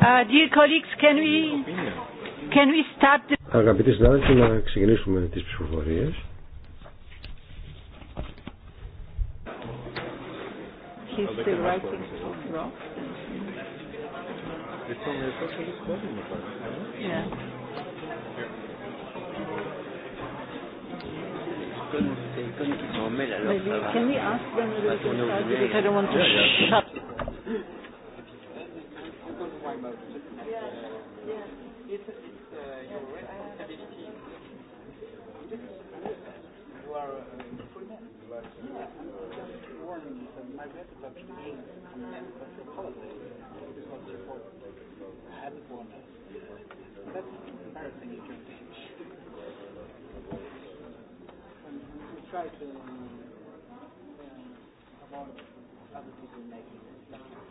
Uh, dear colleagues, can we, can we start the... Αγαπητοί συνάδελφοι, να ξεκινήσουμε τις ψηφοφορίες. Can we ask them because I don't want to shut That's bonus. That's embarrassing if you're And We try to um, avoid other people making it.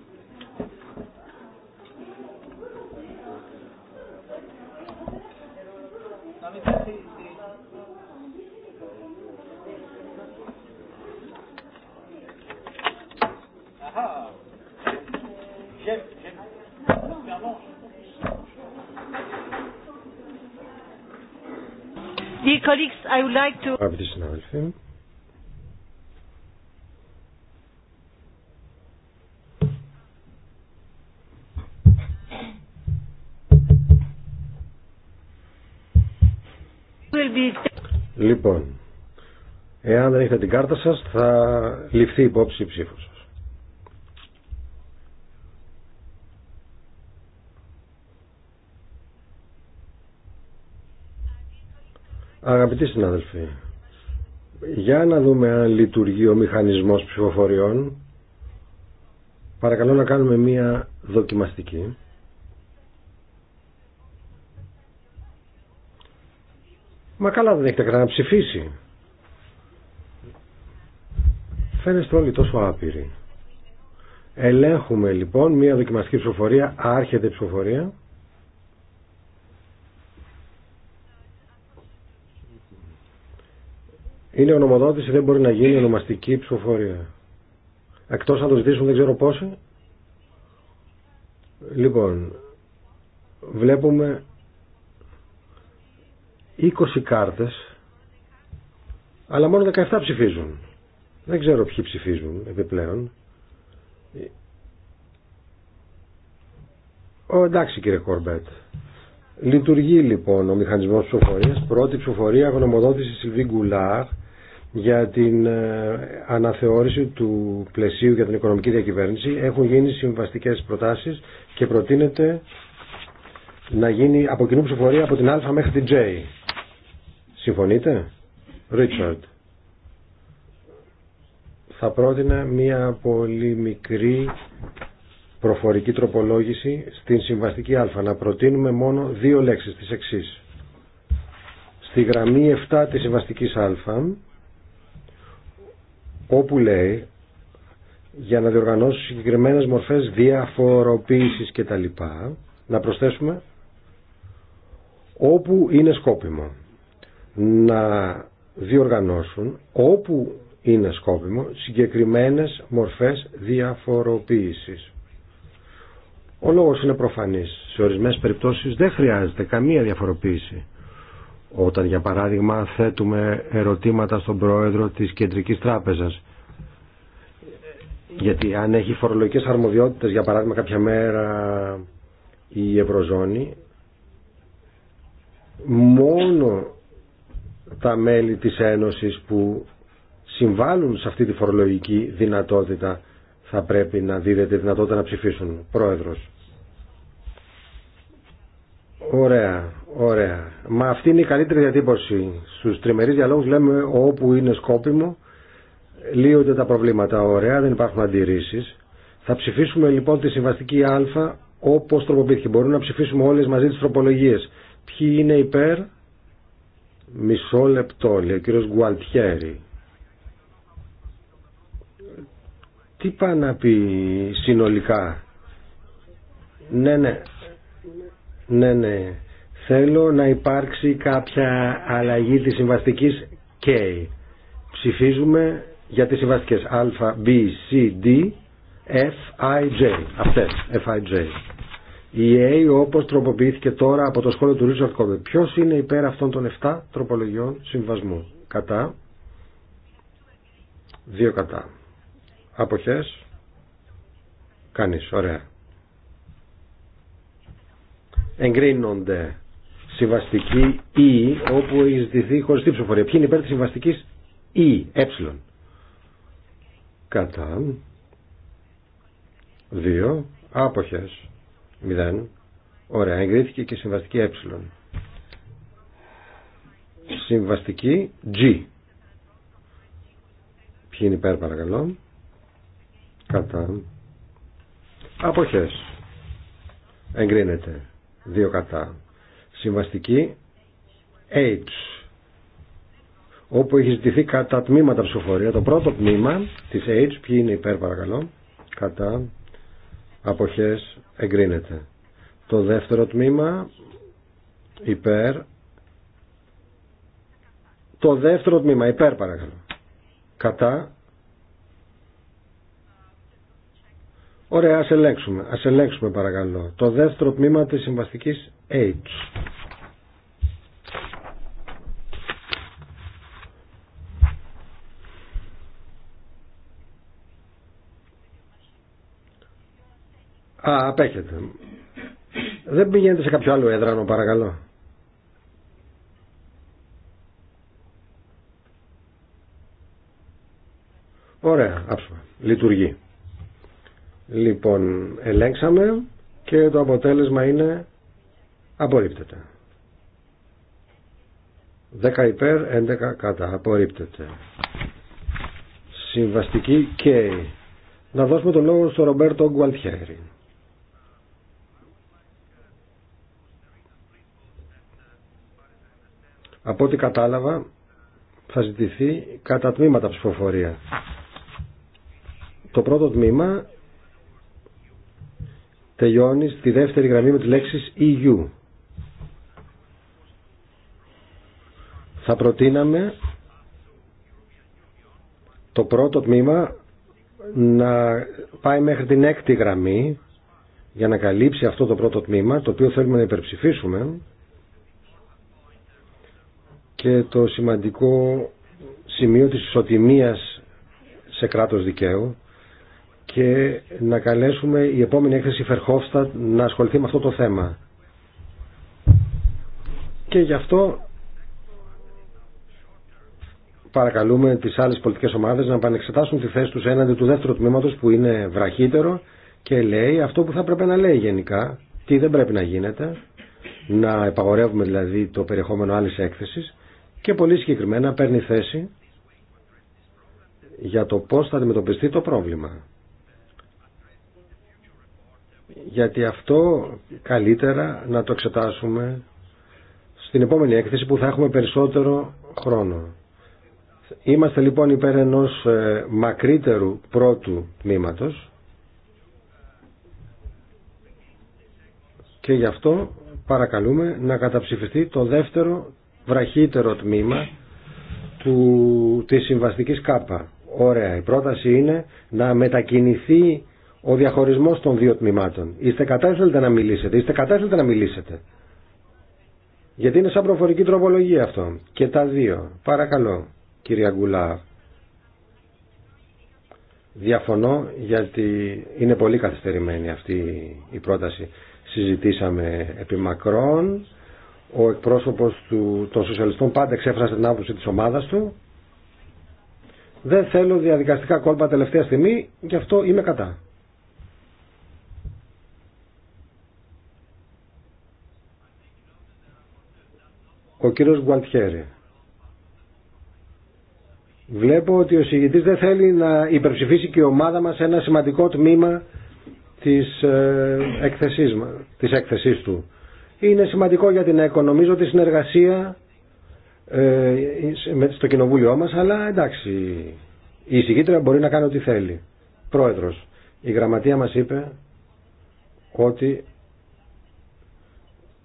Dear colleagues, I would like to... Αγαπητοί συνάδελφοι, Λοιπόν, εάν δεν έχετε την κάρτα σας θα ληφθεί υπόψη η ψήφος. Αγαπητοί συνάδελφοι, για να δούμε αν λειτουργεί ο μηχανισμός ψηφοφοριών. Παρακαλώ να κάνουμε μία δοκιμαστική. Μα καλά δεν έχετε κανένα ψηφίσει. Φαίνεστε όλοι τόσο άπειροι. Ελέγχουμε λοιπόν μία δοκιμαστική ψηφοφορία, άρχεται ψηφοφορία. Είναι ονομοδότηση, δεν μπορεί να γίνει ονομαστική ψηφοφορία. Εκτό να το ζητήσουν δεν ξέρω πόσοι. Λοιπόν, βλέπουμε 20 κάρτες, αλλά μόνο 17 ψηφίζουν. Δεν ξέρω ποιοι ψηφίζουν επιπλέον. Ο, εντάξει κύριε Κορμπέτ. Λειτουργεί λοιπόν ο μηχανισμός ψηφοφορίας. Πρώτη ψηφοφορία γνωμοδότηση Σιλβί Γκουλάρ για την ε, αναθεώρηση του πλαισίου για την οικονομική διακυβέρνηση έχουν γίνει συμβαστικές προτάσεις και προτείνεται να γίνει από κοινού ψηφορία από την Α μέχρι την J. Συμφωνείτε? Ρίτσαρντ. Θα πρότεινα μία πολύ μικρή προφορική τροπολόγηση στην συμβαστική Α. Να προτείνουμε μόνο δύο λέξεις της εξής. Στη γραμμή 7 της συμβαστικής Α όπου λέει για να διοργανώσουν συγκεκριμένες μορφές διαφοροποίησης και τα λοιπά, Να προσθέσουμε όπου είναι σκόπιμο να διοργανώσουν όπου είναι σκόπιμο συγκεκριμένες μορφές διαφοροποίησης. Ο λόγος είναι προφανής. Σε ορισμένες περιπτώσεις δεν χρειάζεται καμία διαφοροποίηση. Όταν για παράδειγμα θέτουμε ερωτήματα στον πρόεδρο της Κεντρικής Τράπεζας. Γιατί αν έχει φορολογικές αρμοδιότητες για παράδειγμα κάποια μέρα η Ευρωζώνη μόνο τα μέλη της Ένωσης που συμβάλλουν σε αυτή τη φορολογική δυνατότητα θα πρέπει να δίδεται δυνατότητα να ψηφίσουν πρόεδρος. Ωραία. Μα αυτή είναι η καλύτερη διατύπωση. Στους τριμερεί διαλόγους λέμε όπου είναι σκόπιμο λύονται τα προβλήματα. Ωραία, δεν υπάρχουν αντιρρήσει. Θα ψηφίσουμε λοιπόν τη συμβαστική Α όπως τροποποιήθηκε. Μπορούμε να ψηφίσουμε όλες μαζί τις τροπολογίες. Ποιοι είναι υπέρ μισό λεπτό, λέει ο κύριο Γκουαλτιέρη. Τι πάει να πει συνολικά. Ναι, ναι. Ναι, ναι. Θέλω να υπάρξει κάποια αλλαγή της συμβαστικής K. Ψηφίζουμε για τις συμβαστικές Α, B, C, D, F, I, J. Αυτές, F, I, J. Η A όπως τροποποιήθηκε τώρα από το σχόλιο του Richard Κόμπε. Ποιος είναι υπέρ αυτών των 7 τροπολογιών συμβασμού. Κατά. Δύο κατά. Αποχές. Κανείς. Ωραία. Εγκρίνονται συμβαστική Ή e, όπου E ζητηθεί χωριστή ψηφοφορία. Ποιοι είναι υπέρ της συμβαστικής E, ε. Κατά. Δύο. Άποχες. Μηδέν. Ωραία, εγκρίθηκε και συμβαστική ε. Συμβαστική G. Ποιοι είναι υπέρ παρακαλώ. Κατά. Αποχές. Εγκρίνεται. Δύο κατά. Συμβαστική H όπου έχει ζητηθεί κατά τμήματα ψηφοφορία. Το πρώτο τμήμα της H, ποιοι είναι υπέρ παρακαλώ, κατά αποχές εγκρίνεται. Το δεύτερο τμήμα υπέρ, το δεύτερο τμήμα υπέρ παρακαλώ, κατά Ωραία, ας ελέγξουμε. Ας ελέγξουμε παρακαλώ. Το δεύτερο τμήμα της συμβαστικής H. Α, απέχετε. Δεν πηγαίνετε σε κάποιο άλλο έδρανο, παρακαλώ. Ωραία, άψομα. Λειτουργεί. Λοιπόν, ελέγξαμε και το αποτέλεσμα είναι Απορρίπτεται. 10 υπέρ, 11 κατά. Απορρίπτεται. Συμβαστική και να δώσουμε τον λόγο στον Ρομπέρτο Γκουαλτιέρη. Από ό,τι κατάλαβα θα ζητηθεί κατά τμήματα ψηφοφορία. Το πρώτο τμήμα τελειώνει στη δεύτερη γραμμή με τη λέξη EU. Θα προτείναμε το πρώτο τμήμα να πάει μέχρι την έκτη γραμμή για να καλύψει αυτό το πρώτο τμήμα το οποίο θέλουμε να υπερψηφίσουμε και το σημαντικό σημείο της ισοτιμίας σε κράτος δικαίου και να καλέσουμε η επόμενη έκθεση Φερχόφστατ να ασχοληθεί με αυτό το θέμα. Και γι' αυτό παρακαλούμε τις άλλες πολιτικές ομάδες να επανεξετάσουν τη θέση τους έναντι του δεύτερου τμήματος που είναι βραχύτερο και λέει αυτό που θα πρέπει να λέει γενικά, τι δεν πρέπει να γίνεται, να επαγορεύουμε δηλαδή το περιεχόμενο άλλης έκθεσης και πολύ συγκεκριμένα παίρνει θέση για το πώς θα αντιμετωπιστεί το πρόβλημα. Γιατί αυτό καλύτερα να το εξετάσουμε στην επόμενη έκθεση που θα έχουμε περισσότερο χρόνο. Είμαστε λοιπόν υπέρ ενός ε, μακρύτερου πρώτου τμήματος και γι' αυτό παρακαλούμε να καταψηφιστεί το δεύτερο βραχύτερο τμήμα του, της συμβαστικής ΚΑΠΑ. Ωραία, η πρόταση είναι να μετακινηθεί ο διαχωρισμός των δύο τμήματων. Είστε κατάθετε να μιλήσετε, είστε κατάθετε να μιλήσετε. Γιατί είναι σαν προφορική τροπολογία αυτό. Και τα δύο. Παρακαλώ κύριε Αγκουλά Διαφωνώ γιατί είναι πολύ καθυστερημένη αυτή η πρόταση. Συζητήσαμε επί μακρόν. Ο εκπρόσωπος του, των σοσιαλιστών πάντα εξέφρασε την άποψη της ομάδας του. Δεν θέλω διαδικαστικά κόλπα τελευταία στιγμή, γι' αυτό είμαι κατά. Ο κύριος Γκουαλτιέρη. Βλέπω ότι ο συγητής δεν θέλει να υπερψηφίσει και η ομάδα μας ένα σημαντικό τμήμα της, έκθεσής, ε, της έκθεσής του. Είναι σημαντικό για την ΕΚΟ. τη συνεργασία ε, στο κοινοβούλιο μας, αλλά εντάξει, η εισηγήτρια μπορεί να κάνει ό,τι θέλει. Πρόεδρος, η γραμματεία μας είπε ότι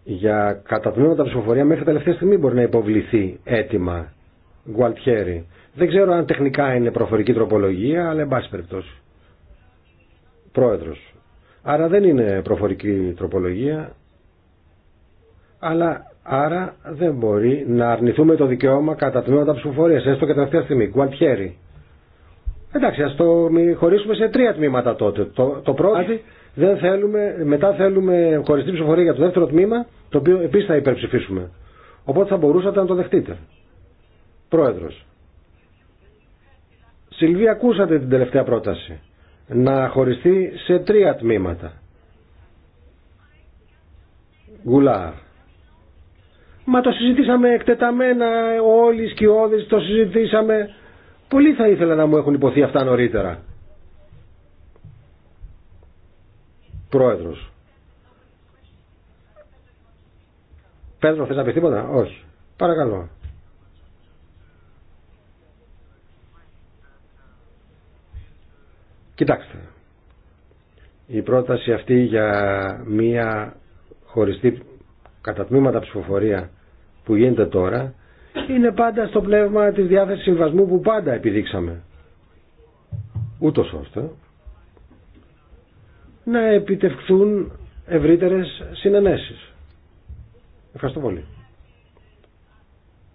για κατατμήματα ψηφοφορία μέχρι τελευταία στιγμή μπορεί να υποβληθεί έτοιμα Γουαλτιέρη. Δεν ξέρω αν τεχνικά είναι προφορική τροπολογία, αλλά εν πάση περιπτώσει. Πρόεδρο. Άρα δεν είναι προφορική τροπολογία, αλλά άρα δεν μπορεί να αρνηθούμε το δικαίωμα κατά τμήματα ψηφοφορία, έστω και τελευταία στιγμή. Γκουαλτιέρη. Εντάξει, α το χωρίσουμε σε τρία τμήματα τότε. Το, το πρώτο, δεν θέλουμε, μετά θέλουμε χωριστή ψηφοφορία για το δεύτερο τμήμα, το οποίο επίση θα υπερψηφίσουμε. Οπότε θα μπορούσατε να το δεχτείτε. Πρόεδρος. Σιλβία, ακούσατε την τελευταία πρόταση. Να χωριστεί σε τρία τμήματα. Γουλά Μα το συζητήσαμε εκτεταμένα όλοι οι σκιώδες, το συζητήσαμε. Πολύ θα ήθελα να μου έχουν υποθεί αυτά νωρίτερα. Πρόεδρος. Πέτρο, θες να πεις τίποτα? Όχι. Παρακαλώ. Κοιτάξτε, η πρόταση αυτή για μία χωριστή κατά τμήματα ψηφοφορία που γίνεται τώρα είναι πάντα στο πνεύμα της διάθεσης συμβασμού που πάντα επιδείξαμε. Ούτως ώστε να επιτευχθούν ευρύτερες συνενέσεις. Ευχαριστώ πολύ.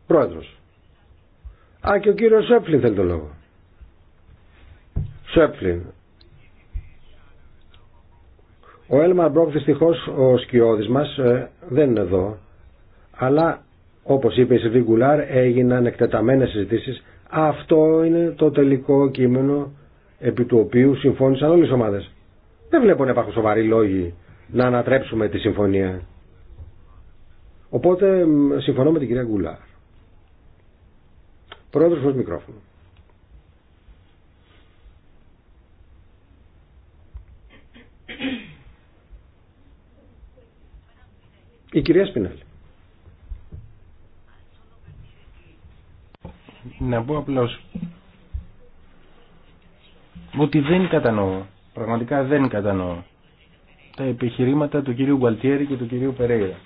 Πρόεδρος. Α, και ο κύριος Σέπφλιν θέλει το λόγο. Σέπφλιν. Ο Έλμαρ Μπρόκ δυστυχώ ο σκιώδης μας ε, δεν είναι εδώ αλλά όπως είπε η Σιλβί Γκουλάρ έγιναν εκτεταμένες συζητήσεις αυτό είναι το τελικό κείμενο επί του οποίου συμφώνησαν όλες οι ομάδες. Δεν βλέπω να υπάρχουν σοβαροί λόγοι να ανατρέψουμε τη συμφωνία. Οπότε συμφωνώ με την κυρία Γκουλάρ. Πρόεδρος μικρόφωνο. Η κυρία Σπινάλη. Να πω απλώ. ότι δεν κατανοώ, πραγματικά δεν κατανοώ τα επιχειρήματα του κυρίου Γκουαλτιέρη και του κυρίου Περέιρα.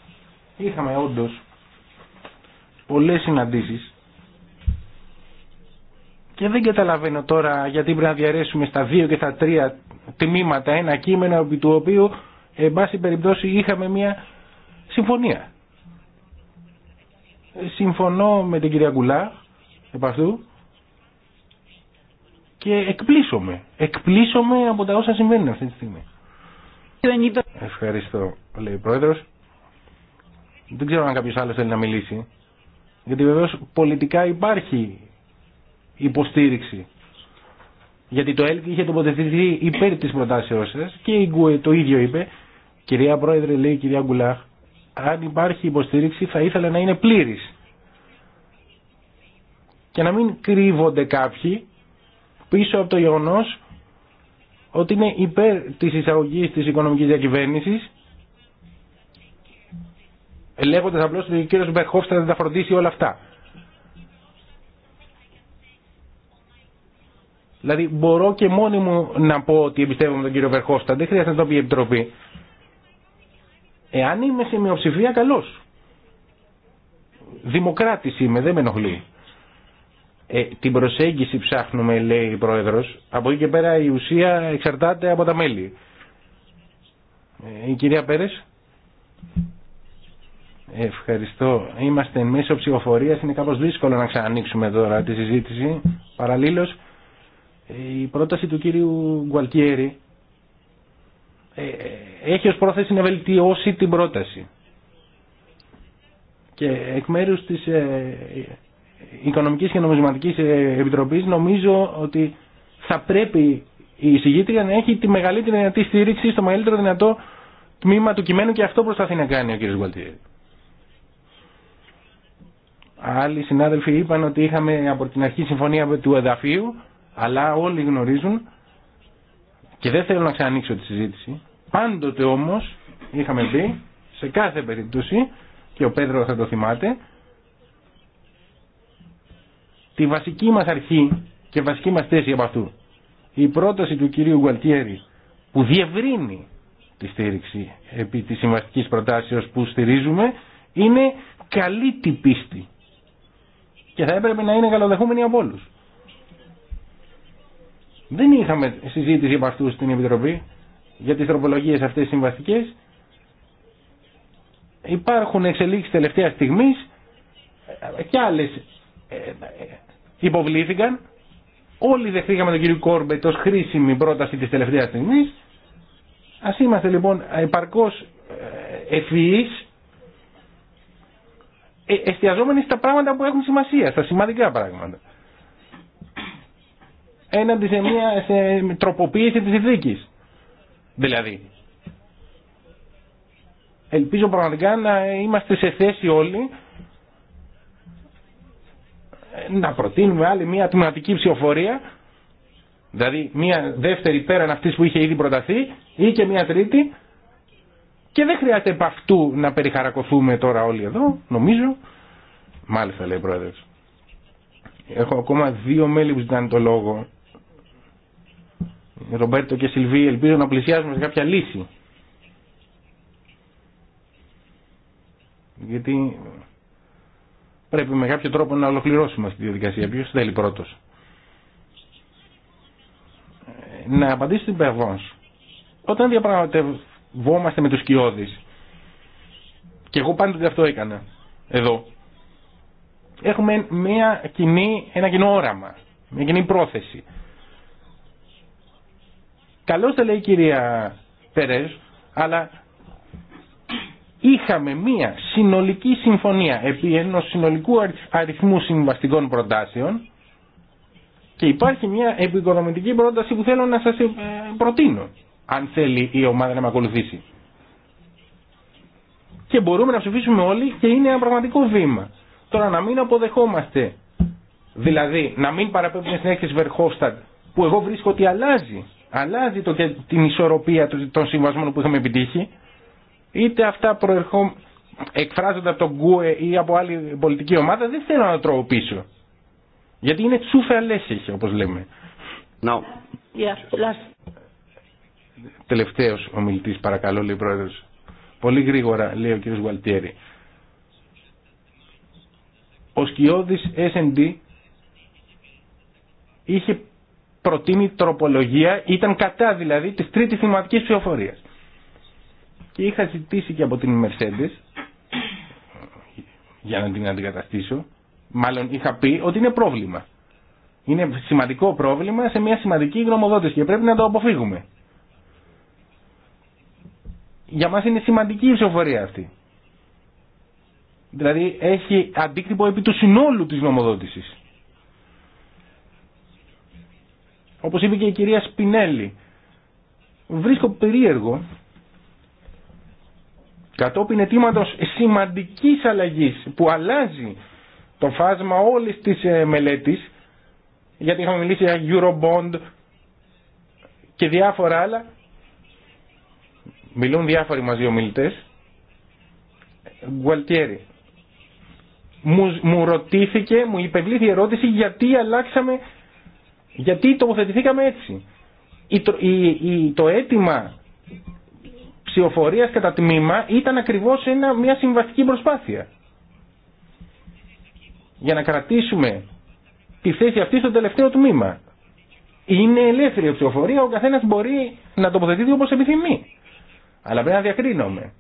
Είχαμε όντω πολλέ συναντήσει. και δεν καταλαβαίνω τώρα γιατί πρέπει να διαρρέσουμε στα δύο και στα τρία τμήματα ένα κείμενο του οποίου εν πάση περιπτώσει είχαμε μια συμφωνία. Συμφωνώ με την κυρία Γκουλά επ' αυτού και εκπλήσωμαι. Εκπλήσωμαι από τα όσα συμβαίνουν αυτή τη στιγμή. Ευχαριστώ, λέει ο Πρόεδρος. Δεν ξέρω αν κάποιος άλλος θέλει να μιλήσει. Γιατί βεβαίως πολιτικά υπάρχει υποστήριξη. Γιατί το ΕΛΚ είχε τοποθετηθεί υπέρ της προτάσεώς σας και η το ίδιο είπε. Κυρία Πρόεδρε, λέει η κυρία Γκουλάχ, αν υπάρχει υποστήριξη θα ήθελα να είναι πλήρης. Και να μην κρύβονται κάποιοι πίσω από το γεγονό ότι είναι υπέρ της εισαγωγής της οικονομικής διακυβέρνησης ελέγχοντας απλώς ότι ο κύριος Μπερχόφστα δεν τα φροντίσει όλα αυτά. Δηλαδή μπορώ και μόνοι μου να πω ότι εμπιστεύομαι τον κύριο Μπερχόφστα δεν χρειάζεται να το πει η Επιτροπή. Εάν είμαι σε μειοψηφία, καλός. Δημοκράτη είμαι, δεν με ενοχλεί. Ε, την προσέγγιση ψάχνουμε, λέει η Πρόεδρος. Από εκεί και πέρα η ουσία εξαρτάται από τα μέλη. Ε, η κυρία Πέρες. Ευχαριστώ. Είμαστε εν μέσω ψηφοφορία. Είναι κάπως δύσκολο να ξανανοίξουμε τώρα τη συζήτηση. Παραλλήλω, ε, η πρόταση του κύριου Γκουαλτιέρη ε, έχει ως πρόθεση να βελτιώσει την πρόταση. Και εκ μέρους της ε, Οικονομικής και Νομισματικής ε, Επιτροπής νομίζω ότι θα πρέπει η εισηγήτρια να έχει τη μεγαλύτερη δυνατή στήριξη στο μεγαλύτερο δυνατό τμήμα του κειμένου και αυτό προσπαθεί να κάνει ο κ. Γουαλτιέρη. Άλλοι συνάδελφοι είπαν ότι είχαμε από την αρχή συμφωνία του εδαφείου, αλλά όλοι γνωρίζουν και δεν θέλω να ξανανοίξω τη συζήτηση. Πάντοτε όμως είχαμε πει σε κάθε περίπτωση και ο Πέτρο θα το θυμάται τη βασική μας αρχή και βασική μας θέση από αυτού. Η πρόταση του κυρίου Γκουαλτιέρη που διευρύνει τη στήριξη επί της συμβαστικής προτάσεως που στηρίζουμε είναι καλή την πίστη και θα έπρεπε να είναι καλοδεχούμενη από όλους. Δεν είχαμε συζήτηση από αυτού στην Επιτροπή για τις τροπολογίες αυτές συμβαστικές. Υπάρχουν εξελίξεις τελευταία στιγμής και άλλες ε, ε, υποβλήθηκαν. Όλοι δεχτήκαμε τον κύριο Κόρμπετ ως χρήσιμη πρόταση της τελευταία στιγμής. Ας είμαστε λοιπόν υπαρκώς ε, ευφυείς εστιαζόμενοι στα πράγματα που έχουν σημασία, στα σημαντικά πράγματα έναντι σε μια τροποποίηση της ειδίκης. Δηλαδή. Ελπίζω πραγματικά να είμαστε σε θέση όλοι να προτείνουμε άλλη μια τμηματική ψηφοφορία δηλαδή μια δεύτερη πέραν αυτής που είχε ήδη προταθεί ή και μια τρίτη και δεν χρειάζεται επ' αυτού να περιχαρακωθούμε τώρα όλοι εδώ, νομίζω. Μάλιστα λέει ο Πρόεδρος. Έχω ακόμα δύο μέλη που ζητάνε το λόγο. Ρομπέρτο και Σιλβί, ελπίζω να πλησιάζουμε σε κάποια λύση. Γιατί πρέπει με κάποιο τρόπο να ολοκληρώσουμε αυτή τη διαδικασία. Ποιος θέλει πρώτος. Ε, να απαντήσει στην Περβόνς. Όταν διαπραγματευόμαστε με τους κοιόδης, και εγώ πάντοτε αυτό έκανα, εδώ, έχουμε μια κοινή, ένα κοινό όραμα, μια κοινή πρόθεση. Καλώ τα λέει η κυρία Περέζ, αλλά είχαμε μία συνολική συμφωνία επί ενός συνολικού αριθμού συμβαστικών προτάσεων και υπάρχει μία επικονομητική πρόταση που θέλω να σας ε, προτείνω, αν θέλει η ομάδα να με ακολουθήσει. Και μπορούμε να ψηφίσουμε όλοι και είναι ένα πραγματικό βήμα. Τώρα να μην αποδεχόμαστε, δηλαδή να μην παραπέμπουμε στην έκθεση Verhofstadt, που εγώ βρίσκω ότι αλλάζει αλλάζει το, την ισορροπία των συμβασμών που είχαμε επιτύχει, είτε αυτά προερχό... εκφράζονται από τον ΚΟΕ ή από άλλη πολιτική ομάδα, δεν θέλω να τρώω πίσω. Γιατί είναι τσούφε αλέσεις, όπως λέμε. No. Yeah, Τελευταίος ο μιλητής, παρακαλώ, λέει ο Πρόεδρος. Πολύ γρήγορα, λέει ο κ. Γουαλτιέρη. Ο σκιώδης S&D είχε προτείνει τροπολογία, ήταν κατά δηλαδή τη τρίτη θυματική ψηφοφορία. Και είχα ζητήσει και από την Mercedes, για να την αντικαταστήσω, μάλλον είχα πει ότι είναι πρόβλημα. Είναι σημαντικό πρόβλημα σε μια σημαντική γνωμοδότηση και πρέπει να το αποφύγουμε. Για μας είναι σημαντική η ψηφοφορία αυτή. Δηλαδή έχει αντίκτυπο επί του συνόλου της γνωμοδότησης. Όπως είπε και η κυρία Σπινέλη, βρίσκω περίεργο κατόπιν ετήματος σημαντικής αλλαγής που αλλάζει το φάσμα όλης της ε, μελέτης γιατί είχαμε μιλήσει για Eurobond και διάφορα άλλα μιλούν διάφοροι μαζί ομιλητές Γκουαλτιέρη μου, μου ρωτήθηκε, μου υπευλήθη η ερώτηση γιατί αλλάξαμε γιατί τοποθετηθήκαμε έτσι. Το αίτημα ψηφοφορία κατά τμήμα ήταν ακριβώς ένα, μια συμβαστική προσπάθεια. Για να κρατήσουμε τη θέση αυτή στο τελευταίο τμήμα. Είναι ελεύθερη η ψηφοφορία, ο καθένας μπορεί να τοποθετείται όπως επιθυμεί. Αλλά πρέπει να διακρίνομαι.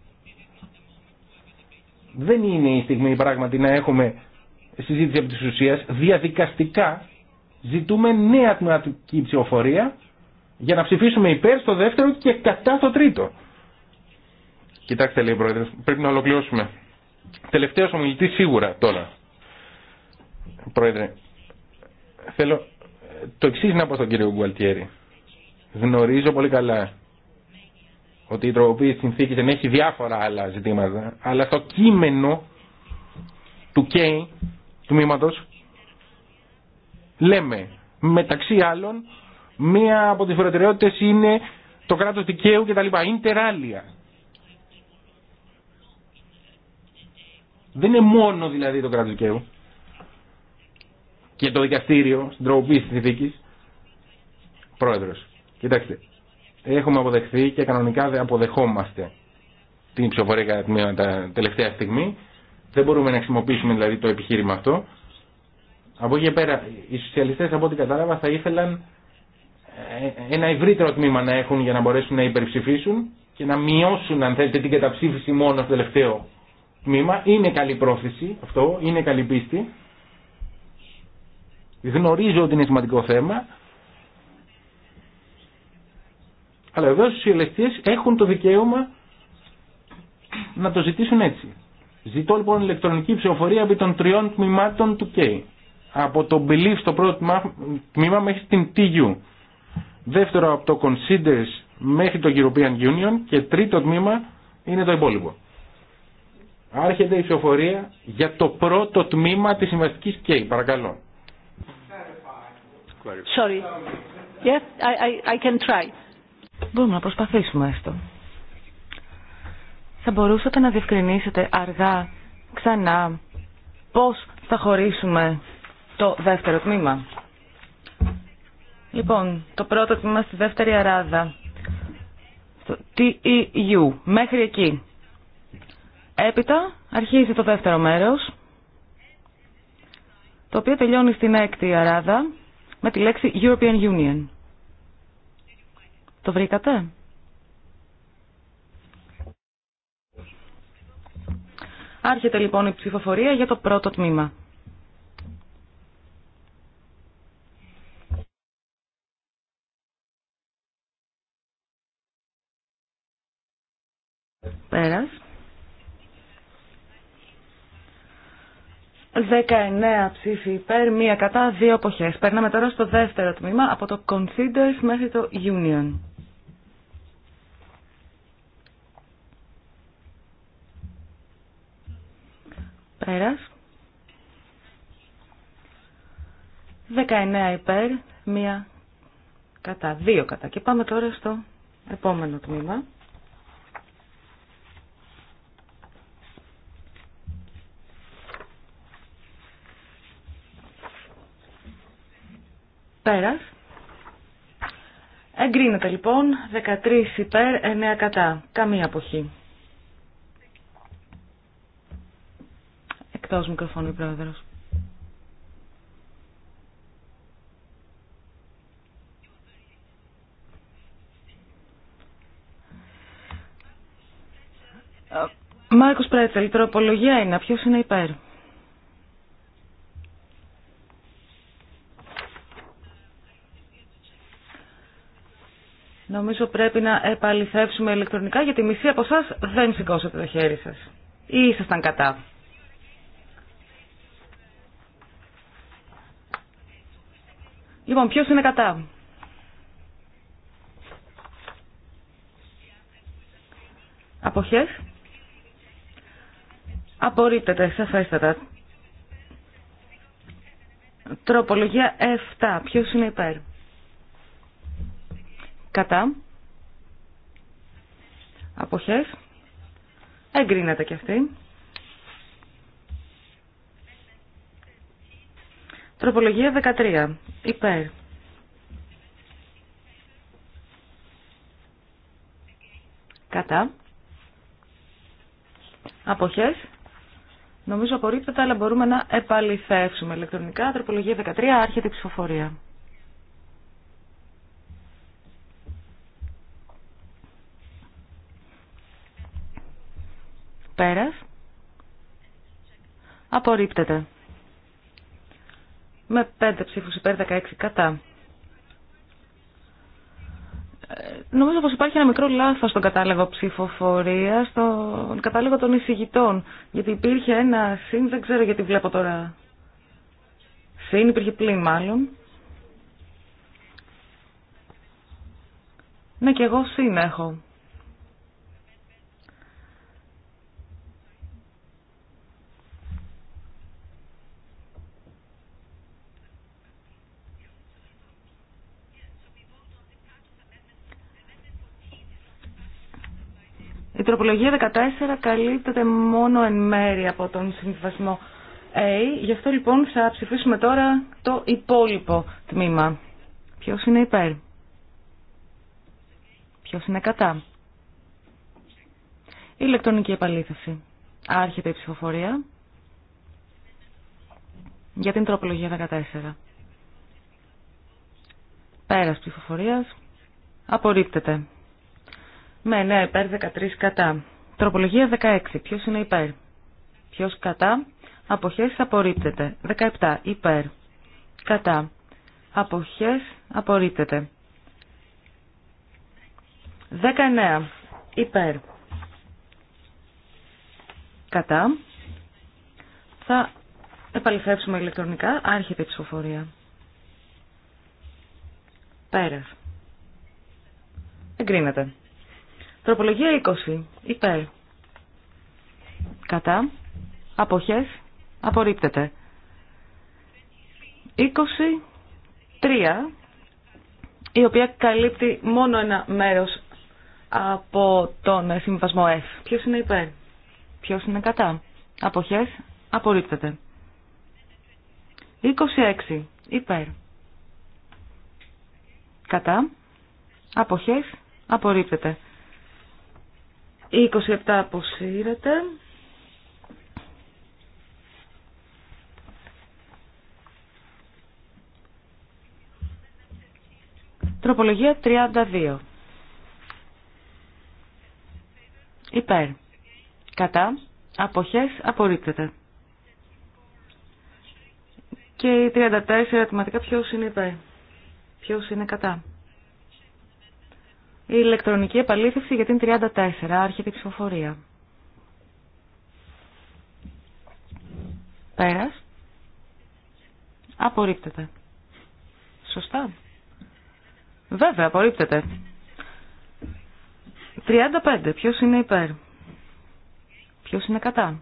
Δεν είναι η στιγμή πράγματι να έχουμε συζήτηση από τη ουσία διαδικαστικά ζητούμε νέα τμηματική ψηφοφορία για να ψηφίσουμε υπέρ στο δεύτερο και κατά στο τρίτο. Κοιτάξτε λέει πρόεδρε, πρέπει να ολοκληρώσουμε. τελευταίο ομιλητή σίγουρα τώρα. Πρόεδρε, θέλω το εξή να πω στον κύριο Γκουαλτιέρη. Γνωρίζω πολύ καλά ότι η τροποποίηση συνθήκη δεν έχει διάφορα άλλα ζητήματα, αλλά στο κείμενο του ΚΕΙ, του μήματος, λέμε μεταξύ άλλων μία από τις προτεραιότητες είναι το κράτος δικαίου κτλ. Είναι τεράλια. Δεν είναι μόνο δηλαδή το κράτος δικαίου και το δικαστήριο στην τροποποίηση της συνθήκης. Πρόεδρος, κοιτάξτε, έχουμε αποδεχθεί και κανονικά δεν αποδεχόμαστε την ψηφοφορία κατά την τελευταία στιγμή. Δεν μπορούμε να χρησιμοποιήσουμε δηλαδή το επιχείρημα αυτό. Από εκεί πέρα, οι σοσιαλιστές από ό,τι κατάλαβα θα ήθελαν ε, ένα ευρύτερο τμήμα να έχουν για να μπορέσουν να υπερψηφίσουν και να μειώσουν αν θέλετε την καταψήφιση μόνο στο τελευταίο τμήμα. Είναι καλή πρόθεση αυτό, είναι καλή πίστη. Γνωρίζω ότι είναι σημαντικό θέμα. Αλλά εδώ οι σοσιαλιστές έχουν το δικαίωμα να το ζητήσουν έτσι. Ζητώ λοιπόν ηλεκτρονική ψηφοφορία από των τριών τμήματων του ΚΕΙ από το belief στο πρώτο τμήμα μέχρι την TU. Δεύτερο από το considers μέχρι το European Union και τρίτο τμήμα είναι το υπόλοιπο. Άρχεται η ψηφοφορία για το πρώτο τμήμα της συμβαστικής και παρακαλώ. Sorry. Yes, I, I, I can try. Μπορούμε να προσπαθήσουμε αυτό. Θα μπορούσατε να διευκρινίσετε αργά, ξανά, πώς θα χωρίσουμε το δεύτερο τμήμα. Λοιπόν, το πρώτο τμήμα στη δεύτερη αράδα. Το TEU, μέχρι εκεί. Έπειτα αρχίζει το δεύτερο μέρος, το οποίο τελειώνει στην έκτη αράδα με τη λέξη European Union. Το βρήκατε? Άρχεται λοιπόν η ψηφοφορία για το πρώτο τμήμα. Πέρας. 19 ψήφοι υπέρ, μία κατά, δύο εποχές. Περνάμε τώρα στο δεύτερο τμήμα, από το Considers μέχρι το Union. Πέρας. 19 υπέρ, μία κατά, δύο κατά. Και πάμε τώρα στο επόμενο τμήμα. Πέρας. Εγκρίνεται λοιπόν 13 υπέρ 9 κατά. Καμία αποχή. Εκτός μικροφώνου πρόεδρος. Μάρκος Πρέτσελ, τροπολογία είναι. Ποιος είναι υπέρ. Νομίζω πρέπει να επαληθεύσουμε ηλεκτρονικά γιατί μισή από εσά δεν σηκώσατε το χέρι σας. Ή ήσασταν κατά. Λοιπόν, ποιο είναι κατά. Αποχές. Απορρίπτεται, σαφέστατα. Τροπολογία 7. Ποιος είναι υπέρ. Κατά. Αποχές. Εγκρίνεται και αυτή. Τροπολογία 13. Υπέρ. Κατά. Αποχές. Νομίζω απορρίπτεται, αλλά μπορούμε να επαληθεύσουμε ηλεκτρονικά. Τροπολογία 13. Άρχεται η ψηφοφορία. Πέρας. Απορρίπτεται. Με 5 ψήφους υπέρ 16 κατά. Ε, νομίζω πως υπάρχει ένα μικρό λάθος στον κατάλογο ψηφοφορία, στον κατάλογο των εισηγητών. Γιατί υπήρχε ένα συν, δεν ξέρω γιατί βλέπω τώρα. Συν, υπήρχε πλήν μάλλον. Ναι, και εγώ συν έχω. Η τροπολογία 14 καλύπτεται μόνο εν μέρη από τον συμβιβασμό A, γι' αυτό λοιπόν θα ψηφίσουμε τώρα το υπόλοιπο τμήμα. Ποιος είναι υπέρ? Ποιος είναι κατά? ηλεκτρονική επαλήθευση. Άρχεται η ψηφοφορία για την τροπολογία 14. Πέρας ψηφοφορίας απορρίπτεται. Με 9 ναι, υπέρ, 13 κατά. Τροπολογία 16. Ποιο είναι υπέρ. Ποιο κατά. Αποχές απορρίπτεται. 17 υπέρ. Κατά. Αποχές απορρίπτεται. 19 υπέρ. Κατά. Θα επαληθεύσουμε ηλεκτρονικά. Άρχεται η ψηφοφορία. Πέρας. Εγκρίνεται. Τροπολογία 20. Υπέρ. Κατά. Αποχές. Απορρίπτεται. 23. Η οποία καλύπτει μόνο ένα μέρος από τον συμβασμό F. Ποιος είναι υπέρ. Ποιος είναι κατά. Αποχές. Απορρίπτεται. 26. Υπέρ. Κατά. Αποχές. Απορρίπτεται. Η 27 αποσύρεται. Τροπολογία 32. Υπέρ. Κατά. Αποχές απορρίπτεται. Και η 34 ερωτηματικά ποιος είναι υπέρ. Ποιος είναι κατά. Η ηλεκτρονική επαλήθευση για την 34. Άρχεται η ψηφοφορία. Πέρας. Απορρίπτεται. Σωστά. Βέβαια, απορρίπτεται. 35. Ποιος είναι υπέρ. Ποιος είναι κατά.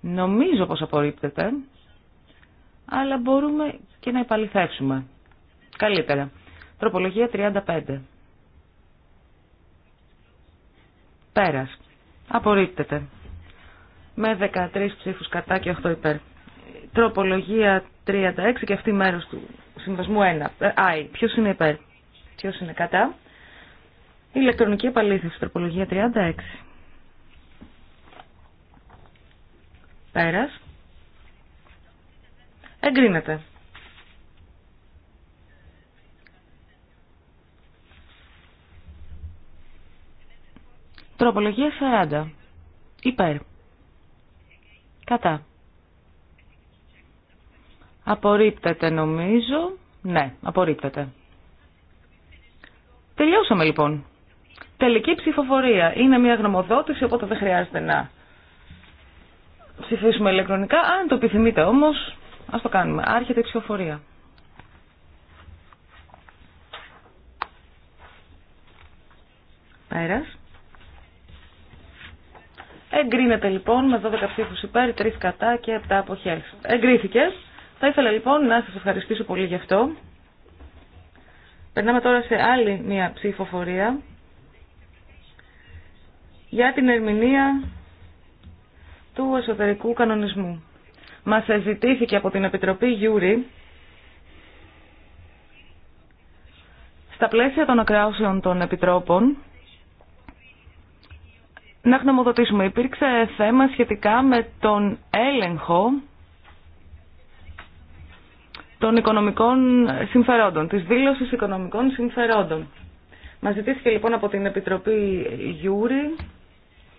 Νομίζω πως απορρίπτεται. Αλλά μπορούμε και να επαληθεύσουμε. Καλύτερα. Τροπολογία 35. Πέρας. Απορρίπτεται. Με 13 ψήφους κατά και 8 υπέρ. Τροπολογία 36 και αυτή μέρος του συμβασμού 1. Ε, άι, ποιος είναι υπέρ. Ποιος είναι κατά. Ηλεκτρονική επαλήθευση, τροπολογία 36. Πέρας. Εγκρίνεται. Τροπολογία 40. Υπέρ. Κατά. Απορρίπτεται νομίζω. Ναι, απορρίπτεται. Τελειώσαμε λοιπόν. Τελική ψηφοφορία. Είναι μια γνωμοδότηση, οπότε δεν χρειάζεται να ψηφίσουμε ηλεκτρονικά. Αν το επιθυμείτε όμως, ας το κάνουμε. Άρχεται η ψηφοφορία. Πέρας. Εγκρίνεται λοιπόν με 12 ψήφου υπέρ, 3 κατά και 7 αποχές. Εγκρίθηκε. Θα ήθελα λοιπόν να σας ευχαριστήσω πολύ γι' αυτό. Περνάμε τώρα σε άλλη μια ψηφοφορία για την ερμηνεία του εσωτερικού κανονισμού. Μας ζητήθηκε από την Επιτροπή Γιούρη στα πλαίσια των ακράωσεων των Επιτρόπων να γνωμοδοτήσουμε. Υπήρξε θέμα σχετικά με τον έλεγχο των οικονομικών συμφερόντων, της δήλωσης οικονομικών συμφερόντων. Μα ζητήθηκε λοιπόν από την Επιτροπή Γιούρη,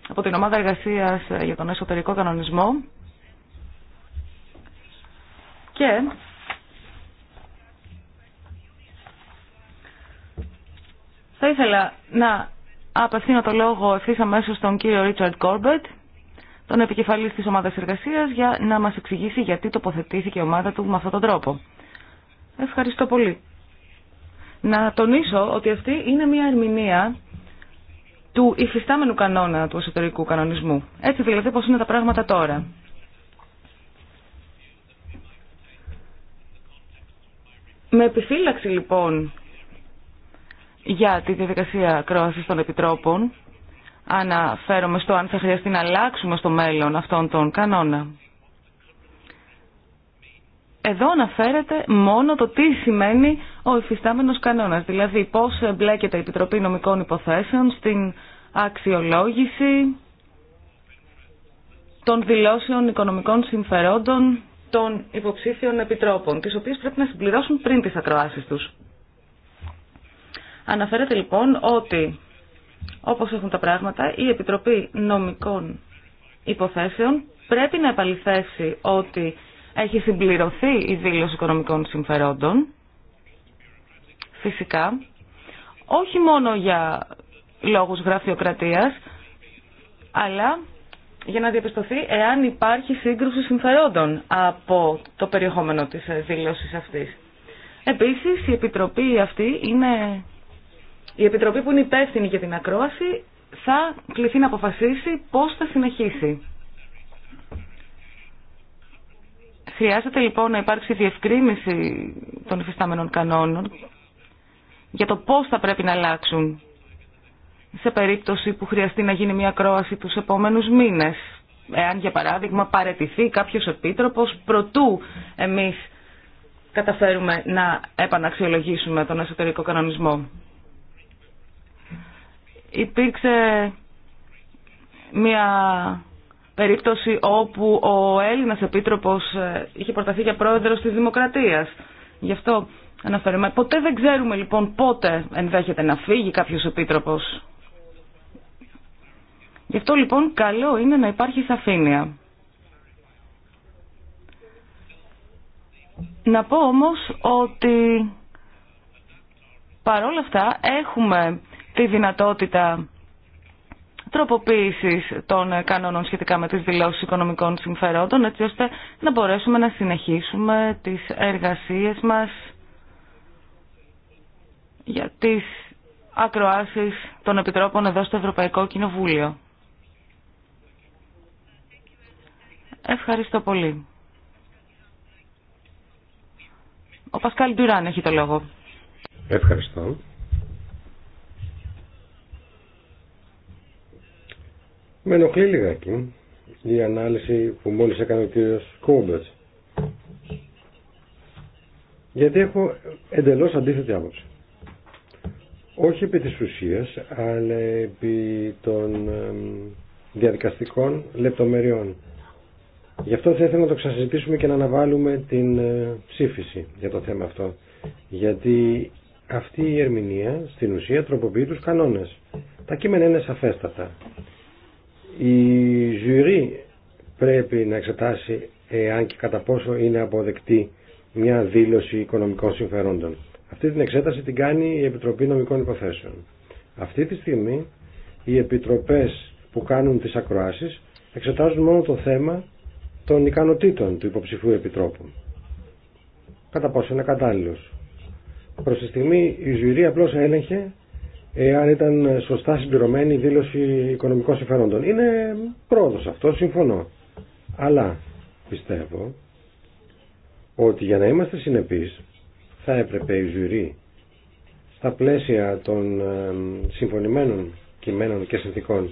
από την Ομάδα Εργασίας για τον Εσωτερικό Κανονισμό και θα ήθελα να Απευθύνω το λόγο ευθύ αμέσω στον κύριο Ρίτσαρντ Κόρμπετ, τον επικεφαλής της ομάδας εργασίας, για να μας εξηγήσει γιατί τοποθετήθηκε η ομάδα του με αυτόν τον τρόπο. Ευχαριστώ πολύ. Να τονίσω ότι αυτή είναι μια ερμηνεία του υφιστάμενου κανόνα του εσωτερικού κανονισμού. Έτσι δηλαδή πώς είναι τα πράγματα τώρα. Με επιφύλαξη λοιπόν για τη διαδικασία κρόαση των επιτρόπων. Αναφέρομαι στο αν θα χρειαστεί να αλλάξουμε στο μέλλον αυτόν τον κανόνα. Εδώ αναφέρεται μόνο το τι σημαίνει ο υφιστάμενος κανόνας, δηλαδή πώς εμπλέκεται η Επιτροπή Νομικών Υποθέσεων στην αξιολόγηση των δηλώσεων οικονομικών συμφερόντων των υποψήφιων επιτρόπων, τις οποίες πρέπει να συμπληρώσουν πριν τις ακροάσεις τους. Αναφέρεται λοιπόν ότι όπως έχουν τα πράγματα η Επιτροπή Νομικών Υποθέσεων πρέπει να επαληθέσει ότι έχει συμπληρωθεί η δήλωση οικονομικών συμφερόντων φυσικά όχι μόνο για λόγους γραφειοκρατίας αλλά για να διαπιστωθεί εάν υπάρχει σύγκρουση συμφερόντων από το περιεχόμενο της δήλωσης αυτής. Επίσης, η Επιτροπή αυτή είναι η Επιτροπή που είναι υπεύθυνη για την ακρόαση θα κληθεί να αποφασίσει πώς θα συνεχίσει. Χρειάζεται λοιπόν να υπάρξει διευκρίνηση των υφιστάμενων κανόνων για το πώς θα πρέπει να αλλάξουν σε περίπτωση που χρειαστεί να γίνει μια ακρόαση τους επόμενους μήνες. Εάν για παράδειγμα παρετηθεί κάποιος επίτροπος προτού εμείς καταφέρουμε να επαναξιολογήσουμε τον εσωτερικό κανονισμό υπήρξε μια περίπτωση όπου ο Έλληνας Επίτροπος ε, είχε προταθεί για πρόεδρος της Δημοκρατίας. Γι' αυτό αναφέρουμε. Ποτέ δεν ξέρουμε λοιπόν πότε ενδέχεται να φύγει κάποιος Επίτροπος. Γι' αυτό λοιπόν καλό είναι να υπάρχει σαφήνεια. Να πω όμως ότι παρόλα αυτά έχουμε τη δυνατότητα τροποποίησης των κανόνων σχετικά με τις δηλώσεις οικονομικών συμφερόντων, έτσι ώστε να μπορέσουμε να συνεχίσουμε τις εργασίες μας για τις ακροάσεις των Επιτρόπων εδώ στο Ευρωπαϊκό Κοινοβούλιο. Ευχαριστώ πολύ. Ο Πασκάλ Ντουράν έχει το λόγο. Ευχαριστώ. Με ενοχλεί λιγάκι η ανάλυση που μόλις έκανε ο κύριος Κόμπετς. Γιατί έχω εντελώς αντίθετη άποψη. Όχι επί της ουσίας, αλλά επί των διαδικαστικών λεπτομεριών. Γι' αυτό θα ήθελα να το ξανασυζητήσουμε και να αναβάλουμε την ε, ψήφιση για το θέμα αυτό. Γιατί αυτή η ερμηνεία στην ουσία τροποποιεί τους κανόνες. Τα κείμενα είναι σαφέστατα. Η ζουρή πρέπει να εξετάσει αν και κατά πόσο είναι αποδεκτή μια δήλωση οικονομικών συμφερόντων. Αυτή την εξέταση την κάνει η Επιτροπή Νομικών Υποθέσεων. Αυτή τη στιγμή οι επιτροπές που κάνουν τις ακροάσεις εξετάζουν μόνο το θέμα των ικανοτήτων του υποψηφίου επιτρόπου. Κατά πόσο είναι κατάλληλος. Προς τη στιγμή η ζουρή απλώς έλεγχε εάν ήταν σωστά συμπληρωμένη η δήλωση οικονομικών συμφερόντων. Είναι πρόοδος αυτό, συμφωνώ. Αλλά πιστεύω ότι για να είμαστε συνεπείς θα έπρεπε η ζουρή στα πλαίσια των ε, συμφωνημένων κειμένων και συνθήκων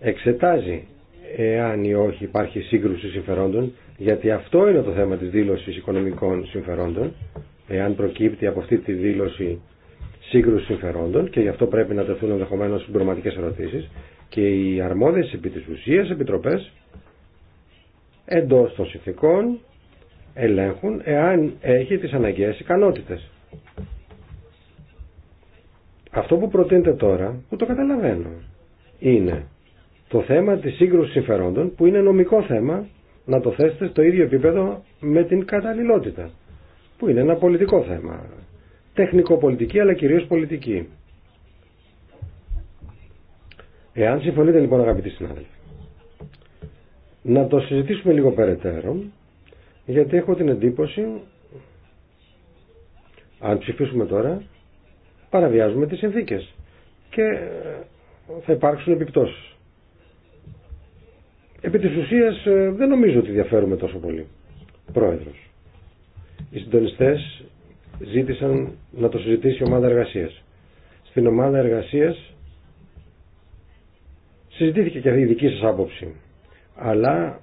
εξετάζει εάν ή όχι υπάρχει σύγκρουση συμφερόντων γιατί αυτό είναι το θέμα της δήλωσης οικονομικών συμφερόντων εάν προκύπτει από αυτή τη δήλωση σύγκρουση συμφερόντων και γι' αυτό πρέπει να τεθούν ενδεχομένω συμπληρωματικέ ερωτήσει και οι αρμόδιε επί τη ουσία επιτροπέ εντό των συνθηκών ελέγχουν εάν έχει τι αναγκαίε ικανότητε. Αυτό που προτείνεται τώρα, που το καταλαβαίνω, είναι το θέμα της σύγκρουσης συμφερόντων, που είναι νομικό θέμα, να το θέσετε στο ίδιο επίπεδο με την καταλληλότητα, που είναι ένα πολιτικό θέμα τεχνικοπολιτική αλλά κυρίως πολιτική. Εάν συμφωνείτε λοιπόν αγαπητοί συνάδελφοι, να το συζητήσουμε λίγο περαιτέρω, γιατί έχω την εντύπωση, αν ψηφίσουμε τώρα, παραβιάζουμε τις συνθήκες και ε, θα υπάρξουν επιπτώσεις. Επί της ουσίας ε, δεν νομίζω ότι διαφέρουμε τόσο πολύ. Πρόεδρος. Οι συντονιστές ζήτησαν να το συζητήσει η ομάδα εργασίας. Στην ομάδα εργασίας συζητήθηκε και η δική σας άποψη. Αλλά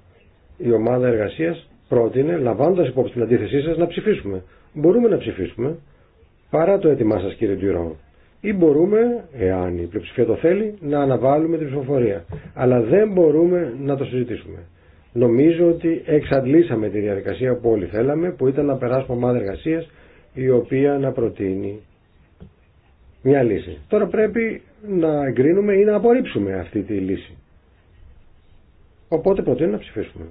η ομάδα εργασίας πρότεινε, λαμβάνοντας υπόψη την αντίθεσή σας, να ψηφίσουμε. Μπορούμε να ψηφίσουμε, παρά το έτοιμά σας κύριε Ντουιρό. Ή μπορούμε, εάν η πλειοψηφία το θέλει, να αναβάλουμε την ψηφοφορία. Αλλά δεν μπορούμε να το συζητήσουμε. Νομίζω ότι εξαντλήσαμε τη διαδικασία που όλοι θέλαμε, που ήταν να περάσουμε ομάδα εργασία η οποία να προτείνει μια λύση. Τώρα πρέπει να εγκρίνουμε ή να απορρίψουμε αυτή τη λύση. Οπότε προτείνω να ψηφίσουμε.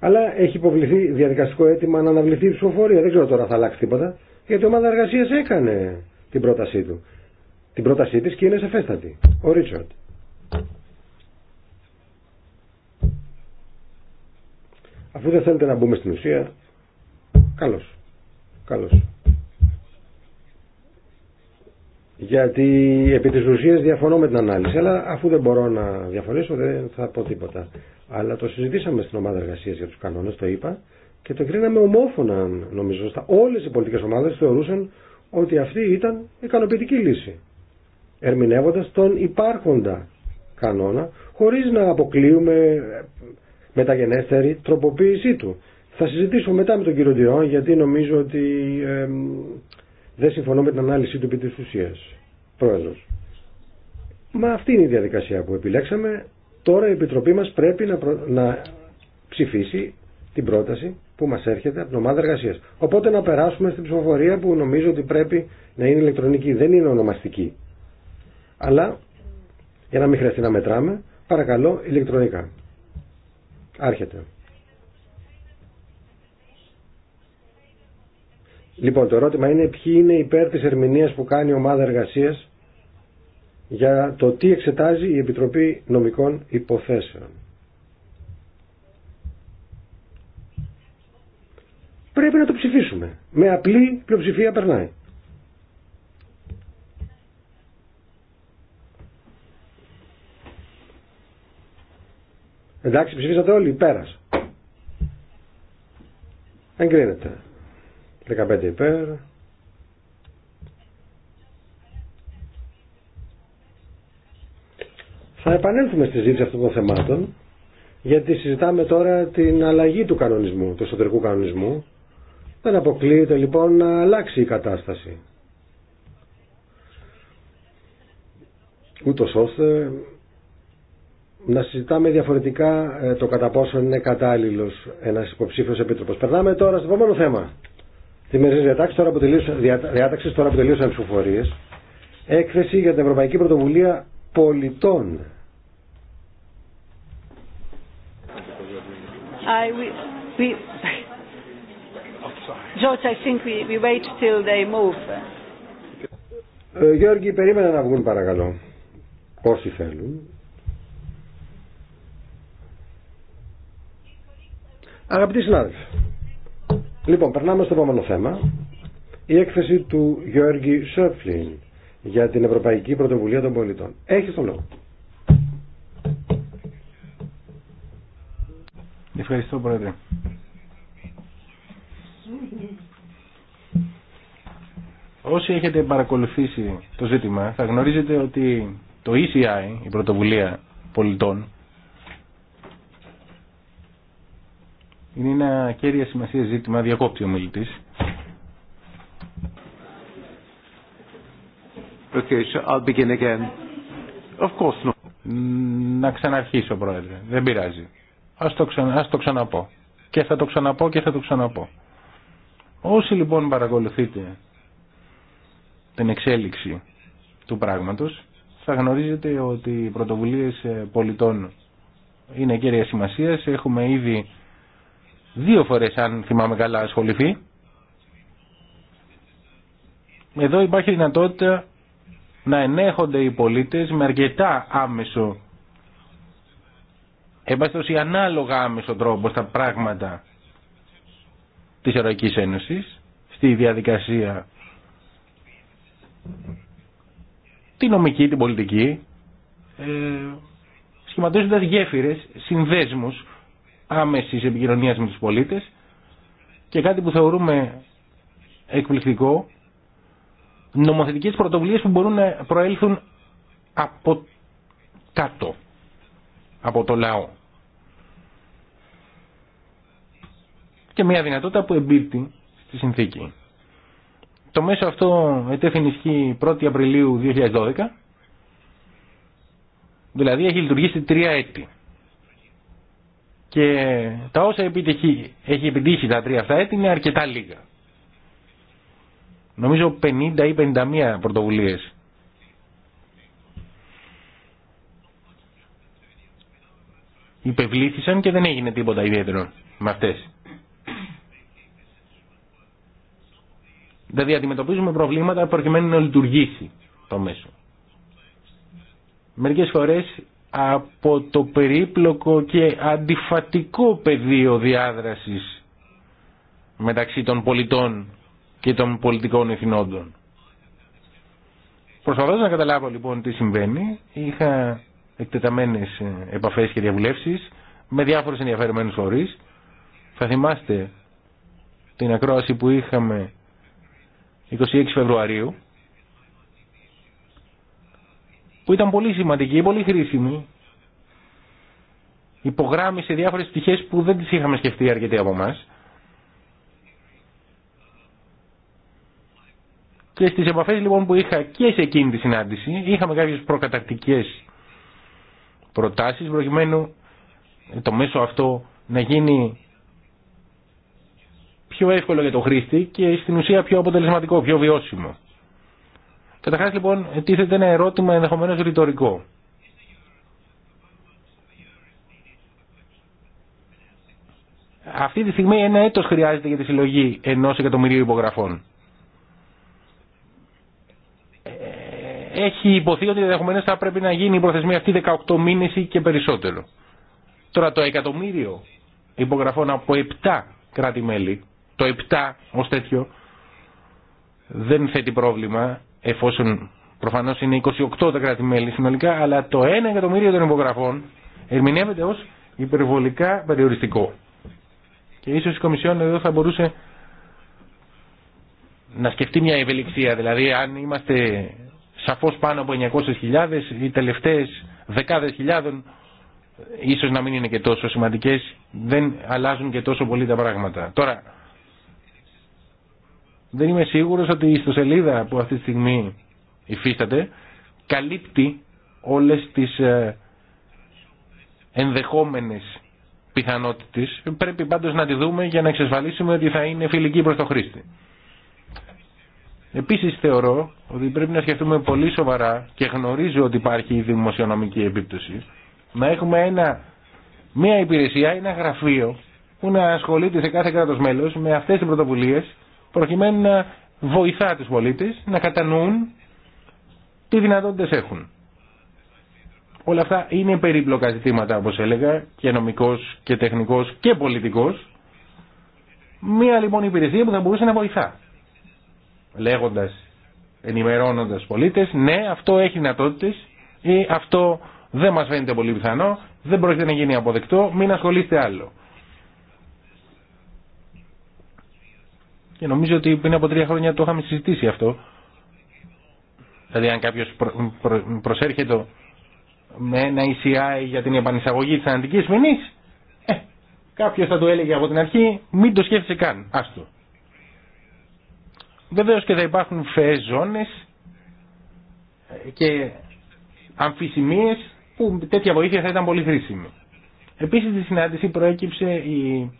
Αλλά έχει υποβληθεί διαδικαστικό αίτημα να αναβληθεί η ψηφοφορία. Δεν ξέρω τώρα θα αλλάξει τίποτα. Γιατί η ομάδα εργασία έκανε την πρότασή του. Την πρότασή τη και είναι σεφέστατη. Ο Ρίτσορντ. Αφού δεν θέλετε να μπούμε στην ουσία, καλώς. Καλώς. Γιατί επί της ουσίας διαφωνώ με την ανάλυση, αλλά αφού δεν μπορώ να διαφωνήσω δεν θα πω τίποτα. Αλλά το συζητήσαμε στην ομάδα εργασίας για τους κανόνες, το είπα, και το κρίναμε ομόφωνα νομίζω. Στα όλες οι πολιτικές ομάδες θεωρούσαν ότι αυτή ήταν ικανοποιητική λύση. Ερμηνεύοντας τον υπάρχοντα κανόνα, χωρίς να αποκλείουμε μεταγενέστερη τροποποίησή του. Θα συζητήσω μετά με τον κύριο Ντιρόν γιατί νομίζω ότι δεν συμφωνώ με την ανάλυση του επί της ουσίας. Πρόεδρος. Μα αυτή είναι η διαδικασία που επιλέξαμε. Τώρα η Επιτροπή μας πρέπει να, να ψηφίσει την πρόταση που μας έρχεται από την ομάδα εργασίας. Οπότε να περάσουμε στην ψηφοφορία που νομίζω ότι πρέπει να είναι ηλεκτρονική. Δεν είναι ονομαστική. Αλλά για να μην χρειαστεί να μετράμε, παρακαλώ ηλεκτρονικά. Άρχεται. Λοιπόν, το ερώτημα είναι ποιοι είναι υπέρ της ερμηνείας που κάνει η ομάδα εργασίας για το τι εξετάζει η Επιτροπή Νομικών Υποθέσεων. Πρέπει να το ψηφίσουμε. Με απλή πλειοψηφία περνάει. Εντάξει, ψηφίσατε όλοι, πέρας. Εγκρίνεται. 15 υπέρ. Θα επανέλθουμε στη ζήτηση αυτών των θεμάτων, γιατί συζητάμε τώρα την αλλαγή του κανονισμού, του εσωτερικού κανονισμού. Δεν αποκλείεται λοιπόν να αλλάξει η κατάσταση. Ούτως ώστε να συζητάμε διαφορετικά ε, το κατά πόσο είναι κατάλληλος ένας υποψήφιο επίτροπος. Περνάμε τώρα στο επόμενο θέμα. Τη μερική διατάξη τώρα τώρα που τελείωσαν ψηφοφορίε. Έκθεση για την Ευρωπαϊκή Πρωτοβουλία Πολιτών. I, we, George, I think we, we wait till they move. Ε, Γιώργη, περίμενα να βγουν παρακαλώ. Όσοι θέλουν. Αγαπητοί συνάδελφοι, λοιπόν, περνάμε στο επόμενο θέμα. Η έκθεση του Γιώργη Σέρφλιν για την Ευρωπαϊκή Πρωτοβουλία των Πολιτών. Έχει τον λόγο. Ευχαριστώ, Πρόεδρε. Όσοι έχετε παρακολουθήσει το ζήτημα, θα γνωρίζετε ότι το ECI, η Πρωτοβουλία Πολιτών, Είναι ένα κέρια σημασία ζήτημα, διακόπτει ο μιλητή. Okay, so I'll begin again. Of course not. Να ξαναρχίσω, Πρόεδρε. Δεν πειράζει. Ας το, ξαναπώ. Και θα το ξαναπώ και θα το ξαναπώ. Όσοι λοιπόν παρακολουθείτε την εξέλιξη του πράγματος, θα γνωρίζετε ότι οι πρωτοβουλίες ε, πολιτών είναι κέρια σημασίας. Έχουμε ήδη δύο φορές αν θυμάμαι καλά ασχοληθεί. Εδώ υπάρχει δυνατότητα να ενέχονται οι πολίτες με αρκετά άμεσο έμπαστος ή ανάλογα άμεσο τρόπο στα πράγματα της Ευρωπαϊκής Ένωσης στη διαδικασία τη νομική, την πολιτική ε, σχηματίζοντας γέφυρες, συνδέσμους Άμεση επικοινωνία με του πολίτες και κάτι που θεωρούμε εκπληκτικό, νομοθετικέ πρωτοβουλίε που μπορούν να προέλθουν από κάτω, από το λαό. Και μια δυνατότητα που εμπίπτει στη συνθήκη. Το μέσο αυτό ετέθη ισχύ 1η Απριλίου 2012, δηλαδή έχει λειτουργήσει τρία έτη. Και τα όσα επιτυχεί, έχει επιτύχει τα τρία αυτά έτη είναι αρκετά λίγα. Νομίζω 50 ή 51 πρωτοβουλίες. Υπευλήθησαν και δεν έγινε τίποτα ιδιαίτερο με αυτές. Δηλαδή αντιμετωπίζουμε προβλήματα προκειμένου να λειτουργήσει το μέσο. Μερικές φορές από το περίπλοκο και αντιφατικό πεδίο διάδρασης μεταξύ των πολιτών και των πολιτικών εθνόντων. Προσπαθώντας να καταλάβω λοιπόν τι συμβαίνει, είχα εκτεταμένες επαφές και διαβουλεύσεις με διάφορους ενδιαφέρομενους φορείς. Θα θυμάστε την ακρόαση που είχαμε 26 Φεβρουαρίου που ήταν πολύ σημαντική και πολύ χρήσιμη. Υπογράμμισε διάφορες πτυχές που δεν τις είχαμε σκεφτεί αρκετοί από εμά. Και στις επαφές λοιπόν που είχα και σε εκείνη τη συνάντηση είχαμε κάποιες προκατακτικές προτάσεις προκειμένου το μέσο αυτό να γίνει πιο εύκολο για το χρήστη και στην ουσία πιο αποτελεσματικό, πιο βιώσιμο. Καταρχά λοιπόν τίθεται ένα ερώτημα ενδεχομένω ρητορικό. Αυτή τη στιγμή ένα έτος χρειάζεται για τη συλλογή ενός εκατομμυρίου υπογραφών. Ε, έχει υποθεί ότι ενδεχομένω θα πρέπει να γίνει η προθεσμία αυτή 18 μήνες ή και περισσότερο. Τώρα το εκατομμύριο υπογραφών από 7 κράτη-μέλη, το 7 ως τέτοιο, δεν θέτει πρόβλημα εφόσον προφανώς είναι 28 τα κράτη-μέλη συνολικά, αλλά το 1 εκατομμύριο των υπογραφών ερμηνεύεται ως υπερβολικά περιοριστικό. Και ίσως η Κομισιόν εδώ θα μπορούσε να σκεφτεί μια ευελιξία, δηλαδή αν είμαστε σαφώς πάνω από 900.000, ή τελευταίες δεκάδες χιλιάδων ίσως να μην είναι και τόσο σημαντικές, δεν αλλάζουν και τόσο πολύ τα πράγματα. Τώρα, δεν είμαι σίγουρος ότι η ιστοσελίδα που αυτή τη στιγμή υφίσταται καλύπτει όλες τις ε, ενδεχόμενες πιθανότητες. Πρέπει πάντως να τη δούμε για να εξασφαλίσουμε ότι θα είναι φιλική προς το χρήστη. Επίσης θεωρώ ότι πρέπει να σκεφτούμε πολύ σοβαρά και γνωρίζω ότι υπάρχει η δημοσιονομική επίπτωση να έχουμε ένα, μια υπηρεσία, ένα γραφείο που να ασχολείται σε κάθε κράτος μέλος με αυτές τις πρωτοβουλίες προκειμένου να βοηθά τους πολίτες να κατανοούν τι δυνατότητες έχουν. Όλα αυτά είναι περίπλοκα ζητήματα όπως έλεγα και νομικός και τεχνικός και πολιτικός. Μία λοιπόν υπηρεσία που θα μπορούσε να βοηθά. Λέγοντας, ενημερώνοντας πολίτες, ναι αυτό έχει δυνατότητες ή αυτό δεν μας φαίνεται πολύ πιθανό, δεν πρόκειται να γίνει αποδεκτό, μην ασχολείστε άλλο. Και νομίζω ότι πριν από τρία χρόνια το είχαμε συζητήσει αυτό. Δηλαδή αν κάποιος προσέρχεται με ένα ECI για την επανεισαγωγή της αναντικής μηνής, ε, κάποιος θα του έλεγε από την αρχή μην το σκέφτεσαι καν, άστο. Βεβαίως και θα υπάρχουν φαιές ζώνες και αμφισημίες που τέτοια βοήθεια θα ήταν πολύ χρήσιμη. Επίσης στη συνάντηση προέκυψε η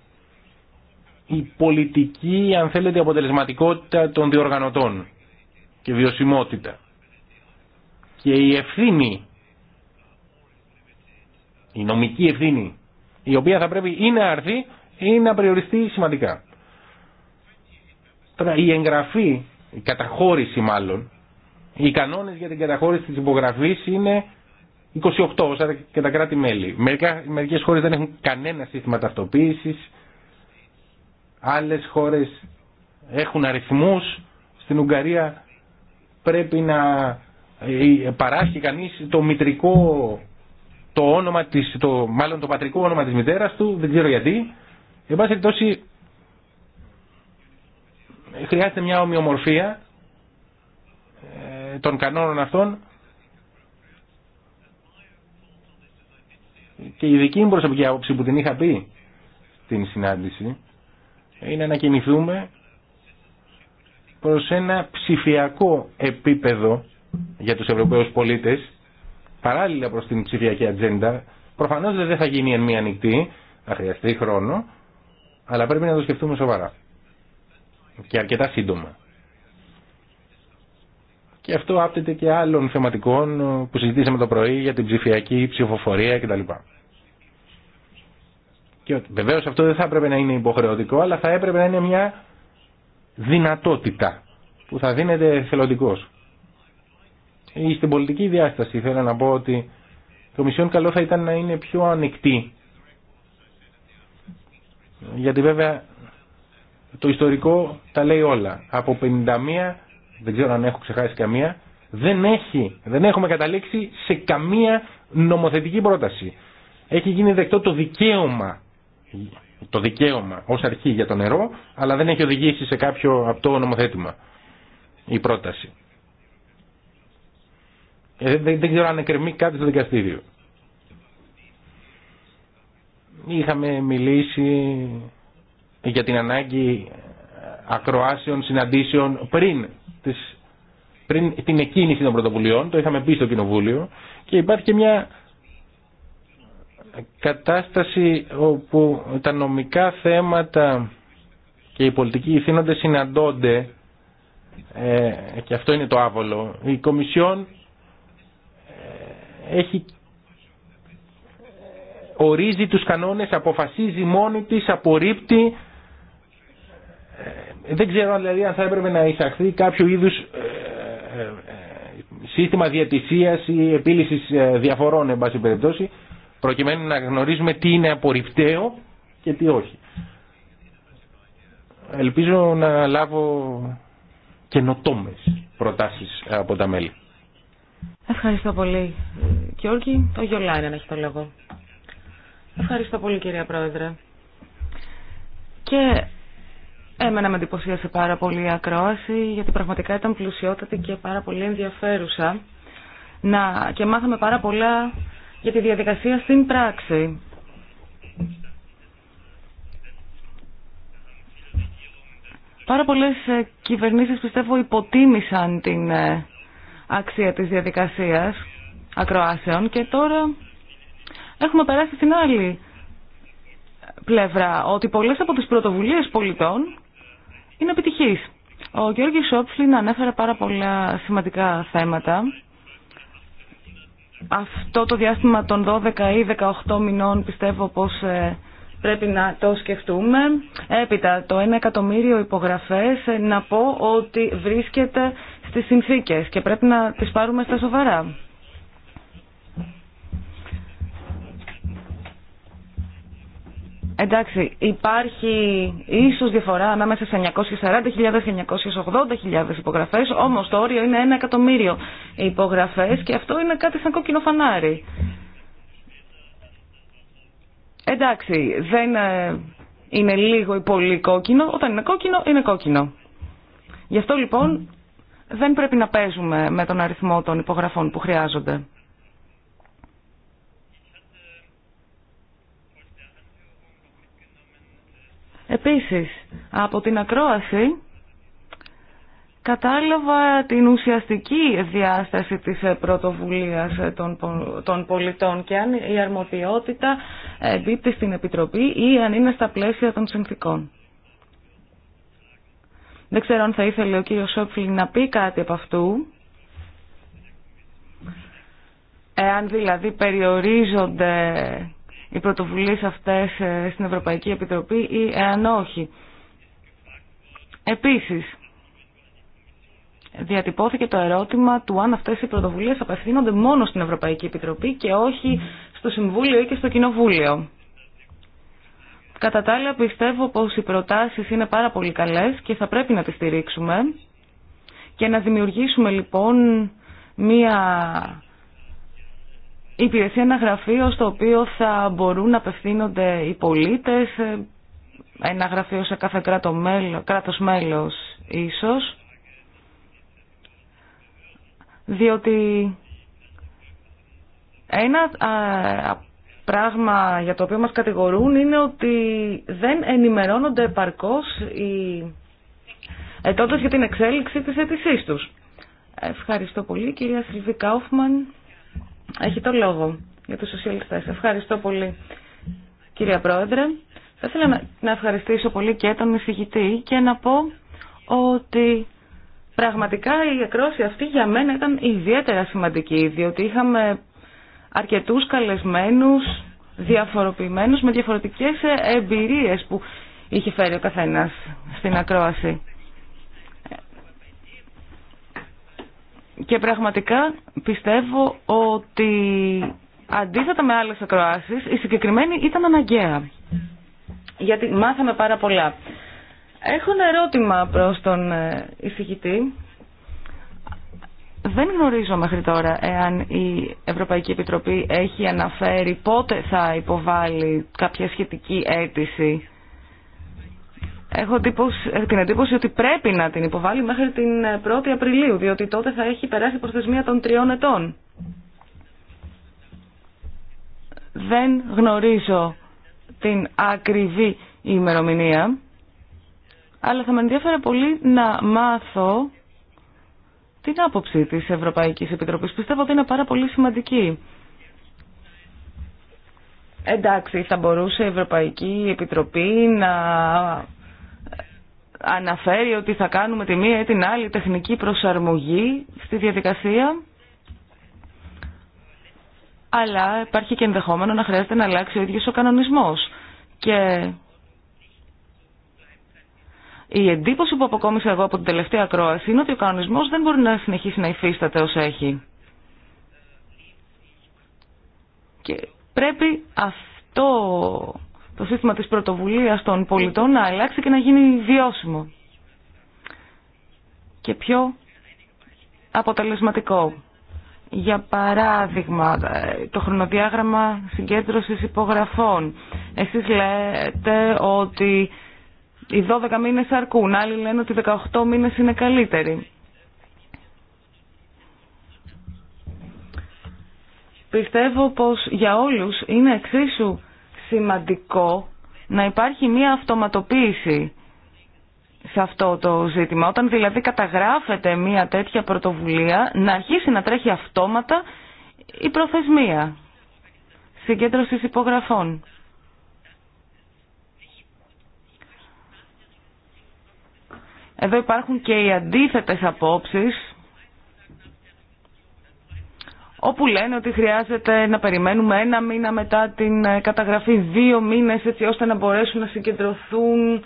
η πολιτική, αν θέλετε, αποτελεσματικότητα των διοργανωτών και βιωσιμότητα. Και η ευθύνη, η νομική ευθύνη, η οποία θα πρέπει ή να έρθει ή να περιοριστεί σημαντικά. Τώρα η εγγραφή, η καταχώρηση μάλλον, οι κανόνες για την καταχώρηση της υπογραφής είναι 28 και τα κράτη-μέλη. Μερικές χώρες δεν έχουν κανένα σύστημα ταυτοποίησης, άλλες χώρες έχουν αριθμούς, στην Ουγγαρία πρέπει να ε, ε, παράσχει κανείς το μητρικό το όνομα της, το, μάλλον το πατρικό όνομα της μητέρας του, δεν ξέρω γιατί. Εν πάση περιπτώσει χρειάζεται μια ομοιομορφία ε, των κανόνων αυτών και η δική μου προσωπική άποψη που την είχα πει στην συνάντηση είναι να κινηθούμε προς ένα ψηφιακό επίπεδο για τους Ευρωπαίους πολίτες, παράλληλα προς την ψηφιακή ατζέντα. Προφανώς δεν θα γίνει εν μία νυχτή, θα χρειαστεί χρόνο, αλλά πρέπει να το σκεφτούμε σοβαρά και αρκετά σύντομα. Και αυτό άπτεται και άλλων θεματικών που συζητήσαμε το πρωί για την ψηφιακή ψηφοφορία κτλ. Και ότι βεβαίως αυτό δεν θα έπρεπε να είναι υποχρεωτικό, αλλά θα έπρεπε να είναι μια δυνατότητα που θα δίνεται εθελοντικός. Ή στην πολιτική διάσταση θέλω να πω ότι το Μισιόν καλό θα ήταν να είναι πιο ανοιχτή. Γιατί βέβαια το ιστορικό τα λέει όλα. Από 51, δεν ξέρω αν έχω ξεχάσει καμία, δεν, έχει, δεν έχουμε καταλήξει σε καμία νομοθετική πρόταση. Έχει γίνει δεκτό το δικαίωμα το δικαίωμα ως αρχή για το νερό, αλλά δεν έχει οδηγήσει σε κάποιο αυτό νομοθέτημα η πρόταση. Ε, δεν, δεν ξέρω αν εκκρεμεί κάτι στο δικαστήριο. Είχαμε μιλήσει για την ανάγκη ακροάσεων συναντήσεων πριν, τις, πριν την εκκίνηση των πρωτοβουλειών, το είχαμε πει στο Κοινοβούλιο και υπάρχει και μια κατάσταση όπου τα νομικά θέματα και οι πολιτικοί ηθήνοντες συναντώνται ε, και αυτό είναι το άβολο. Η Κομισιόν ε, έχει ε, ορίζει τους κανόνες, αποφασίζει μόνη της, απορρίπτει. Δεν ξέρω δηλαδή αν θα έπρεπε να εισαχθεί κάποιο είδους σύστημα διατησίας ή επίλυσης διαφορών, εν πάση περιπτώσει προκειμένου να γνωρίζουμε τι είναι απορριπταίο και τι όχι. Ελπίζω να λάβω καινοτόμε προτάσεις από τα μέλη. Ευχαριστώ πολύ, Κιόρκη. Ο Γιολάινεν έχει το λόγο. Ευχαριστώ πολύ, κυρία Πρόεδρε. Και Εμένα με εντυπωσίασε πάρα πολύ η ακρόαση, γιατί πραγματικά ήταν πλουσιότατη και πάρα πολύ ενδιαφέρουσα. Να, και μάθαμε πάρα πολλά για τη διαδικασία στην πράξη. Πάρα πολλές ε, κυβερνήσεις πιστεύω υποτίμησαν την ε, αξία της διαδικασίας ακροάσεων και τώρα έχουμε περάσει στην άλλη πλευρά ότι πολλές από τις πρωτοβουλίες πολιτών είναι επιτυχείς. Ο Γιώργης να ανέφερε πάρα πολλά σημαντικά θέματα αυτό το διάστημα των 12 ή 18 μηνών πιστεύω πως ε, πρέπει να το σκεφτούμε. Έπειτα το 1 εκατομμύριο υπογραφές ε, να πω ότι βρίσκεται στις συνθήκες και πρέπει να τις πάρουμε στα σοβαρά. Εντάξει, υπάρχει ίσως διαφορά ανάμεσα σε 940.000 και 980.000 υπογραφές, όμως το όριο είναι ένα εκατομμύριο υπογραφές και αυτό είναι κάτι σαν κόκκινο φανάρι. Εντάξει, δεν ε, είναι λίγο ή πολύ κόκκινο, όταν είναι κόκκινο είναι κόκκινο. Γι' αυτό λοιπόν δεν πρέπει να παίζουμε με τον αριθμό των υπογραφών που χρειάζονται. Επίσης, από την ακρόαση κατάλαβα την ουσιαστική διάσταση της πρωτοβουλίας των πολιτών και αν η αρμοδιότητα εμπίπτει στην Επιτροπή ή αν είναι στα πλαίσια των συνθήκων. Δεν ξέρω αν θα ήθελε ο κύριος Σόπφλη να πει κάτι από αυτού. Εάν δηλαδή περιορίζονται οι πρωτοβουλίες αυτές ε, στην Ευρωπαϊκή Επιτροπή ή εάν όχι. Επίσης, διατυπώθηκε το ερώτημα του αν αυτές οι πρωτοβουλίες απευθύνονται μόνο στην Ευρωπαϊκή Επιτροπή και όχι στο Συμβούλιο ή και στο Κοινοβούλιο. Κατά τα άλλα πιστεύω πως οι προτάσεις είναι πάρα πολύ καλές και θα πρέπει να τις στηρίξουμε και να δημιουργήσουμε λοιπόν μία υπηρεσία, ένα γραφείο στο οποίο θα μπορούν να απευθύνονται οι πολίτες, ε, ένα γραφείο σε κάθε κράτο μέλο, κράτος μέλος ίσως, διότι ένα ε, πράγμα για το οποίο μας κατηγορούν είναι ότι δεν ενημερώνονται επαρκώς οι ετώντας για την εξέλιξη της αίτησής τους. Ευχαριστώ πολύ κυρία Σιλβί Κάουφμαν έχει το λόγο για τους σοσιαλιστές. Ευχαριστώ πολύ κυρία Πρόεδρε. Θα ήθελα να ευχαριστήσω πολύ και τον εισηγητή και να πω ότι πραγματικά η ακρόαση αυτή για μένα ήταν ιδιαίτερα σημαντική διότι είχαμε αρκετούς καλεσμένους, διαφοροποιημένους με διαφορετικές εμπειρίες που είχε φέρει ο καθένας στην ακρόαση. Και πραγματικά πιστεύω ότι αντίθετα με άλλες ακροάσεις η συγκεκριμένη ήταν αναγκαία. Γιατί μάθαμε πάρα πολλά. Έχω ένα ερώτημα προς τον ε, εισηγητή. Δεν γνωρίζω μέχρι τώρα εάν η Ευρωπαϊκή Επιτροπή έχει αναφέρει πότε θα υποβάλει κάποια σχετική αίτηση Έχω την εντύπωση ότι πρέπει να την υποβάλει μέχρι την 1η ε, Απριλίου, διότι τότε θα έχει περάσει η προθεσμία των τριών ετών. Δεν γνωρίζω την ακριβή ημερομηνία, αλλά θα με ενδιαφέρε πολύ να μάθω την άποψη της Ευρωπαϊκής Επιτροπής. Πιστεύω ότι είναι πάρα πολύ σημαντική. Εντάξει, θα μπορούσε η Ευρωπαϊκή Επιτροπή να αναφέρει ότι θα κάνουμε τη μία ή την άλλη τεχνική προσαρμογή στη διαδικασία αλλά υπάρχει και ενδεχόμενο να χρειάζεται να αλλάξει ο ίδιος ο κανονισμός. Και η εντύπωση που αποκόμισα εγώ από την τελευταία ακρόαση είναι ότι ο κανονισμός δεν μπορεί να συνεχίσει να υφίσταται όσο έχει. Και πρέπει αυτό το σύστημα της πρωτοβουλίας των πολιτών να αλλάξει και να γίνει βιώσιμο και πιο αποτελεσματικό. Για παράδειγμα, το χρονοδιάγραμμα συγκέντρωσης υπογραφών. Εσείς λέτε ότι οι 12 μήνες αρκούν, άλλοι λένε ότι 18 μήνες είναι καλύτεροι. Πιστεύω πως για όλους είναι εξίσου σημαντικό να υπάρχει μία αυτοματοποίηση σε αυτό το ζήτημα. Όταν δηλαδή καταγράφεται μία τέτοια πρωτοβουλία, να αρχίσει να τρέχει αυτόματα η προθεσμία συγκέντρωση υπογραφών. Εδώ υπάρχουν και οι αντίθετες απόψεις όπου λένε ότι χρειάζεται να περιμένουμε ένα μήνα μετά την ε, καταγραφή, δύο μήνες έτσι ώστε να μπορέσουν να συγκεντρωθούν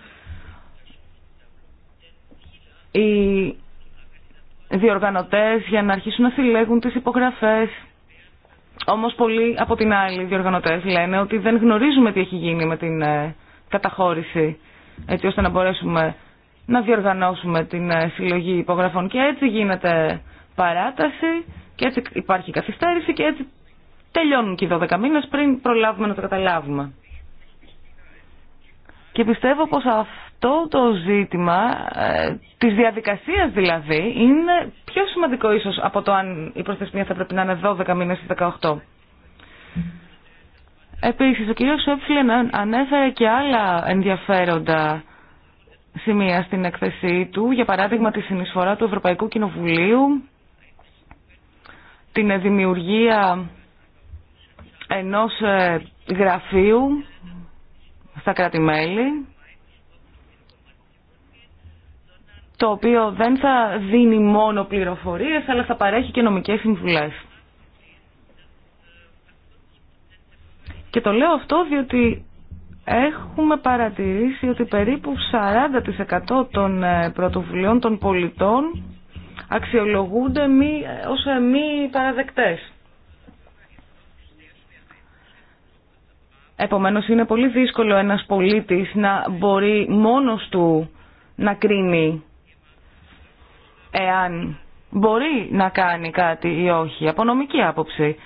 οι διοργανωτές για να αρχίσουν να συλλέγουν τις υπογραφές. Όμως πολλοί από την άλλη οι διοργανωτές λένε ότι δεν γνωρίζουμε τι έχει γίνει με την ε, καταχώρηση έτσι ώστε να μπορέσουμε να διοργανώσουμε την ε, συλλογή υπογραφών και έτσι γίνεται παράταση και έτσι υπάρχει η καθυστέρηση και έτσι τελειώνουν και οι 12 μήνες πριν προλάβουμε να το καταλάβουμε. Και πιστεύω πως αυτό το ζήτημα ε, της διαδικασίας δηλαδή είναι πιο σημαντικό ίσως από το αν η προσθεσμία θα πρέπει να είναι 12 μήνες ή 18. Επίσης, ο κύριος Σόπφλεν ανέφερε και άλλα ενδιαφέροντα σημεία στην έκθεσή του, για παράδειγμα τη συνεισφορά του Ευρωπαϊκού Κοινοβουλίου την δημιουργία ενός ε, γραφείου στα κρατη το οποίο δεν θα δίνει μόνο πληροφορίες, αλλά θα παρέχει και νομικές συμβουλές. Και το λέω αυτό διότι έχουμε παρατηρήσει ότι περίπου 40% των ε, πρωτοβουλειών των πολιτών αξιολογούνται μη, ως ε, μη παραδεκτές. Επομένως είναι πολύ δύσκολο ένας πολίτης να μπορεί μόνος του να κρίνει εάν μπορεί να κάνει κάτι ή όχι, από νομική άποψη.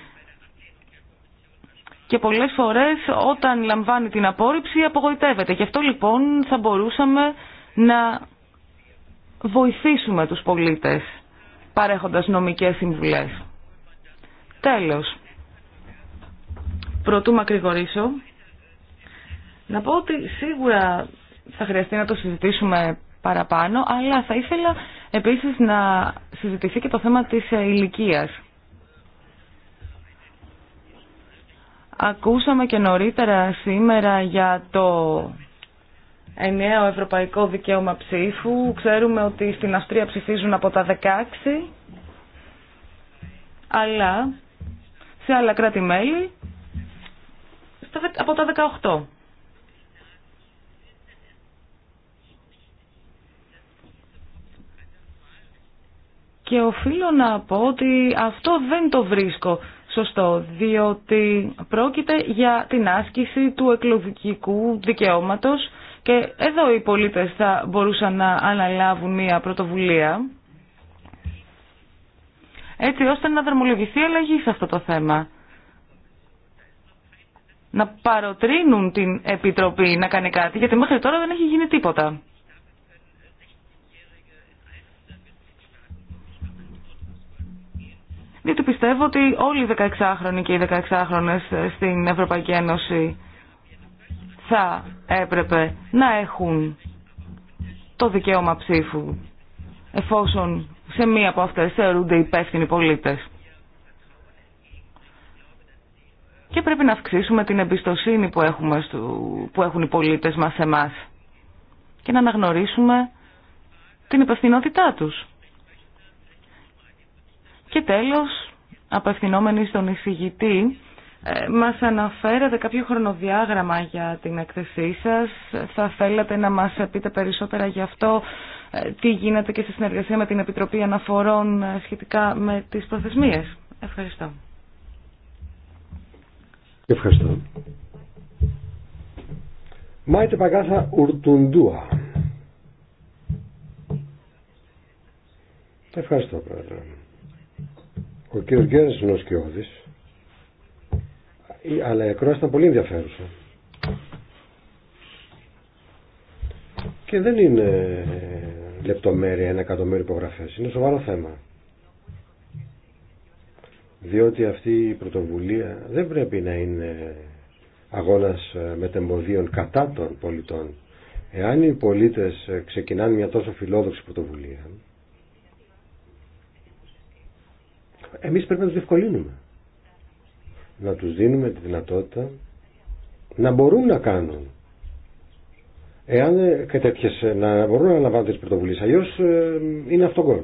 Και πολλές φορές όταν λαμβάνει την απόρριψη απογοητεύεται. Και αυτό λοιπόν θα μπορούσαμε να βοηθήσουμε τους πολίτες παρέχοντας νομικές συμβουλές. Τέλος, πρωτού μακρηγορήσω, να πω ότι σίγουρα θα χρειαστεί να το συζητήσουμε παραπάνω, αλλά θα ήθελα επίσης να συζητηθεί και το θέμα της ηλικία. Ακούσαμε και νωρίτερα σήμερα για το ενιαίο ευρωπαϊκό δικαίωμα ψήφου. Ξέρουμε ότι στην Αυστρία ψηφίζουν από τα 16, αλλά σε άλλα κράτη-μέλη από τα 18. Και οφείλω να πω ότι αυτό δεν το βρίσκω σωστό, διότι πρόκειται για την άσκηση του εκλογικού δικαιώματος και εδώ οι πολίτες θα μπορούσαν να αναλάβουν μια πρωτοβουλία έτσι ώστε να δρομολογηθεί αλλαγή σε αυτό το θέμα. Να παροτρύνουν την Επιτροπή να κάνει κάτι, γιατί μέχρι τώρα δεν έχει γίνει τίποτα. Διότι πιστεύω ότι όλοι οι 16χρονοι και οι 16χρονες στην Ευρωπαϊκή Ένωση θα έπρεπε να έχουν το δικαίωμα ψήφου εφόσον σε μία από αυτές θεωρούνται υπεύθυνοι πολίτες. Και πρέπει να αυξήσουμε την εμπιστοσύνη που, έχουμε που έχουν οι πολίτες μας σε εμάς και να αναγνωρίσουμε την υπευθυνότητά τους. Και τέλος, απευθυνόμενοι στον εισηγητή, ε, μας αναφέρατε κάποιο χρονοδιάγραμμα για την εκθεσή σας. Θα θέλατε να μας πείτε περισσότερα γι' αυτό, ε, τι γίνεται και στη συνεργασία με την Επιτροπή Αναφορών ε, σχετικά με τις προθεσμίες. Ευχαριστώ. Ευχαριστώ. Μάιτε Παγκάθα Ουρτουντούα. Ευχαριστώ, Πρόεδρε. Ο κύριος Γκέρας ε, αλλά η ακρόαση ήταν πολύ ενδιαφέρουσα. Και δεν είναι λεπτομέρεια ένα εκατομμύριο υπογραφέ. Είναι σοβαρό θέμα. Διότι αυτή η πρωτοβουλία δεν πρέπει να είναι αγώνας μετεμποδίων κατά των πολιτών. Εάν οι πολίτες ξεκινάνε μια τόσο φιλόδοξη πρωτοβουλία, εμείς πρέπει να τους διευκολύνουμε να τους δίνουμε τη δυνατότητα να μπορούν να κάνουν. Εάν ε, και τέτοιες, ε, να μπορούν να αναλαμβάνουν τις πρωτοβουλίες, αλλιώς ε, είναι αυτογκόλ.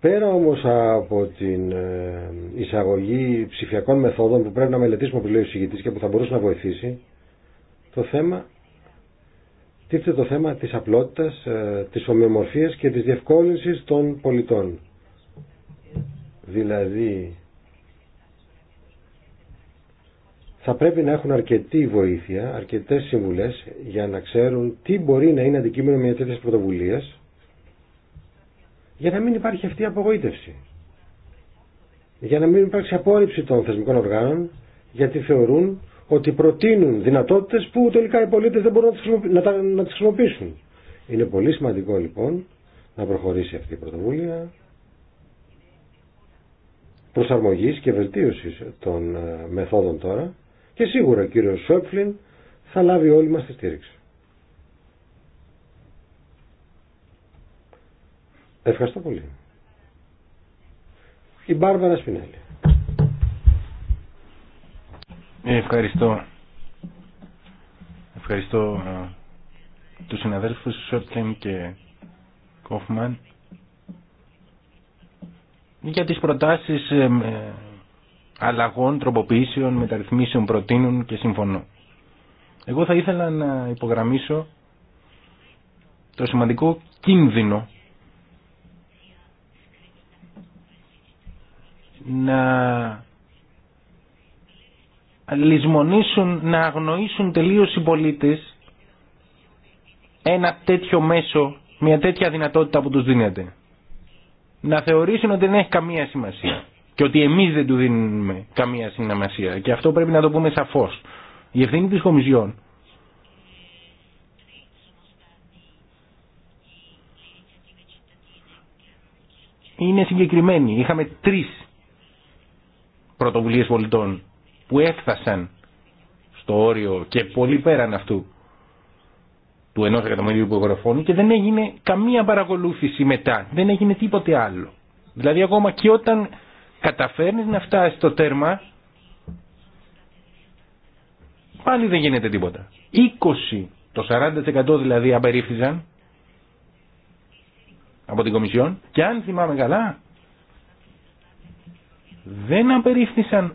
Πέρα όμως από την ε, εισαγωγή ψηφιακών μεθόδων που πρέπει να μελετήσουμε που λέει ο και που θα μπορούσε να βοηθήσει, το θέμα τίθεται το θέμα της απλότητας, ε, της ομοιομορφίας και της διευκόλυνσης των πολιτών. Δηλαδή, θα πρέπει να έχουν αρκετή βοήθεια, αρκετές συμβουλές για να ξέρουν τι μπορεί να είναι αντικείμενο μια τέτοια πρωτοβουλία για να μην υπάρχει αυτή η απογοήτευση. Για να μην υπάρξει απόρριψη των θεσμικών οργάνων γιατί θεωρούν ότι προτείνουν δυνατότητες που τελικά οι πολίτε δεν μπορούν να τις χρησιμοποιήσουν. Είναι πολύ σημαντικό λοιπόν να προχωρήσει αυτή η πρωτοβουλία προσαρμογής και βελτίωση των ε, μεθόδων τώρα και σίγουρα ο κύριο Σόπφλιν θα λάβει όλη μα τη στήριξη. Ευχαριστώ πολύ. Η Μπάρβαρα Σπινέλη. Ε, ευχαριστώ. Ευχαριστώ ε, τους συναδέλφους Σότκεμ και Κόφμαν για τις προτάσεις ε, αλλαγών, τροποποιήσεων, μεταρρυθμίσεων προτείνουν και συμφωνώ. Εγώ θα ήθελα να υπογραμμίσω το σημαντικό κίνδυνο να λησμονήσουν, να αγνοήσουν τελείως οι πολίτες ένα τέτοιο μέσο, μια τέτοια δυνατότητα που τους δίνεται. Να θεωρήσουν ότι δεν έχει καμία σημασία και ότι εμείς δεν του δίνουμε καμία σημασία και αυτό πρέπει να το πούμε σαφώς. Η ευθύνη της Κομισιόν είναι συγκεκριμένη. Είχαμε τρεις πρωτοβουλίες πολιτών που έφτασαν στο όριο και πολύ πέραν αυτού του ενός εκατομμυρίου υπογραφών και δεν έγινε καμία παρακολούθηση μετά, δεν έγινε τίποτε άλλο. Δηλαδή ακόμα και όταν καταφέρνεις να φτάσεις στο τέρμα, πάλι δεν γίνεται τίποτα. 20, το 40% δηλαδή απερίφθησαν από την Κομισιόν και αν θυμάμαι καλά, δεν απερίφθησαν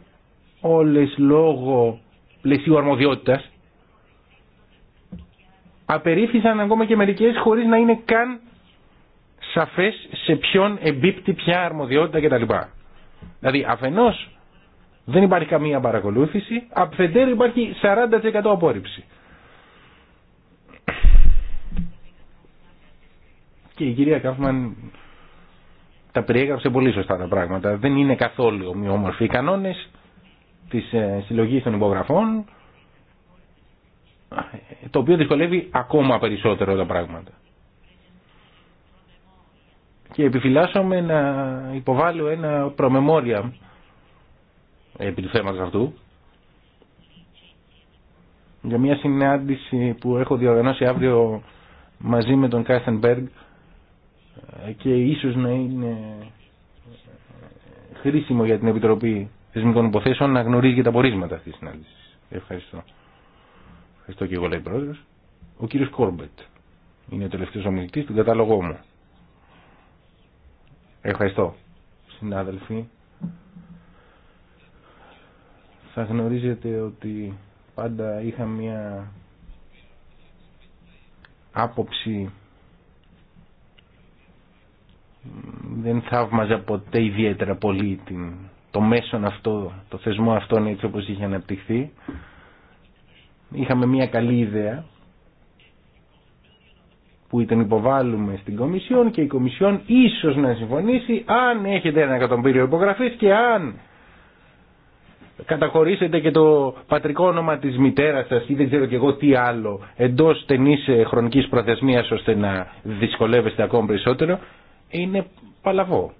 όλες λόγω πλαισίου αρμοδιότητας απερίφθησαν ακόμα και μερικές χωρίς να είναι καν σαφές σε ποιον εμπίπτει ποια αρμοδιότητα κτλ. Δηλαδή αφενός δεν υπάρχει καμία παρακολούθηση, αφεντέρου υπάρχει 40% απόρριψη. Και η κυρία Κάφμαν τα περιέγραψε πολύ σωστά τα πράγματα. Δεν είναι καθόλου ομοιόμορφοι οι κανόνες της ε, συλλογής των υπογραφών το οποίο δυσκολεύει ακόμα περισσότερο τα πράγματα. Και επιφυλάσσομαι να υποβάλω ένα προμεμόρια επί του θέματος αυτού για μια συνάντηση που έχω διοργανώσει αύριο μαζί με τον Κάστενμπεργκ ε, και ίσως να είναι ε, χρήσιμο για την Επιτροπή θεσμικών υποθέσεων να γνωρίζει και τα πορίσματα αυτής της συνάντηση. Ευχαριστώ. Ευχαριστώ και εγώ λέει πρόεδρο. Ο κύριο Κόρμπετ είναι ο τελευταίο ομιλητή του κατάλογό μου. Ευχαριστώ. Συνάδελφοι, θα γνωρίζετε ότι πάντα είχα μια άποψη δεν θαύμαζα ποτέ ιδιαίτερα πολύ την το μέσον αυτό, το θεσμό αυτόν έτσι όπως είχε αναπτυχθεί. Είχαμε μια καλή ιδέα που ήταν υποβάλλουμε στην Κομισιόν και η Κομισιόν ίσως να συμφωνήσει αν έχετε ένα εκατομμύριο υπογραφής και αν καταχωρήσετε και το πατρικό όνομα της μητέρας σας ή δεν ξέρω και εγώ τι άλλο εντός στενής ε, χρονικής προθεσμίας ώστε να δυσκολεύεστε ακόμα περισσότερο είναι παλαβό.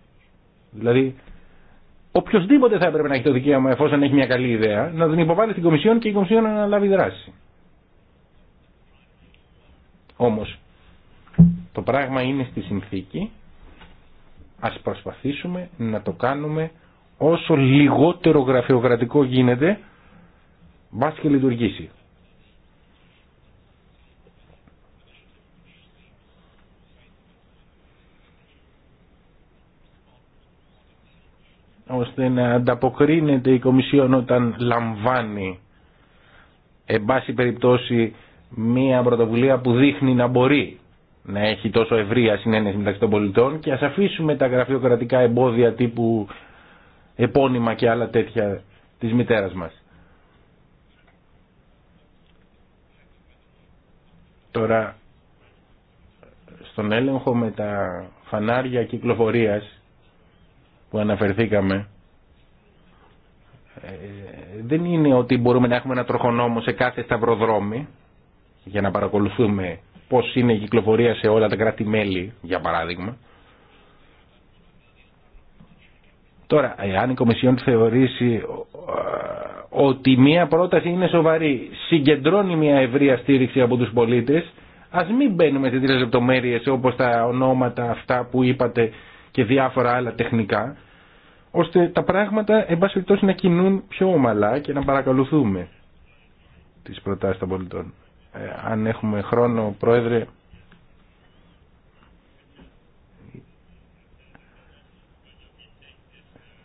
Δηλαδή οποιοδήποτε θα έπρεπε να έχει το δικαίωμα, εφόσον έχει μια καλή ιδέα, να την υποβάλει στην Κομισιόν και η Κομισιόν να λάβει δράση. Όμω, το πράγμα είναι στη συνθήκη, ας προσπαθήσουμε να το κάνουμε όσο λιγότερο γραφειοκρατικό γίνεται, μπα και λειτουργήσει. ώστε να ανταποκρίνεται η Κομισιόν όταν λαμβάνει εν πάση περιπτώσει μία πρωτοβουλία που δείχνει να μπορεί να έχει τόσο ευρεία συνένεση μεταξύ των πολιτών και ας αφήσουμε τα γραφειοκρατικά εμπόδια τύπου επώνυμα και άλλα τέτοια της μητέρας μας. Τώρα, στον έλεγχο με τα φανάρια κυκλοφορίας που αναφερθήκαμε ε, δεν είναι ότι μπορούμε να έχουμε ένα τροχονόμο σε κάθε σταυροδρόμι για να παρακολουθούμε πώς είναι η κυκλοφορία σε όλα τα κράτη-μέλη, για παράδειγμα. Τώρα, ε, αν η Κομισιόν θεωρήσει ε, ότι μία πρόταση είναι σοβαρή, συγκεντρώνει μία ευρία στήριξη από τους πολίτες, ας μην μπαίνουμε σε τρεις λεπτομέρειες όπως τα ονόματα αυτά που είπατε και διάφορα άλλα τεχνικά, ώστε τα πράγματα, εν περιπτώσει, να κινούν πιο ομαλά και να παρακολουθούμε τις προτάσεις των πολιτών. Ε, αν έχουμε χρόνο, Πρόεδρε,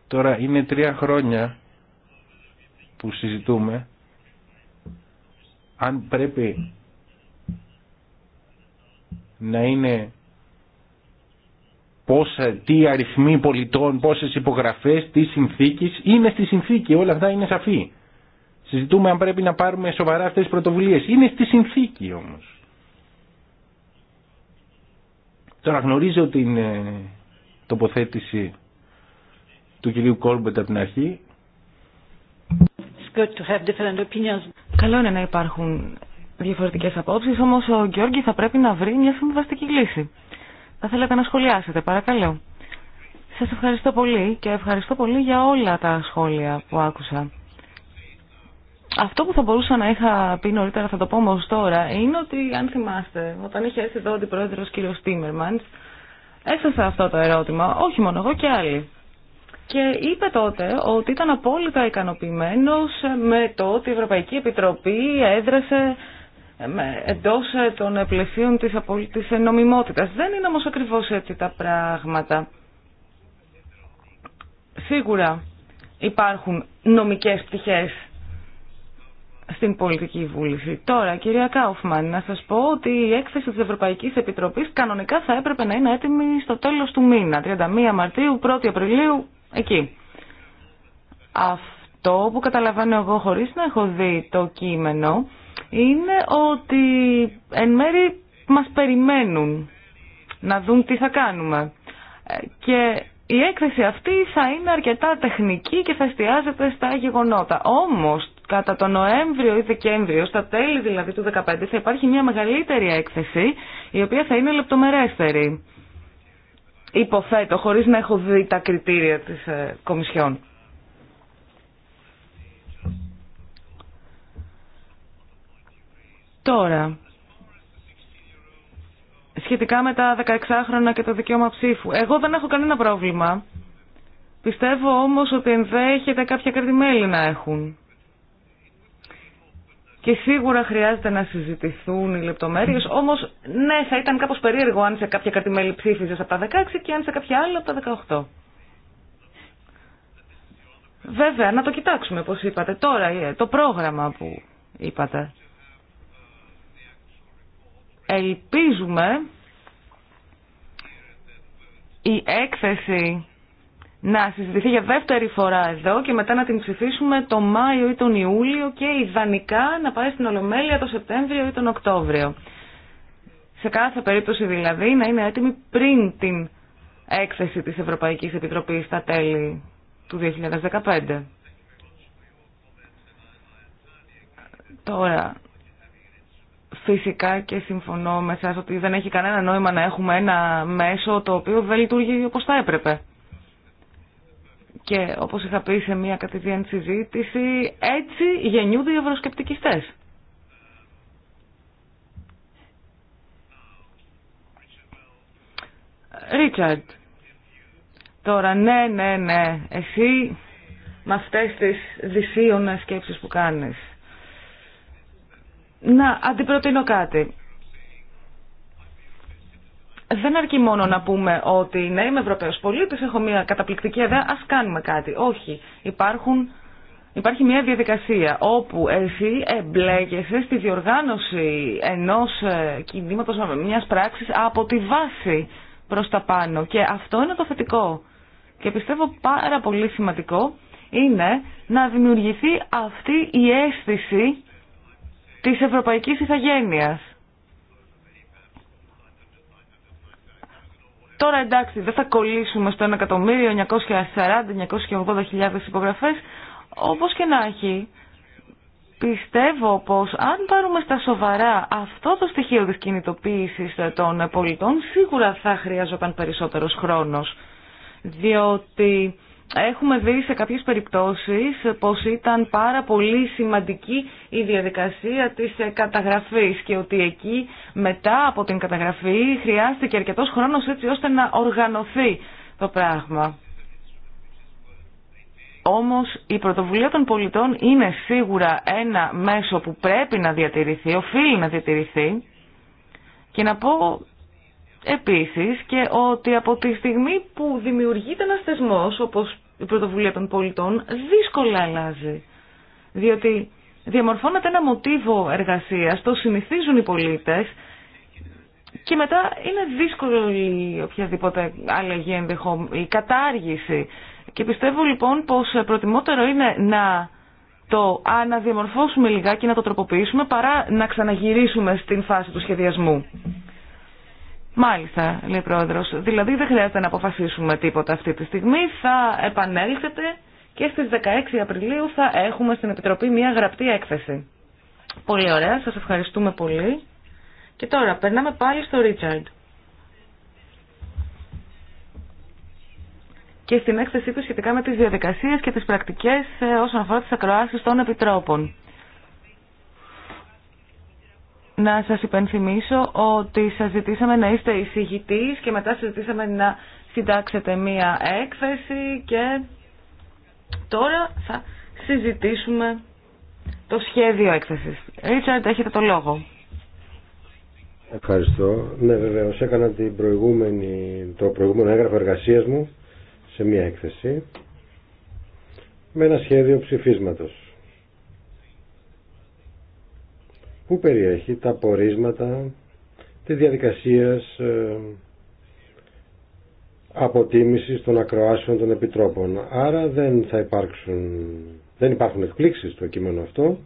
Τώρα είναι τρία χρόνια που συζητούμε αν πρέπει να είναι πόσα, ε, τι αριθμοί πολιτών, πόσες υπογραφές, τι συνθήκες, είναι στη συνθήκη, όλα αυτά είναι σαφή. Συζητούμε αν πρέπει να πάρουμε σοβαρά αυτές τις πρωτοβουλίες. Είναι στη συνθήκη όμως. Τώρα γνωρίζω την ε, τοποθέτηση του κυρίου Κόλμπετ από την αρχή. Καλό είναι να υπάρχουν διαφορετικές απόψεις, όμως ο Γιώργη θα πρέπει να βρει μια συμβαστική λύση θα θέλατε να σχολιάσετε, παρακαλώ. Σας ευχαριστώ πολύ και ευχαριστώ πολύ για όλα τα σχόλια που άκουσα. Αυτό που θα μπορούσα να είχα πει νωρίτερα, θα το πω όμως τώρα, είναι ότι αν θυμάστε, όταν είχε έρθει εδώ ο αντιπρόεδρος κ. Τίμερμαντς, έθεσα αυτό το ερώτημα, όχι μόνο εγώ και άλλοι. Και είπε τότε ότι ήταν απόλυτα ικανοποιημένος με το ότι η Ευρωπαϊκή Επιτροπή έδρασε ε, εντός ε, των πλαισίων της της ε, νομιμότητας. Δεν είναι όμως ακριβώς έτσι τα πράγματα. Σίγουρα υπάρχουν νομικές πτυχές στην πολιτική βούληση. Τώρα, κυρία Κάουφμαν, να σας πω ότι η έκθεση της Ευρωπαϊκής Επιτροπής κανονικά θα έπρεπε να είναι έτοιμη στο τέλος του μήνα, 31 Μαρτίου, Απριλίου, εκεί. Το που καταλαβαίνω εγώ χωρίς να έχω δει το κείμενο είναι ότι εν μέρη μας περιμένουν να δουν τι θα κάνουμε. Ε, και η έκθεση αυτή θα είναι αρκετά τεχνική και θα εστιάζεται στα γεγονότα. Όμως, κατά τον Νοέμβριο ή Δεκέμβριο, στα τέλη δηλαδή του 2015, θα υπάρχει μια μεγαλύτερη έκθεση, η οποία θα είναι λεπτομερέστερη. Υποθέτω, χωρίς να έχω δει τα κριτήρια της ε, Κομισιόν. Τώρα, σχετικά με τα 16χρονα και το δικαίωμα ψήφου. Εγώ δεν έχω κανένα πρόβλημα. Πιστεύω όμως ότι ενδέχεται κάποια κρατημέλη να έχουν. Και σίγουρα χρειάζεται να συζητηθούν οι λεπτομέρειες, όμως ναι, θα ήταν κάπως περίεργο αν σε κάποια κρατημέλη ψήφιζες από τα 16 και αν σε κάποια άλλα από τα 18. Βέβαια, να το κοιτάξουμε, όπως είπατε τώρα, ε, το πρόγραμμα που είπατε. Ελπίζουμε η έκθεση να συζητηθεί για δεύτερη φορά εδώ και μετά να την ψηφίσουμε το Μάιο ή τον Ιούλιο και ιδανικά να πάει στην Ολομέλεια το Σεπτέμβριο ή τον Οκτώβριο. Σε κάθε περίπτωση δηλαδή να είναι έτοιμη πριν την έκθεση της Ευρωπαϊκής Επιτροπής στα τέλη του 2015. Τώρα, Φυσικά και συμφωνώ με εσάς ότι δεν έχει κανένα νόημα να έχουμε ένα μέσο το οποίο δεν λειτουργεί όπως θα έπρεπε. Και όπως είχα πει σε μια κατηδίαν συζήτηση, έτσι γεννιούνται οι ευρωσκεπτικιστές. Ρίτσαρντ, τώρα ναι, ναι, ναι, εσύ με αυτές τις δυσίωνες σκέψεις που κάνεις να αντιπροτείνω κάτι. Δεν αρκεί μόνο να πούμε ότι ναι, είμαι Ευρωπαίος πολίτη, έχω μια καταπληκτική ιδέα, Α κάνουμε κάτι. Όχι, υπάρχουν Υπάρχει μια διαδικασία όπου εσύ εμπλέκεσαι στη διοργάνωση ενός ε, κινήματο ε, μιας πράξη από τη βάση προς τα πάνω και αυτό είναι το θετικό και πιστεύω πάρα πολύ σημαντικό είναι να δημιουργηθεί αυτή η αίσθηση της Ευρωπαϊκής Ιθαγένειας. Τώρα εντάξει δεν θα κολλήσουμε στο 1.940.000-980.000 υπογραφές όπως και να έχει. Πιστεύω πως αν πάρουμε στα σοβαρά αυτό το στοιχείο της κινητοποίησης των πολιτών σίγουρα θα χρειαζόταν περισσότερος χρόνος διότι Έχουμε δει σε κάποιες περιπτώσεις πως ήταν πάρα πολύ σημαντική η διαδικασία της καταγραφής και ότι εκεί μετά από την καταγραφή χρειάστηκε αρκετός χρόνος έτσι ώστε να οργανωθεί το πράγμα. Όμως η πρωτοβουλία των πολιτών είναι σίγουρα ένα μέσο που πρέπει να διατηρηθεί, οφείλει να διατηρηθεί και να πω Επίσης και ότι από τη στιγμή που δημιουργείται ένας θεσμός, όπως η πρωτοβουλία των πολιτών, δύσκολα αλλάζει. Διότι διαμορφώνεται ένα μοτίβο εργασίας, το συνηθίζουν οι πολίτες και μετά είναι δύσκολη οποιαδήποτε αλλαγή ενδεχόμενη, η κατάργηση. Και πιστεύω λοιπόν πως προτιμότερο είναι να το αναδιαμορφώσουμε λιγάκι, να το τροποποιήσουμε παρά να ξαναγυρίσουμε στην φάση του σχεδιασμού. Μάλιστα, λέει πρόεδρο. Δηλαδή δεν χρειάζεται να αποφασίσουμε τίποτα αυτή τη στιγμή. Θα επανέλθετε και στι 16 Απριλίου θα έχουμε στην Επιτροπή μια γραπτή έκθεση. Πολύ ωραία, σα ευχαριστούμε πολύ. Και τώρα περνάμε πάλι στο Ρίτσαρντ. Και στην έκθεσή του σχετικά με τι διαδικασίε και τι πρακτικέ ε, όσον αφορά τι ακροάσει των επιτρόπων να σας υπενθυμίσω ότι σας ζητήσαμε να είστε εισηγητής και μετά σας ζητήσαμε να συντάξετε μία έκθεση και τώρα θα συζητήσουμε το σχέδιο έκθεσης. Ρίτσαρντ, έχετε το λόγο. Ευχαριστώ. Ναι, βεβαίω έκανα την προηγούμενη, το προηγούμενο έγγραφο εργασίας μου σε μία έκθεση με ένα σχέδιο ψηφίσματος. που περιέχει τα πορίσματα της διαδικασίας ε, αποτίμησης των ακροάσεων των επιτρόπων. Άρα δεν θα υπάρξουν, δεν υπάρχουν εκπλήξεις στο κείμενο αυτό.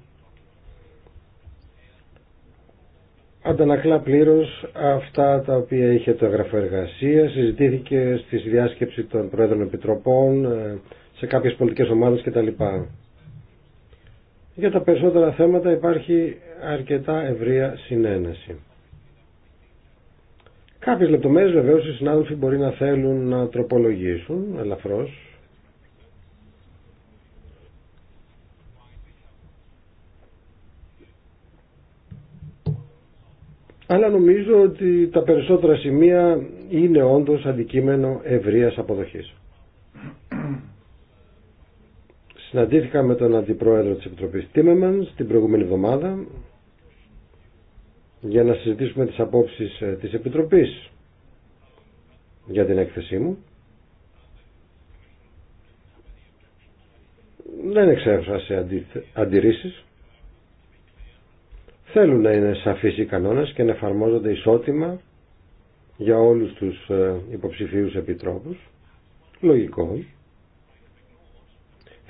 Αντανακλά πλήρως αυτά τα οποία είχε το εγγραφό εργασία, συζητήθηκε στη διάσκεψη των Πρόεδρων Επιτροπών, ε, σε κάποιες πολιτικές ομάδες κτλ. Για τα περισσότερα θέματα υπάρχει αρκετά ευρεία συνένεση. Κάποιε λεπτομέρειε βεβαίω οι συνάδελφοι μπορεί να θέλουν να τροπολογήσουν ελαφρώς. Αλλά νομίζω ότι τα περισσότερα σημεία είναι όντως αντικείμενο ευρείας αποδοχής. Συναντήθηκα με τον Αντιπρόεδρο της Επιτροπής Τίμεμαν την προηγούμενη εβδομάδα για να συζητήσουμε τις απόψεις ε, της Επιτροπής για την έκθεσή μου. Δεν εξέφρασε αντιρρήσεις. Θέλουν να είναι σαφείς οι κανόνες και να εφαρμόζονται ισότιμα για όλους τους ε, υποψηφίους επιτρόπους. Λογικό.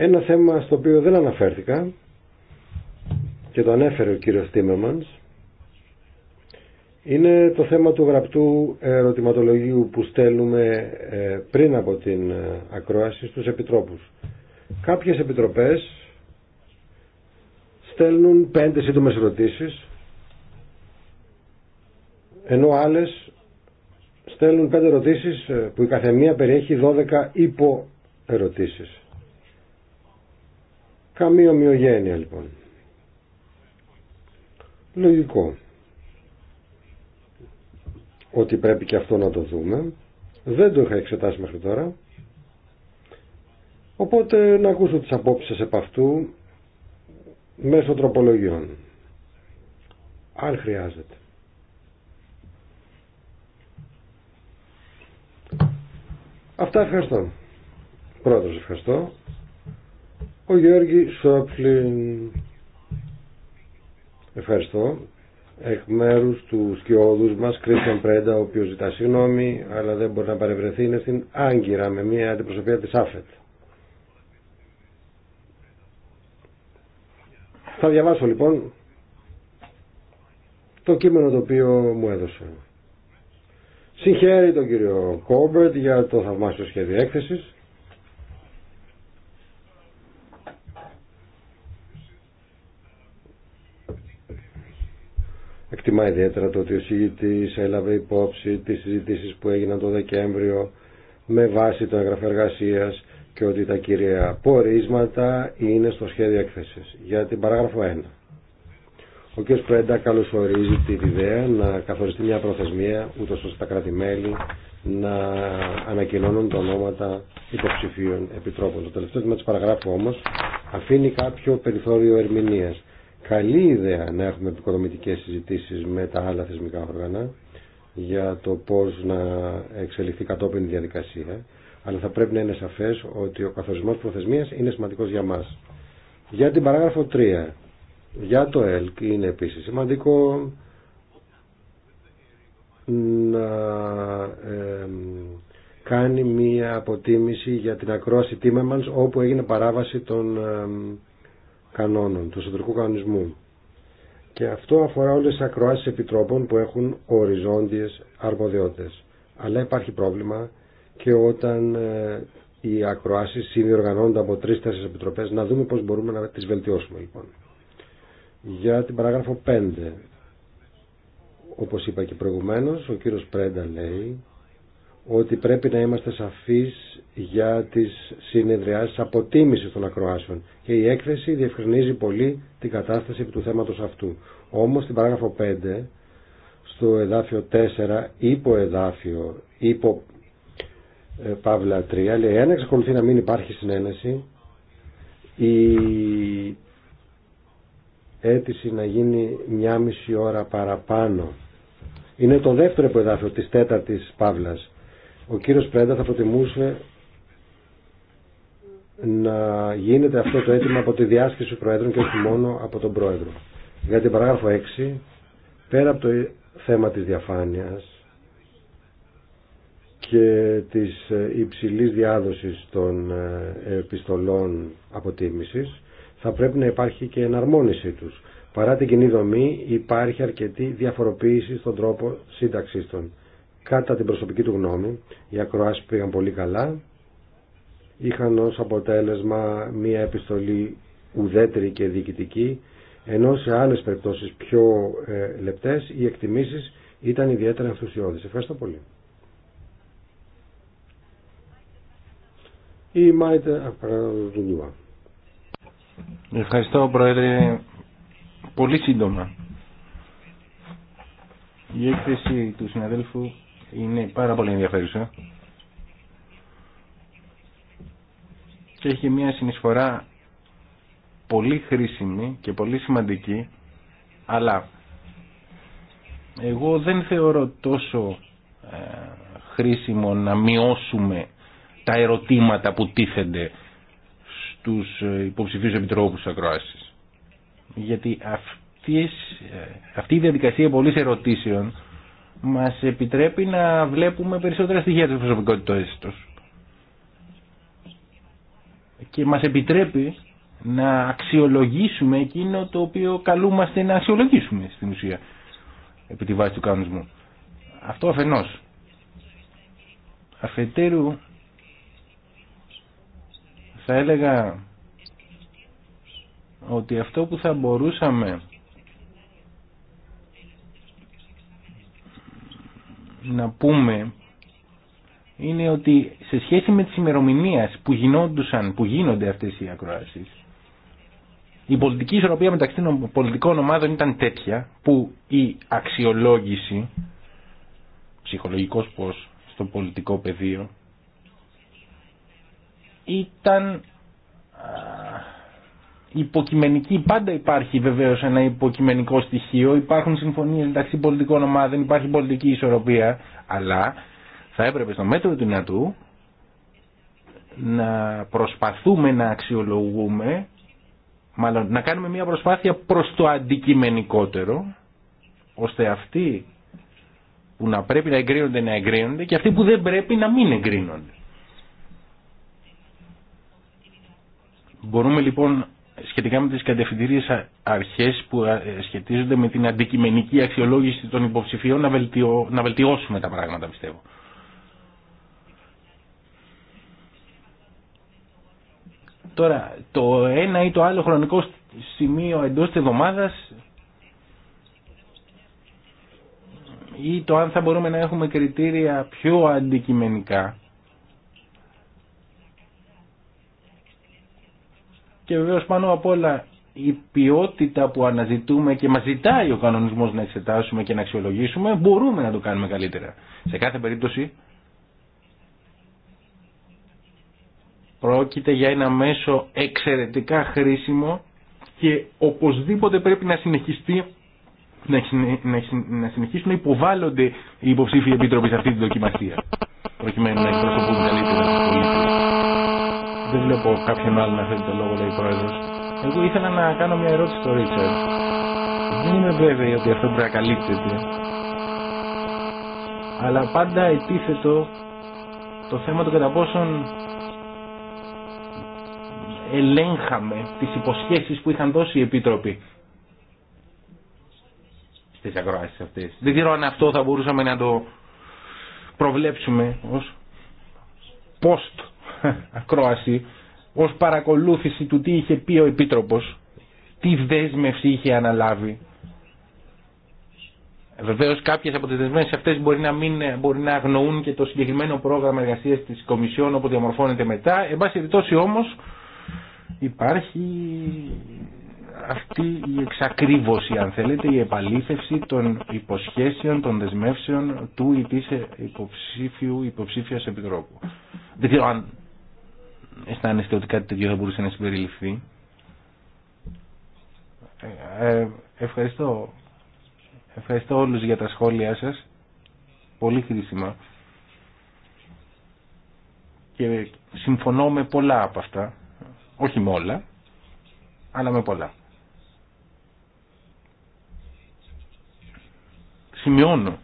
Ένα θέμα στο οποίο δεν αναφέρθηκα και το ανέφερε ο κύριος Τίμεμανς είναι το θέμα του γραπτού ερωτηματολογίου που στέλνουμε ε, πριν από την ε, ακρόαση στους επιτρόπους. Κάποιες επιτροπές στέλνουν πέντε σύντομες ερωτήσεις ενώ άλλες στέλνουν πέντε ερωτήσεις ε, που η καθεμία περιέχει 12 υποερωτήσεις. Καμία ομοιογένεια λοιπόν. Λογικό. Ότι πρέπει και αυτό να το δούμε. Δεν το είχα εξετάσει μέχρι τώρα. Οπότε να ακούσω τις απόψεις επ' αυτού μέσω τροπολογιών. Αν χρειάζεται. Αυτά ευχαριστώ. πρώτος ευχαριστώ. Ο Γιώργη Σόπλιν. Ευχαριστώ. Εκ μέρου του σκιώδους μας, Κρίστιαν Πρέντα, ο οποίος ζητά συγγνώμη, αλλά δεν μπορεί να παρευρεθεί, είναι στην Άγκυρα με μια αντιπροσωπεία της ΑΦΕΤ. Θα διαβάσω λοιπόν το κείμενο το οποίο μου έδωσε. Συγχαίρει τον κύριο Κόμπερτ για το θαυμάσιο σχέδιο έκθεσης ιδιαίτερα το ότι ο συγητής έλαβε υπόψη τις συζητήσεις που έγιναν το Δεκέμβριο με βάση το έγγραφο εργασία και ότι τα κυρία πορίσματα είναι στο σχέδιο έκθεση. Για την παράγραφο 1. Ο κ. Πρέντα καλωσορίζει την ιδέα να καθοριστεί μια προθεσμία ούτω ώστε τα κράτη-μέλη να ανακοινώνουν τα ονόματα υποψηφίων επιτρόπων. Το τελευταίο τμήμα τη παραγράφου όμω αφήνει κάποιο περιθώριο ερμηνεία καλή ιδέα να έχουμε επικοδομητικές συζητήσεις με τα άλλα θεσμικά όργανα για το πώς να εξελιχθεί κατόπιν η διαδικασία, αλλά θα πρέπει να είναι σαφές ότι ο καθορισμός προθεσμίας είναι σημαντικός για μας. Για την παράγραφο 3, για το ΕΛΚ είναι επίσης σημαντικό να κάνει μία αποτίμηση για την ακρόαση Τίμεμανς όπου έγινε παράβαση των κανόνων, του εσωτερικού κανονισμού. Και αυτό αφορά όλες τις ακροάσεις επιτρόπων που έχουν οριζόντιες αρμοδιότητες. Αλλά υπάρχει πρόβλημα και όταν ε, οι ακροάσεις συνδιοργανώνονται από τρεις-τέσσερις επιτροπές, να δούμε πώς μπορούμε να τις βελτιώσουμε λοιπόν. Για την παράγραφο 5, όπως είπα και προηγουμένως, ο κύριος Πρέντα λέει ότι πρέπει να είμαστε σαφείς για τις συνεδριάσεις αποτίμηση των ακροάσεων και η έκθεση διευκρινίζει πολύ την κατάσταση του θέματος αυτού. Όμως στην παράγραφο 5, στο εδάφιο 4, υπό εδάφιο, υπό ε, παύλα 3, λέει «Εάν εξακολουθεί να μην υπάρχει συνένεση, η αίτηση να γίνει μια μισή ώρα παραπάνω». Είναι το δεύτερο εδάφιο της τέταρτης παύλας ο κύριος Πρέντα θα προτιμούσε να γίνεται αυτό το αίτημα από τη διάσκεψη Πρόεδρου και όχι μόνο από τον Πρόεδρο. Για την παράγραφο 6, πέρα από το θέμα της διαφάνειας και της ε, υψηλής διάδοσης των ε, επιστολών αποτίμησης, θα πρέπει να υπάρχει και εναρμόνιση τους. Παρά την κοινή δομή υπάρχει αρκετή διαφοροποίηση στον τρόπο σύνταξής των. Κατά την προσωπική του γνώμη, οι ακροάσεις πήγαν πολύ καλά. Είχαν ως αποτέλεσμα μία επιστολή ουδέτερη και διοικητική, ενώ σε άλλες περιπτώσεις πιο ε, λεπτές οι εκτιμήσεις ήταν ιδιαίτερα ενθουσιώδεις. Ευχαριστώ πολύ. Η Μάιτε Ευχαριστώ Πρόεδρε. Πολύ σύντομα. Η έκθεση του συναδέλφου είναι πάρα πολύ ενδιαφέρουσα και έχει μια συνεισφορά πολύ χρήσιμη και πολύ σημαντική αλλά εγώ δεν θεωρώ τόσο ε, χρήσιμο να μειώσουμε τα ερωτήματα που τίθενται στους ε, υποψηφίους επιτρόπους ακροάσεις. Γιατί ε, αυτή η διαδικασία πολλής ερωτήσεων μας επιτρέπει να βλέπουμε περισσότερα στοιχεία της προσωπικότητας Και μας επιτρέπει να αξιολογήσουμε εκείνο το οποίο καλούμαστε να αξιολογήσουμε στην ουσία επί τη βάση του κανονισμού. Αυτό αφενός. Αφετέρου θα έλεγα ότι αυτό που θα μπορούσαμε να πούμε είναι ότι σε σχέση με τις ημερομηνίε που γινόντουσαν, που γίνονται αυτές οι ακροάσεις, η πολιτική ισορροπία μεταξύ των πολιτικών ομάδων ήταν τέτοια που η αξιολόγηση, ψυχολογικός πώς, στο πολιτικό πεδίο, ήταν υποκειμενική, πάντα υπάρχει βεβαίω ένα υποκειμενικό στοιχείο, υπάρχουν συμφωνίε μεταξύ πολιτικών ομάδων, υπάρχει πολιτική ισορροπία, αλλά θα έπρεπε στο μέτρο του δυνατού να προσπαθούμε να αξιολογούμε, μάλλον να κάνουμε μια προσπάθεια προς το αντικειμενικότερο, ώστε αυτοί που να πρέπει να εγκρίνονται να εγκρίνονται και αυτοί που δεν πρέπει να μην εγκρίνονται. Μπορούμε λοιπόν σχετικά με τις κατευθυντήριες αρχές που ε, σχετίζονται με την αντικειμενική αξιολόγηση των υποψηφίων να, βελτιώσουμε τα πράγματα πιστεύω. Τώρα, το ένα ή το άλλο χρονικό σημείο εντός της εβδομάδας ή το αν θα μπορούμε να έχουμε κριτήρια πιο αντικειμενικά και βεβαίως πάνω απ' όλα η ποιότητα που αναζητούμε και μας ζητάει ο κανονισμός να εξετάσουμε και να αξιολογήσουμε, μπορούμε να το κάνουμε καλύτερα. Σε κάθε περίπτωση πρόκειται για ένα μέσο εξαιρετικά χρήσιμο και οπωσδήποτε πρέπει να συνεχιστεί να συνεχίσουν να υποβάλλονται οι υποψήφοι επίτροποι σε αυτή τη δοκιμασία προκειμένου να εκπροσωπούν καλύτερα δεν βλέπω κάποιον άλλο να θέλει το λόγο, λέει ο πρόεδρο. Εγώ ήθελα να κάνω μια ερώτηση στο Ρίτσαρτ. Δεν είμαι βέβαιη ότι αυτό πρέπει να καλύπτεται. Αλλά πάντα επίθετο το θέμα του κατά πόσον ελέγχαμε τις υποσχέσεις που είχαν δώσει οι επίτροποι στις ακροάσεις αυτές. Δεν ξέρω αν αυτό θα μπορούσαμε να το προβλέψουμε ως post ακρόαση ως παρακολούθηση του τι είχε πει ο Επίτροπος, τι δέσμευση είχε αναλάβει. Βεβαίω κάποιες από τι δεσμεύσεις αυτέ μπορεί, να μην, μπορεί να αγνοούν και το συγκεκριμένο πρόγραμμα εργασία της Κομισιόν όπου διαμορφώνεται μετά. Εν πάση περιπτώσει όμως υπάρχει αυτή η εξακρίβωση, αν θέλετε, η επαλήθευση των υποσχέσεων, των δεσμεύσεων του ή της υποψήφιου, υποψήφιας επιτρόπου. Δεν αισθάνεστε ότι κάτι τέτοιο θα μπορούσε να συμπεριληφθεί. Ε, ε, ευχαριστώ. Ευχαριστώ όλους για τα σχόλιά σας. Πολύ χρήσιμα. Και συμφωνώ με πολλά από αυτά. Όχι με όλα, αλλά με πολλά. Σημειώνω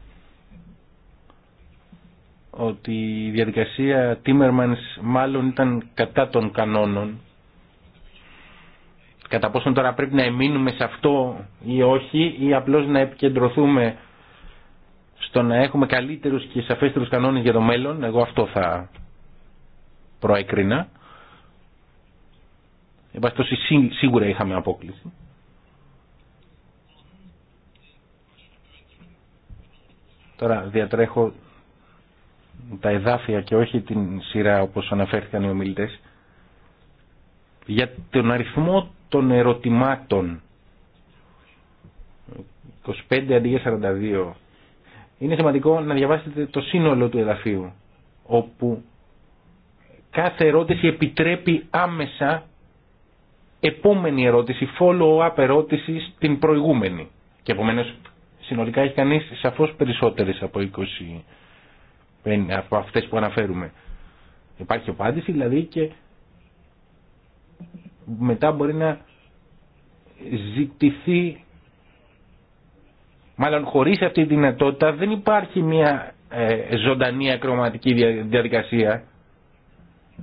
ότι η διαδικασία Τίμερμανς μάλλον ήταν κατά των κανόνων. Κατά πόσον τώρα πρέπει να εμείνουμε σε αυτό ή όχι ή απλώς να επικεντρωθούμε στο να έχουμε καλύτερους και σαφέστερους κανόνες για το μέλλον, εγώ αυτό θα προέκρινα. Εμπαστός σίγουρα είχαμε απόκληση. Τώρα διατρέχω τα εδάφια και όχι την σειρά όπως αναφέρθηκαν οι ομιλητές για τον αριθμό των ερωτημάτων 25 αντί για 42 είναι σημαντικό να διαβάσετε το σύνολο του εδαφίου όπου κάθε ερώτηση επιτρέπει άμεσα επόμενη ερώτηση, follow-up ερώτηση στην προηγούμενη. Και επομένω συνολικά έχει κανείς σαφώς περισσότερες από 20 από αυτέ που αναφέρουμε. Υπάρχει απάντηση δηλαδή και μετά μπορεί να ζητηθεί μάλλον χωρίς αυτή τη δυνατότητα δεν υπάρχει μια ε, ζωντανή ακροματική διαδικασία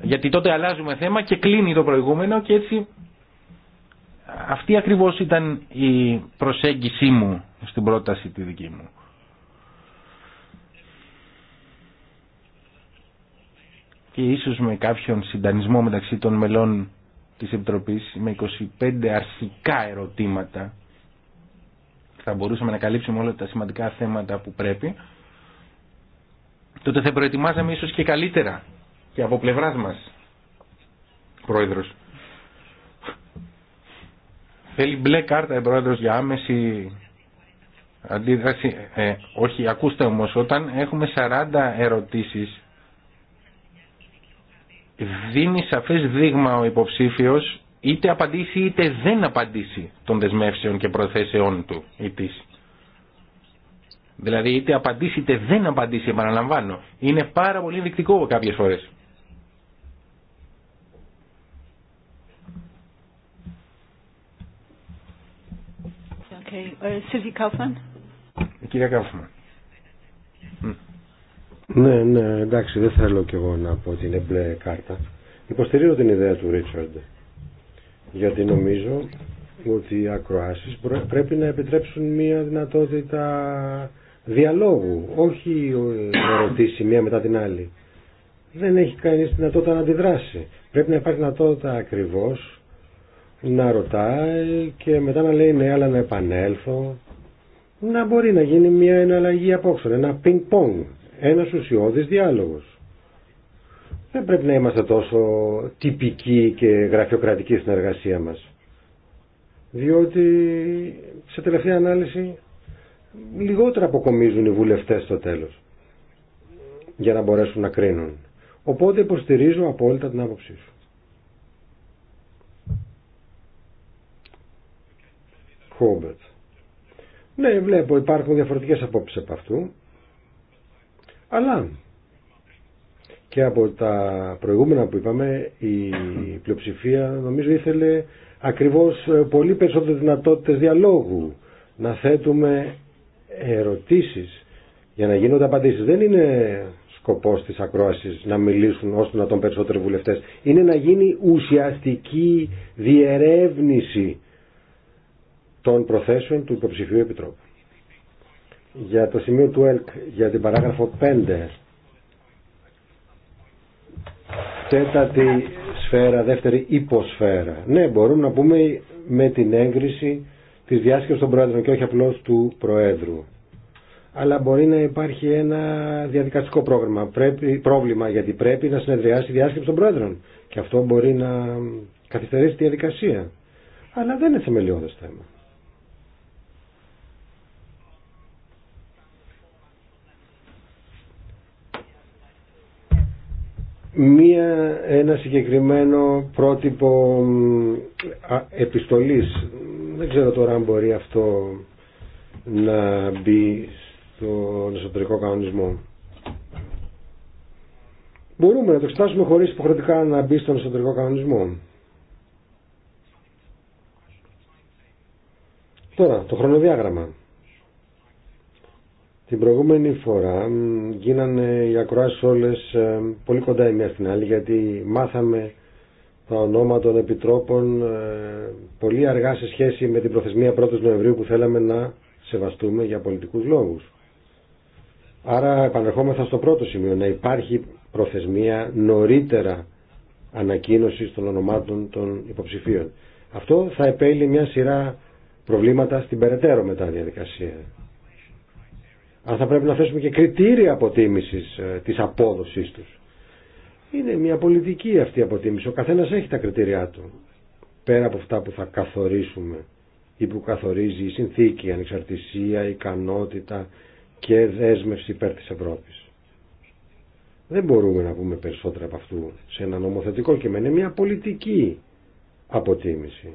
γιατί τότε αλλάζουμε θέμα και κλείνει το προηγούμενο και έτσι αυτή ακριβώς ήταν η προσέγγιση μου στην πρόταση τη δική μου. και ίσως με κάποιον συντανισμό μεταξύ των μελών της Επιτροπής με 25 αρχικά ερωτήματα θα μπορούσαμε να καλύψουμε όλα τα σημαντικά θέματα που πρέπει τότε θα προετοιμάζαμε ίσως και καλύτερα και από πλευράς μας πρόεδρος θέλει μπλε κάρτα η ε, πρόεδρος για άμεση αντίδραση ε, όχι ακούστε όμως όταν έχουμε 40 ερωτήσεις δίνει σαφές δείγμα ο υποψήφιος είτε απαντήσει είτε δεν απαντήσει των δεσμεύσεων και προθέσεών του ή της. Δηλαδή είτε απαντήσει είτε δεν απαντήσει, επαναλαμβάνω. Είναι πάρα πολύ δεικτικό κάποιες φορές. Okay. Uh, ναι, ναι, εντάξει, δεν θέλω κι εγώ να πω ότι είναι μπλε κάρτα. Υποστηρίζω την ιδέα του Ρίτσαρντ. Γιατί νομίζω ότι οι ακροάσεις πρέπει να επιτρέψουν μια δυνατότητα διαλόγου, όχι ερωτήσει μία μετά την άλλη. Δεν έχει κανείς δυνατότητα να αντιδράσει. Πρέπει να υπάρχει δυνατότητα ακριβώς να ρωτάει και μετά να «Ναι, να ρωτήσει μια εναλλαγή απόξεων, ένα πινκ-πονγκ ένας ουσιώδης διάλογος. Δεν πρέπει να είμαστε τόσο τυπικοί και γραφειοκρατικοί στην εργασία μας. Διότι σε τελευταία ανάλυση λιγότερα αποκομίζουν οι βουλευτές στο τέλος για να μπορέσουν να κρίνουν. Οπότε υποστηρίζω απόλυτα την άποψή σου. Χόμπετ. Ναι, βλέπω υπάρχουν διαφορετικές απόψεις από αυτού αλλά και από τα προηγούμενα που είπαμε η πλειοψηφία νομίζω ήθελε ακριβώς ε, πολύ περισσότερες δυνατότητες διαλόγου να θέτουμε ερωτήσεις για να γίνονται απαντήσεις. Δεν είναι σκοπός της ακρόασης να μιλήσουν όσο να τον περισσότερο βουλευτές. Είναι να γίνει ουσιαστική διερεύνηση των προθέσεων του υποψηφίου επιτρόπου για το σημείο του ΕΛΚ για την παράγραφο 5 τέταρτη σφαίρα, δεύτερη υποσφαίρα ναι μπορούμε να πούμε με την έγκριση της διάσκεψης των Πρόεδρων και όχι απλώς του Προέδρου αλλά μπορεί να υπάρχει ένα διαδικαστικό πρόγραμμα, πρέπει, πρόβλημα γιατί πρέπει να συνεδριάσει η διάσκεψη των Πρόεδρων και αυτό μπορεί να καθυστερήσει τη διαδικασία αλλά δεν είναι θεμελιώδες θέμα μία, ένα συγκεκριμένο πρότυπο επιστολής. Δεν ξέρω τώρα αν μπορεί αυτό να μπει στον εσωτερικό κανονισμό. Μπορούμε να το εξετάσουμε χωρίς υποχρεωτικά να μπει στον εσωτερικό κανονισμό. Τώρα, το χρονοδιάγραμμα. Την προηγούμενη φορά γίνανε οι ακροάσεις όλες ε, πολύ κοντά η μία στην άλλη γιατί μάθαμε τα ονόματα των επιτρόπων ε, πολύ αργά σε σχέση με την προθεσμία 1η Νοεμβρίου που θέλαμε να σεβαστούμε για πολιτικούς λόγους. Άρα επανερχόμεθα στο πρώτο σημείο, να υπάρχει προθεσμία νωρίτερα ανακοίνωση των ονομάτων των υποψηφίων. Αυτό θα επέλει μια σειρά προβλήματα στην περαιτέρω μετά διαδικασία αν θα πρέπει να θέσουμε και κριτήρια αποτίμησης ε, της απόδοσής τους. Είναι μια πολιτική αυτή η αποτίμηση. Ο καθένας έχει τα κριτήριά του. Πέρα από αυτά που θα καθορίσουμε ή που καθορίζει η συνθήκη, η ανεξαρτησία, η ικανότητα και δέσμευση υπέρ της Ευρώπη. Δεν μπορούμε να πούμε περισσότερα από αυτού σε ένα νομοθετικό κείμενο. Είναι μια πολιτική αποτίμηση.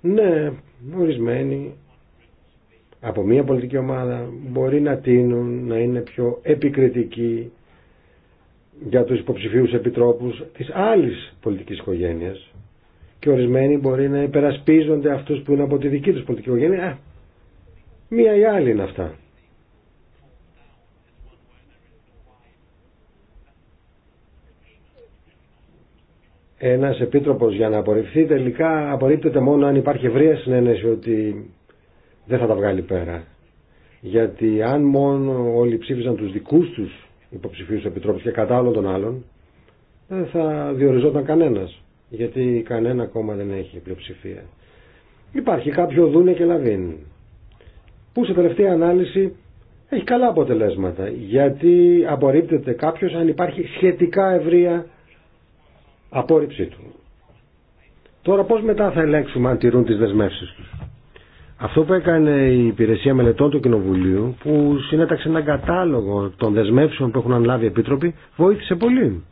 Ναι, ορισμένοι από μια πολιτική ομάδα μπορεί να τείνουν να είναι πιο επικριτικοί για τους υποψηφίους επιτρόπους της άλλης πολιτικής οικογένειας και ορισμένοι μπορεί να υπερασπίζονται αυτούς που είναι από τη δική τους πολιτική οικογένεια. μία ή άλλη είναι αυτά. Ένας επίτροπος για να απορριφθεί τελικά απορρίπτεται μόνο αν υπάρχει ευρεία συνένεση ότι δεν θα τα βγάλει πέρα. Γιατί αν μόνο όλοι ψήφισαν τους δικούς τους υποψηφίους επιτρόπους και κατά όλων των άλλων, δεν θα διοριζόταν κανένας. Γιατί κανένα κόμμα δεν έχει πλειοψηφία. Υπάρχει κάποιο δούνε και λαβίν. Που σε τελευταία ανάλυση έχει καλά αποτελέσματα. Γιατί απορρίπτεται κάποιος αν υπάρχει σχετικά ευρεία απόρριψή του. Τώρα πώς μετά θα ελέγξουμε αν τηρούν τις δεσμεύσεις τους. Αυτό που έκανε η Υπηρεσία Μελετών του Κοινοβουλίου, που συνέταξε έναν κατάλογο των δεσμεύσεων που έχουν αναλάβει οι επίτροποι, βοήθησε πολύ.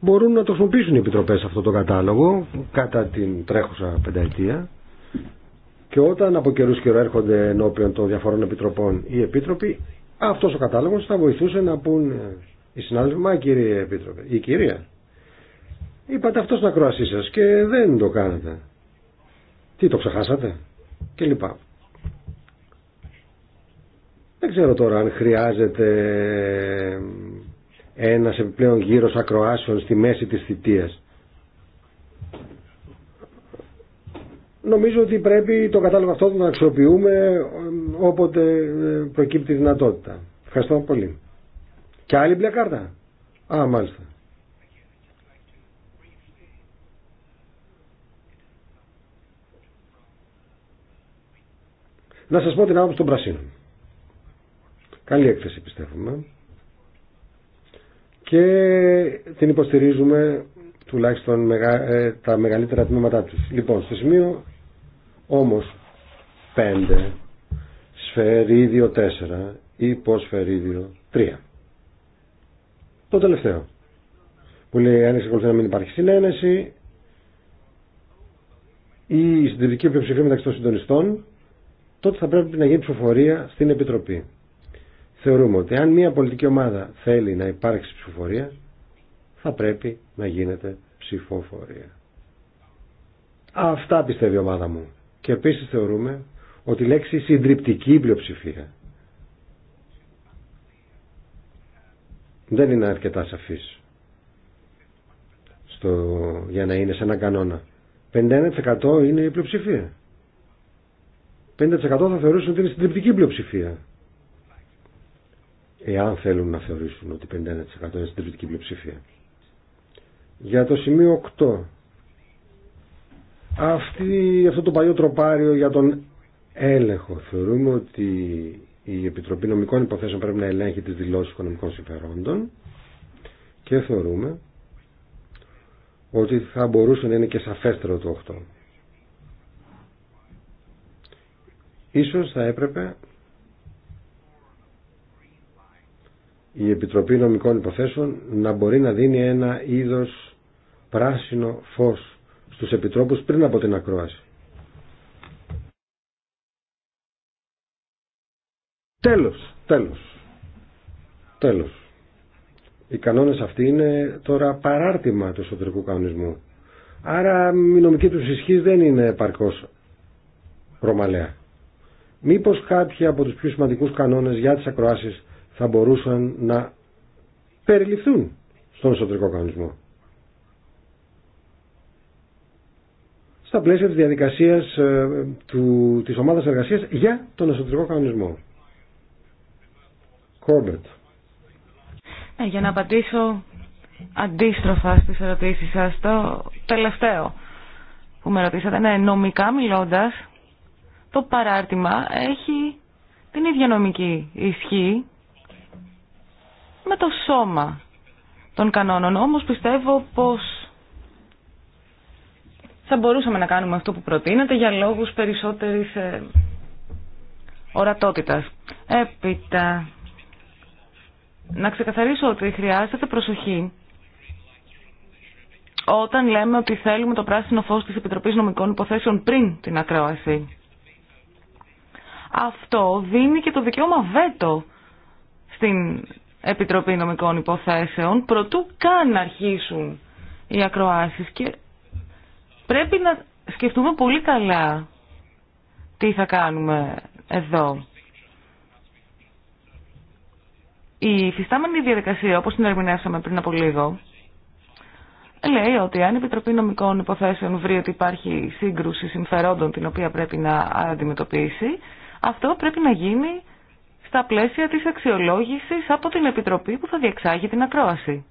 Μπορούν να το χρησιμοποιήσουν οι επιτροπές αυτό το κατάλογο κατά την τρέχουσα πενταετία και όταν από καιρού καιρό έρχονται ενώπιον των διαφορών επιτροπών οι επίτροποι, αυτό ο κατάλογος θα βοηθούσε να πούν ε, οι συνάδελφοι, μα κύριε επίτροπε, η κυρία, είπατε αυτό στην ακρόασή σα και δεν το κάνετε. Τι το ξεχάσατε και λοιπά. Δεν ξέρω τώρα αν χρειάζεται ε, ένας επιπλέον γύρος ακροάσεων στη μέση της θητείας. Νομίζω ότι πρέπει το κατάλογο αυτό να αξιοποιούμε ε, όποτε ε, προκύπτει δυνατότητα. Ευχαριστώ πολύ. Και άλλη μπλε κάρτα. Α, μάλιστα. Να σας πω την άποψη των πρασίνων. Καλή έκθεση πιστεύουμε. Και την υποστηρίζουμε τουλάχιστον ε, τα μεγαλύτερα τμήματά τους. Λοιπόν, στο σημείο όμως 5, σφαιρίδιο 4, υποσφαιρίδιο 3. Το τελευταίο. Που λέει αν εξακολουθεί να μην υπάρχει συνένεση, η συντηρητική πλειοψηφία μεταξύ των συντονιστών τότε θα πρέπει να γίνει ψηφοφορία στην Επιτροπή. Θεωρούμε ότι αν μια πολιτική ομάδα θέλει να υπάρξει ψηφοφορία, θα πρέπει να γίνεται ψηφοφορία. Αυτά πιστεύει η ομάδα μου. Και επίσης θεωρούμε ότι η λέξη συντριπτική πλειοψηφία δεν είναι αρκετά σαφής στο, για να είναι σε ένα κανόνα. 51% είναι η πλειοψηφία. 50% θα θεωρήσουν ότι είναι συντριπτική πλειοψηφία. Εάν θέλουν να θεωρήσουν ότι 51% είναι συντριπτική πλειοψηφία. Για το σημείο 8. Αυτή, αυτό το παλιό τροπάριο για τον έλεγχο. Θεωρούμε ότι η Επιτροπή Νομικών Υποθέσεων πρέπει να ελέγχει τις δηλώσεις οικονομικών συμφερόντων και θεωρούμε ότι θα μπορούσε να είναι και σαφέστερο το 8. Ίσως θα έπρεπε η Επιτροπή Νομικών Υποθέσεων να μπορεί να δίνει ένα είδος πράσινο φως στους επιτρόπους πριν από την ακρόαση. Τέλος, τέλος, τέλος. Οι κανόνες αυτοί είναι τώρα παράρτημα του εσωτερικού κανονισμού. Άρα η νομική τους ισχύ δεν είναι παρκώς ρωμαλαία. Μήπως κάποιοι από τους πιο σημαντικούς κανόνες για τις ακροάσεις θα μπορούσαν να περιληφθούν στον εσωτερικό κανονισμό. Στα πλαίσια της διαδικασίας ε, του, της ομάδας εργασίας για τον εσωτερικό κανονισμό. Ε, για να απαντήσω αντίστροφα στις ερωτήσεις σας, το τελευταίο που με ρωτήσατε, ναι, νομικά μιλώντας, το παράρτημα έχει την ίδια νομική ισχύ με το σώμα των κανόνων. Όμως πιστεύω πως θα μπορούσαμε να κάνουμε αυτό που προτείνεται για λόγους περισσότερης ε, ορατότητας. Έπειτα, να ξεκαθαρίσω ότι χρειάζεται προσοχή όταν λέμε ότι θέλουμε το πράσινο φως της Επιτροπής Νομικών Υποθέσεων πριν την ακρόαση αυτό δίνει και το δικαίωμα βέτο στην Επιτροπή Νομικών Υποθέσεων προτού καν αρχίσουν οι ακροάσεις και πρέπει να σκεφτούμε πολύ καλά τι θα κάνουμε εδώ. Η φυστάμενη διαδικασία, όπως την ερμηνεύσαμε πριν από λίγο, λέει ότι αν η Επιτροπή Νομικών Υποθέσεων βρει ότι υπάρχει σύγκρουση συμφερόντων την οποία πρέπει να αντιμετωπίσει, αυτό πρέπει να γίνει στα πλαίσια της αξιολόγησης από την Επιτροπή που θα διεξάγει την ακρόαση.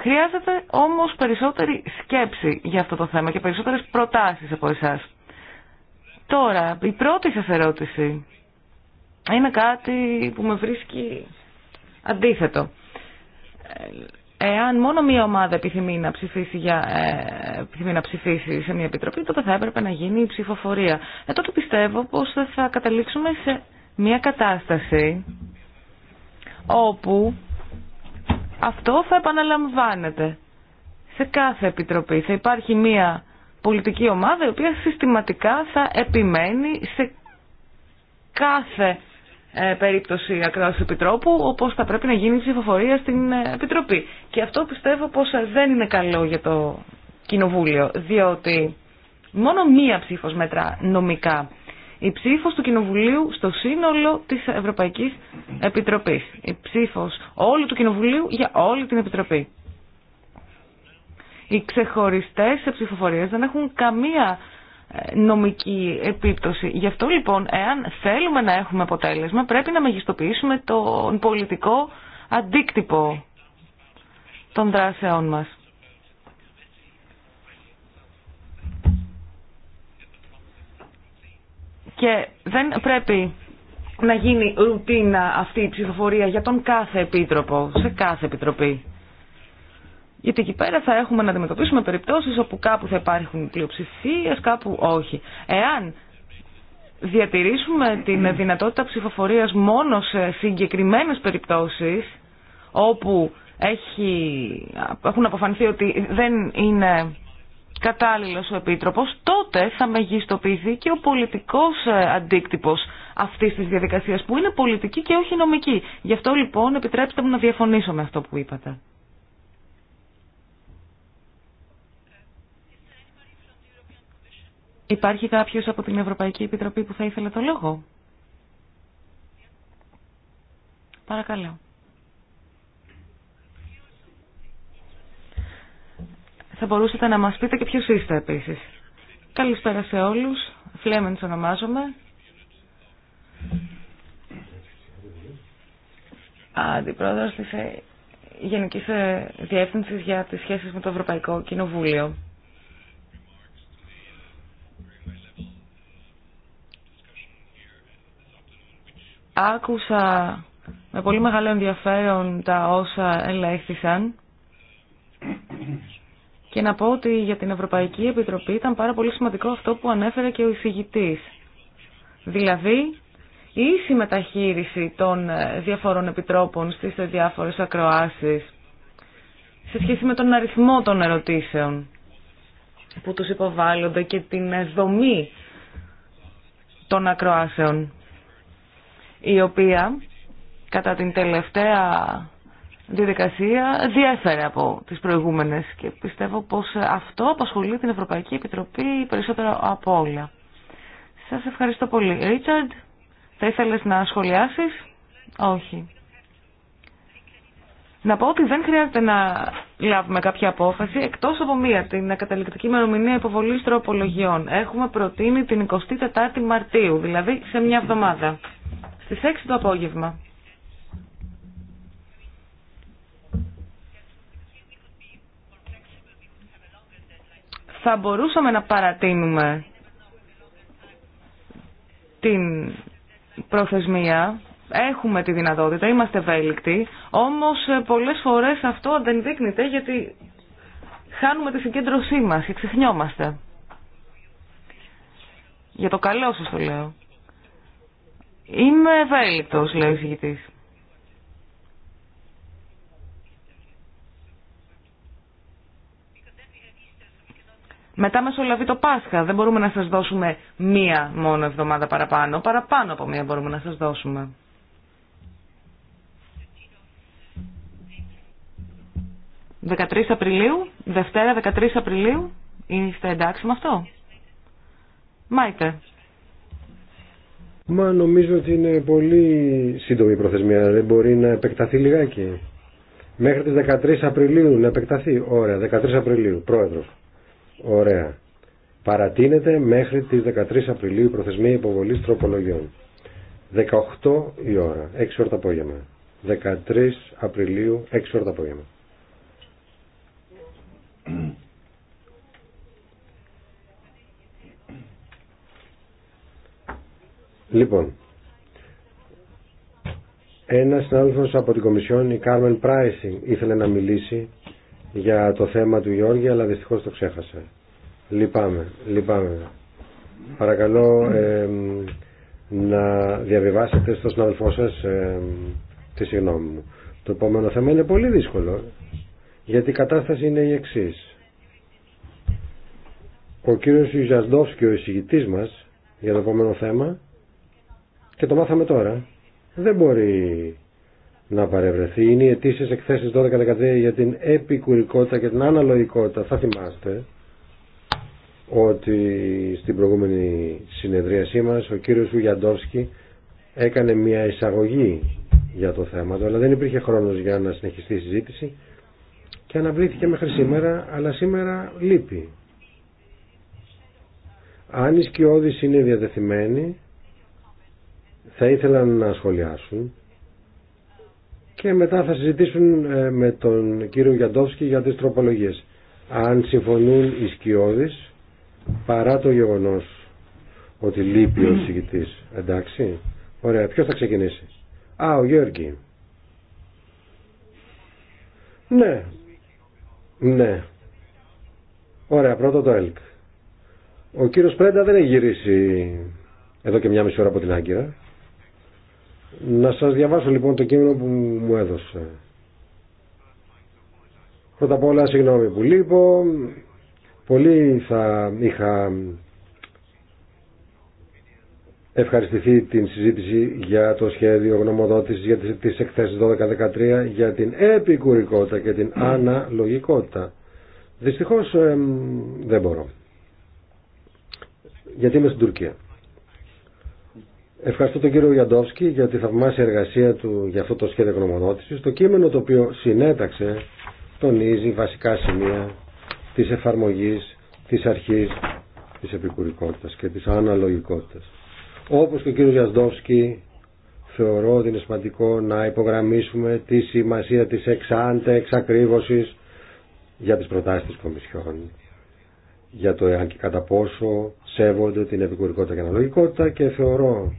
Χρειάζεται όμως περισσότερη σκέψη για αυτό το θέμα και περισσότερες προτάσεις από εσάς. Τώρα, η πρώτη σας ερώτηση είναι κάτι που με βρίσκει αντίθετο. Ε, εάν μόνο μία ομάδα επιθυμεί να ψηφίσει, για, ε, επιθυμεί να ψηφίσει σε μία επιτροπή, τότε θα έπρεπε να γίνει η ψηφοφορία. Ε, τότε πιστεύω πως θα καταλήξουμε σε μία κατάσταση όπου αυτό θα επαναλαμβάνεται σε κάθε επιτροπή. Θα υπάρχει μία πολιτική ομάδα η οποία συστηματικά θα επιμένει σε κάθε ε, περίπτωση ακρόαση επιτρόπου, όπως θα πρέπει να γίνει η ψηφοφορία στην ε, επιτροπή. Και αυτό πιστεύω πως ε, δεν είναι καλό για το κοινοβούλιο, διότι μόνο μία ψήφος μέτρα νομικά. Η ψήφος του Κοινοβουλίου στο σύνολο της Ευρωπαϊκής Επιτροπής. Η ψήφος όλου του Κοινοβουλίου για όλη την Επιτροπή. Οι ξεχωριστέ ψηφοφορίες δεν έχουν καμία νομική επίπτωση. Γι' αυτό λοιπόν, εάν θέλουμε να έχουμε αποτέλεσμα, πρέπει να μεγιστοποιήσουμε τον πολιτικό αντίκτυπο των δράσεών μας. Και δεν πρέπει να γίνει ρουτίνα αυτή η ψηφοφορία για τον κάθε επίτροπο, σε κάθε επιτροπή. Γιατί εκεί πέρα θα έχουμε να αντιμετωπίσουμε περιπτώσεις όπου κάπου θα υπάρχουν πλειοψηφίε, κάπου όχι. Εάν διατηρήσουμε την δυνατότητα ψηφοφορίας μόνο σε συγκεκριμένες περιπτώσεις όπου έχει, έχουν αποφανθεί ότι δεν είναι κατάλληλος ο Επίτροπος, τότε θα μεγιστοποιηθεί και ο πολιτικός ε, αντίκτυπος αυτής της διαδικασίας που είναι πολιτική και όχι νομική. Γι' αυτό λοιπόν επιτρέψτε μου να διαφωνήσω με αυτό που είπατε. Υπάρχει κάποιος από την Ευρωπαϊκή Επιτροπή που θα ήθελε το λόγο. Παρακαλώ. Θα μπορούσατε να μας πείτε και ποιος είστε επίσης. Καλησπέρα σε όλους. Φλέμενς ονομάζομαι. Αντιπρόεδρος της ε, Γενικής ε, Διεύθυνσης για τις σχέσεις με το Ευρωπαϊκό Κοινοβούλιο. Άκουσα με πολύ μεγάλο ενδιαφέρον τα όσα ελέγχθησαν και να πω ότι για την Ευρωπαϊκή Επιτροπή ήταν πάρα πολύ σημαντικό αυτό που ανέφερε και ο εισηγητής. Δηλαδή, η ίση των διαφορών επιτρόπων στις διάφορες ακροάσεις σε σχέση με τον αριθμό των ερωτήσεων που τους υποβάλλονται και την δομή των ακροάσεων η οποία κατά την τελευταία διαδικασία διέφερε από τις προηγούμενες και πιστεύω πως αυτό απασχολεί την Ευρωπαϊκή Επιτροπή περισσότερο από όλα. Σας ευχαριστώ πολύ. Ρίτσαρντ, θα ήθελες να σχολιάσεις? Όχι. Να πω ότι δεν χρειάζεται να λάβουμε κάποια απόφαση εκτός από μία, την καταληκτική ημερομηνία υποβολής τροπολογιών. Έχουμε προτείνει την 24η Μαρτίου, δηλαδή σε μια εβδομάδα στις 6 το απόγευμα. Θα μπορούσαμε να παρατείνουμε την προθεσμία, έχουμε τη δυνατότητα, είμαστε ευέλικτοι, όμως ε, πολλές φορές αυτό δεν δείχνεται γιατί χάνουμε τη συγκέντρωσή μας και ξεχνιόμαστε. Για το καλό σας το λέω. Είμαι ευέλικτο, λέει ο εισηγητή. Μετά μεσολαβεί το Πάσχα. Δεν μπορούμε να σας δώσουμε μία μόνο εβδομάδα παραπάνω. Παραπάνω από μία μπορούμε να σας δώσουμε. «13 Απριλίου, Δευτέρα 13 Απριλίου, είστε εντάξει με αυτό» «Μάιτε, Μα νομίζω ότι είναι πολύ σύντομη η προθεσμία. Δεν μπορεί να επεκταθεί λιγάκι. Μέχρι τις 13 Απριλίου να επεκταθεί. Ωραία, 13 Απριλίου, πρόεδρος. Ωραία. Παρατείνεται μέχρι τις 13 Απριλίου η προθεσμία υποβολής τροπολογιών. 18 η ώρα, 6 ώρα το απόγευμα. 13 Απριλίου, 6 ώρα το απόγευμα. Λοιπόν, ένας συνάδελφος από την Κομισιόν, η Κάρμεν Πράισινγκ, ήθελε να μιλήσει για το θέμα του Γιώργη, αλλά δυστυχώς το ξέχασε. Λυπάμαι, λυπάμαι. Παρακαλώ να διαβιβάσετε στο συνάδελφό σα ε, τη συγγνώμη μου. Το επόμενο θέμα είναι πολύ δύσκολο, γιατί η κατάσταση είναι η εξή. Ο κύριος και ο εισηγητής μας, για το επόμενο θέμα, και το μάθαμε τώρα, δεν μπορεί να παρευρεθεί. Είναι οι αιτήσει εκθέσει 12-13 για την επικουρικότητα και την αναλογικότητα. Θα θυμάστε ότι στην προηγούμενη συνεδρίασή μας ο κύριος Βουγιαντόφσκι έκανε μια εισαγωγή για το θέμα του, αλλά δεν υπήρχε χρόνος για να συνεχιστεί η συζήτηση και αναβλήθηκε μέχρι σήμερα, αλλά σήμερα λείπει. Αν η είναι διατεθειμένη θα ήθελαν να σχολιάσουν και μετά θα συζητήσουν ε, με τον κύριο Γιαντόφσκι για τις τροπολογίες. Αν συμφωνούν οι σκιώδεις, παρά το γεγονός ότι λείπει ο συγκητής, εντάξει. Ωραία, ποιος θα ξεκινήσει. Α, ο Γιώργη. Ναι, ναι. Ωραία, πρώτο το ΕΛΚ. Ο κύριος Πρέντα δεν έχει γυρίσει εδώ και μια μισή ώρα από την Άγκυρα. Να σας διαβάσω λοιπόν το κείμενο που μου έδωσε. Πρώτα απ' όλα συγγνώμη που λείπω. Πολύ θα είχα ευχαριστηθεί την συζήτηση για το σχέδιο γνωμοδότησης για τις εκθέσεις 12-13 για την επικουρικότητα και την αναλογικότητα. Δυστυχώς δεν μπορώ. Γιατί είμαι στην Τουρκία. Ευχαριστώ τον κύριο Γιαντόφσκι για τη θαυμάσια εργασία του για αυτό το σχέδιο γνωμοδότησης. Το κείμενο το οποίο συνέταξε τονίζει βασικά σημεία τη εφαρμογή, τη αρχή τη επικουρικότητα και τη αναλογικότητα. Όπω και ο κύριο Γιαντόφσκι θεωρώ ότι είναι σημαντικό να υπογραμμίσουμε τη σημασία τη εξάντε εξακρίβωση για τι προτάσει τη Κομισιόν για το εάν και κατά πόσο σέβονται την επικουρικότητα και αναλογικότητα και θεωρώ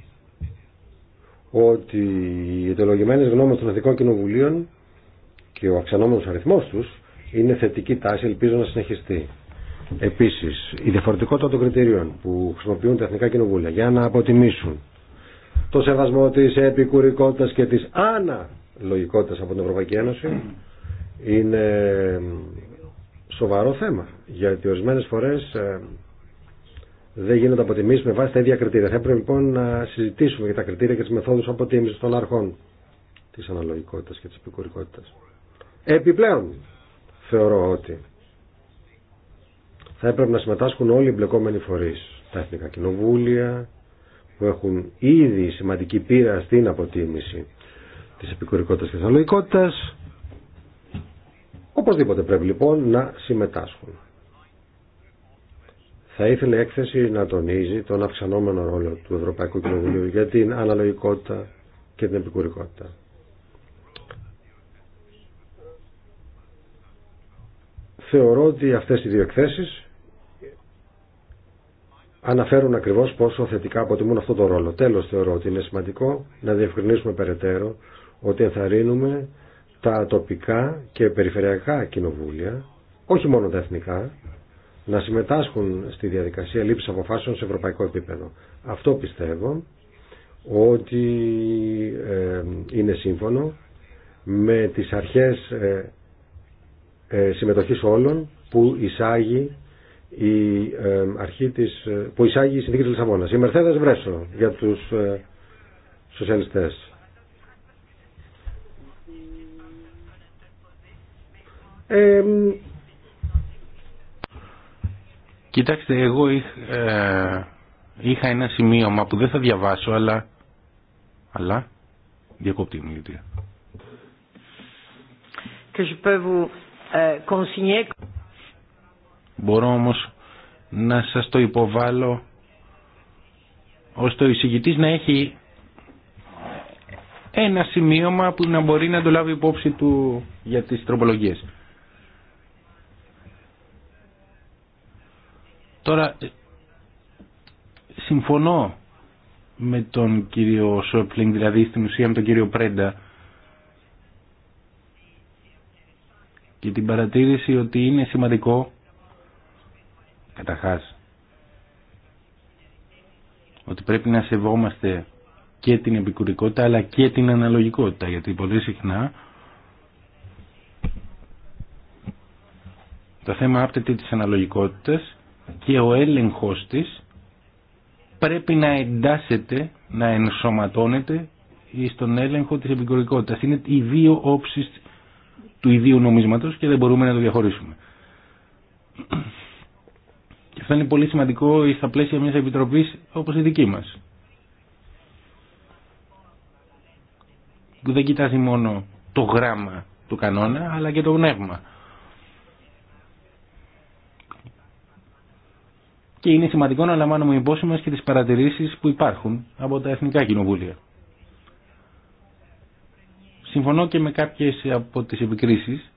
ότι οι ιδεολογημένε γνώμε των Εθνικών Κοινοβουλίων και ο αυξανόμενο αριθμό του είναι θετική τάση, ελπίζω να συνεχιστεί. Επίσης, η διαφορετικότητα των κριτηρίων που χρησιμοποιούν τα Εθνικά Κοινοβούλια για να αποτιμήσουν το σεβασμό της επικουρικότητα και της αναλογικότητα από την Ευρωπαϊκή Ένωση είναι σοβαρό θέμα, γιατί ορισμένες φορές ε, δεν γίνονται αποτιμήσει με βάση τα ίδια κριτήρια. Θα έπρεπε λοιπόν να συζητήσουμε για τα κριτήρια και τι μεθόδου αποτίμηση των αρχών τη αναλογικότητα και τη επικουρικότητα. Επιπλέον, θεωρώ ότι θα έπρεπε να συμμετάσχουν όλοι οι εμπλεκόμενοι φορεί. Τα εθνικά κοινοβούλια που έχουν ήδη σημαντική πείρα στην αποτίμηση τη επικουρικότητα και τη αναλογικότητα. Οπωσδήποτε πρέπει λοιπόν να συμμετάσχουν. Θα ήθελε η έκθεση να τονίζει τον αυξανόμενο ρόλο του Ευρωπαϊκού Κοινοβουλίου για την αναλογικότητα και την επικουρικότητα. Θεωρώ ότι αυτές οι δύο εκθέσεις αναφέρουν ακριβώς πόσο θετικά αποτιμούν αυτό το ρόλο. Τέλος θεωρώ ότι είναι σημαντικό να διευκρινίσουμε περαιτέρω ότι ενθαρρύνουμε τα τοπικά και περιφερειακά κοινοβούλια, όχι μόνο τα εθνικά, να συμμετάσχουν στη διαδικασία λήψης αποφάσεων σε ευρωπαϊκό επίπεδο. Αυτό πιστεύω ότι ε, είναι σύμφωνο με τις αρχές ε, ε, συμμετοχής όλων που εισάγει η αρχή της, που εισάγει η συνθήκη της Λισαβόνας. Η Μερθέδας Βρέσο για τους σοσιαλιστές. Κοιτάξτε, εγώ ε, είχα ένα σημείωμα που δεν θα διαβάσω, αλλά... Αλλά... Διακόπτει μου, γιατί... Μπορώ όμως να σας το υποβάλω ώστε ο εισηγητής να έχει ένα σημείωμα που να μπορεί να το λάβει υπόψη του για τις τροπολογίες. Τώρα συμφωνώ με τον κύριο Σόπλινγκ, δηλαδή στην ουσία με τον κύριο Πρέντα και την παρατήρηση ότι είναι σημαντικό καταρχάς ότι πρέπει να σεβόμαστε και την επικουρικότητα αλλά και την αναλογικότητα γιατί πολύ συχνά το θέμα άπτεται της αναλογικότητας και ο έλεγχος της πρέπει να εντάσσεται, να ενσωματώνεται στον έλεγχο της επικουρικότητας. Είναι οι δύο όψεις του ιδίου νομίσματος και δεν μπορούμε να το διαχωρίσουμε. Και αυτό είναι πολύ σημαντικό στα πλαίσια μιας επιτροπής όπως η δική μας. δεν κοιτάζει μόνο το γράμμα του κανόνα αλλά και το πνεύμα. και είναι σημαντικό να λαμβάνουμε υπόψη μα και τις παρατηρήσεις που υπάρχουν από τα Εθνικά Κοινοβούλια. Συμφωνώ και με κάποιε από τις επικρίσεις,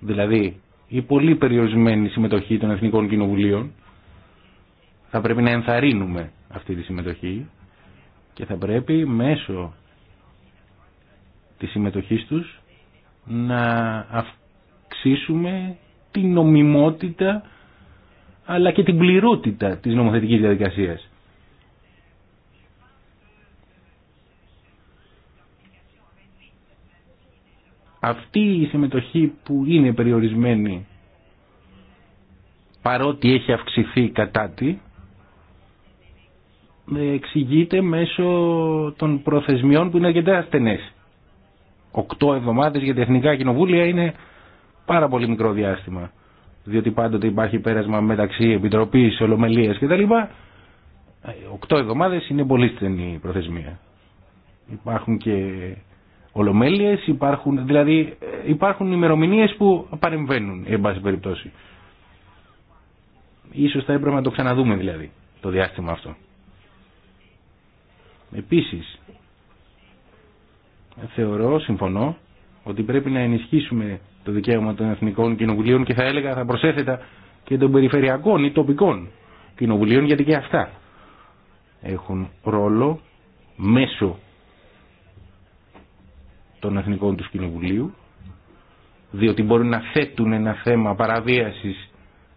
δηλαδή η πολύ περιορισμένη συμμετοχή των Εθνικών Κοινοβουλίων, θα πρέπει να ενθαρρύνουμε αυτή τη συμμετοχή και θα πρέπει μέσω της συμμετοχής τους να αυξήσουμε την νομιμότητα αλλά και την πληρότητα της νομοθετικής διαδικασίας. Αυτή η συμμετοχή που είναι περιορισμένη παρότι έχει αυξηθεί κατά τη εξηγείται μέσω των προθεσμιών που είναι αρκετά ασθενές. Οκτώ εβδομάδες για τα εθνικά κοινοβούλια είναι πάρα πολύ μικρό διάστημα διότι πάντοτε υπάρχει πέρασμα μεταξύ επιτροπής, ολομελία κτλ. Οκτώ εβδομάδες είναι πολύ στενή η προθεσμία. Υπάρχουν και ολομέλειες, υπάρχουν, δηλαδή υπάρχουν ημερομηνίε που παρεμβαίνουν, εν πάση περιπτώσει. Ίσως θα έπρεπε να το ξαναδούμε δηλαδή, το διάστημα αυτό. Επίσης, θεωρώ, συμφωνώ, ότι πρέπει να ενισχύσουμε το δικαίωμα των εθνικών κοινοβουλίων και θα έλεγα θα προσέθετα και των περιφερειακών ή τοπικών κοινοβουλίων γιατί και αυτά έχουν ρόλο μέσω των εθνικών του κοινοβουλίου διότι μπορούν να θέτουν ένα θέμα παραβίασης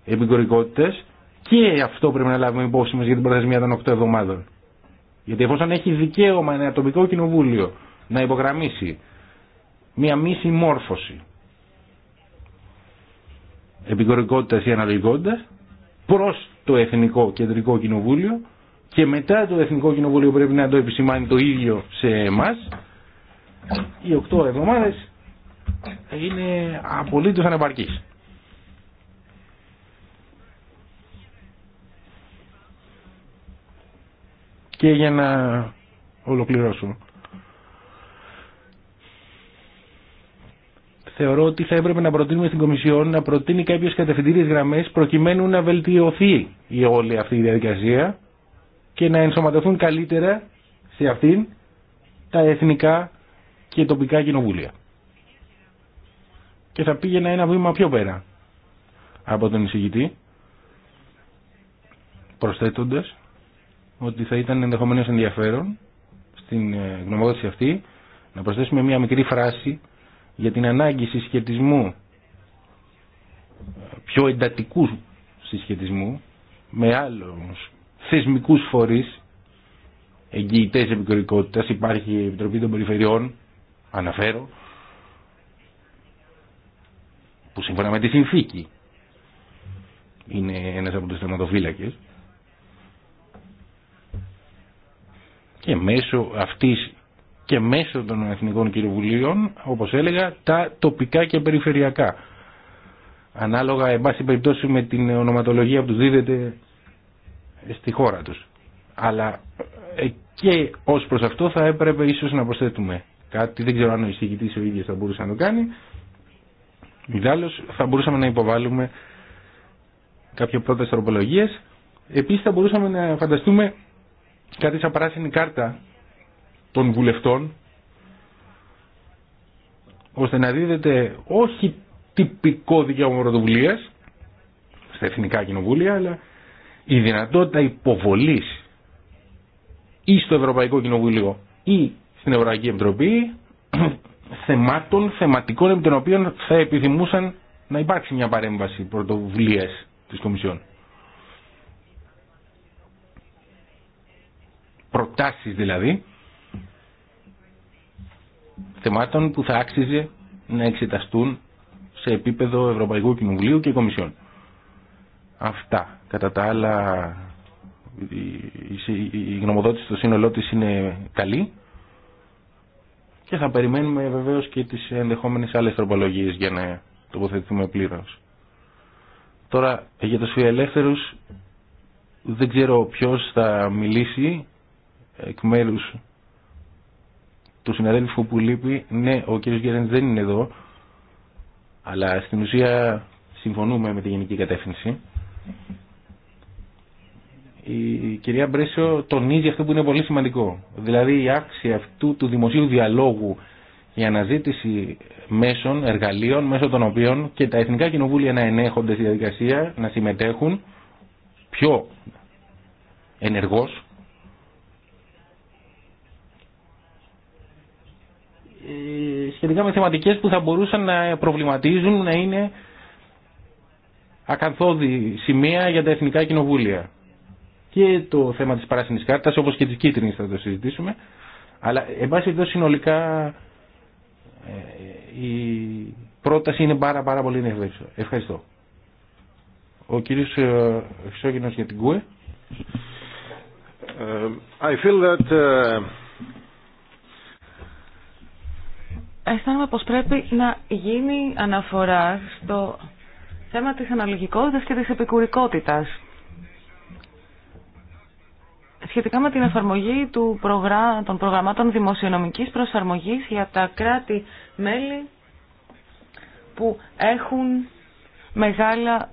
επικορικότητας και αυτό πρέπει να λάβουμε υπόψη μας για την προθεσμία των 8 εβδομάδων. Γιατί εφόσον έχει δικαίωμα ένα τοπικό κοινοβούλιο να υπογραμμίσει μια μη συμμόρφωση επικορικότητας ή αναλογικότητας προς το Εθνικό Κεντρικό Κοινοβούλιο και μετά το Εθνικό Κοινοβούλιο πρέπει να το επισημάνει το ίδιο σε εμάς οι οκτώ εβδομάδες είναι απολύτως ανεπαρκείς. Και για να ολοκληρώσω θεωρώ ότι θα έπρεπε να προτείνουμε στην Κομισιόν να προτείνει κάποιε κατευθυντήριε γραμμές προκειμένου να βελτιωθεί η όλη αυτή η διαδικασία και να ενσωματωθούν καλύτερα σε αυτήν τα εθνικά και τοπικά κοινοβούλια. Και θα πήγαινα ένα βήμα πιο πέρα από τον εισηγητή, προσθέτοντας ότι θα ήταν ενδεχομένω ενδιαφέρον στην ε, γνωμότηση αυτή να προσθέσουμε μια μικρή φράση για την ανάγκη συσχετισμού, πιο εντατικού συσχετισμού με άλλους θεσμικούς φορείς, εγγυητές επικορικότητας, υπάρχει η Επιτροπή των Περιφερειών, αναφέρω, που σύμφωνα με τη συνθήκη είναι ένας από τους θεματοφύλακες και μέσω αυτής και μέσω των Εθνικών Κοινοβουλίων, όπως έλεγα, τα τοπικά και περιφερειακά. Ανάλογα, εν πάση περιπτώσει, με την ονοματολογία που τους δίδεται στη χώρα τους. Αλλά ε, και ως προς αυτό θα έπρεπε ίσως να προσθέτουμε κάτι, δεν ξέρω αν ο εισηγητής ο ίδιος θα μπορούσε να το κάνει, Ιδάλλως θα μπορούσαμε να υποβάλουμε κάποια πρώτε τροπολογίες. Επίσης θα μπορούσαμε να φανταστούμε κάτι σαν πράσινη κάρτα των βουλευτών ώστε να δίδεται όχι τυπικό δικαίωμα πρωτοβουλία στα εθνικά κοινοβούλια, αλλά η δυνατότητα υποβολής ή στο Ευρωπαϊκό Κοινοβούλιο ή στην Ευρωπαϊκή Επιτροπή θεμάτων, θεματικών επί των οποίων θα επιθυμούσαν να υπάρξει μια παρέμβαση πρωτοβουλία της Κομισιόν. Προτάσεις δηλαδή, θεμάτων που θα άξιζε να εξεταστούν σε επίπεδο Ευρωπαϊκού Κοινοβουλίου και Κομισιόν. Αυτά. Κατά τα άλλα, η γνωμοδότηση στο σύνολό της είναι καλή και θα περιμένουμε βεβαίως και τις ενδεχόμενες άλλες τροπολογίες για να τοποθετηθούμε πλήρως. Τώρα, για τους φιλελεύθερους, δεν ξέρω ποιος θα μιλήσει εκ μέρους του συναδέλφου που λείπει. Ναι, ο κύριος Γκέρεν δεν είναι εδώ, αλλά στην ουσία συμφωνούμε με τη γενική κατεύθυνση. Η κυρία Μπρέσιο τονίζει αυτό που είναι πολύ σημαντικό. Δηλαδή η άξια αυτού του δημοσίου διαλόγου η αναζήτηση μέσων, εργαλείων, μέσω των οποίων και τα εθνικά κοινοβούλια να ενέχονται στη διαδικασία, να συμμετέχουν πιο ενεργώς Ε, σχετικά με θεματικές που θα μπορούσαν να προβληματίζουν να είναι ακαθόδη σημεία για τα εθνικά κοινοβούλια. Και το θέμα της παράσινης κάρτας όπως και της κίτρινης θα το συζητήσουμε. Αλλά εν πάση εδώ συνολικά ε, η πρόταση είναι πάρα, πάρα πολύ ενδιαφέρουσα. Ευχαριστώ. Ο κύριος ε, Χρυσόγενος για την ΚΟΕ. I feel αισθάνομαι πως πρέπει να γίνει αναφορά στο θέμα της αναλογικότητας και της επικουρικότητας. Σχετικά με την εφαρμογή του των προγραμμάτων δημοσιονομικής προσαρμογής για τα κράτη-μέλη που έχουν μεγάλα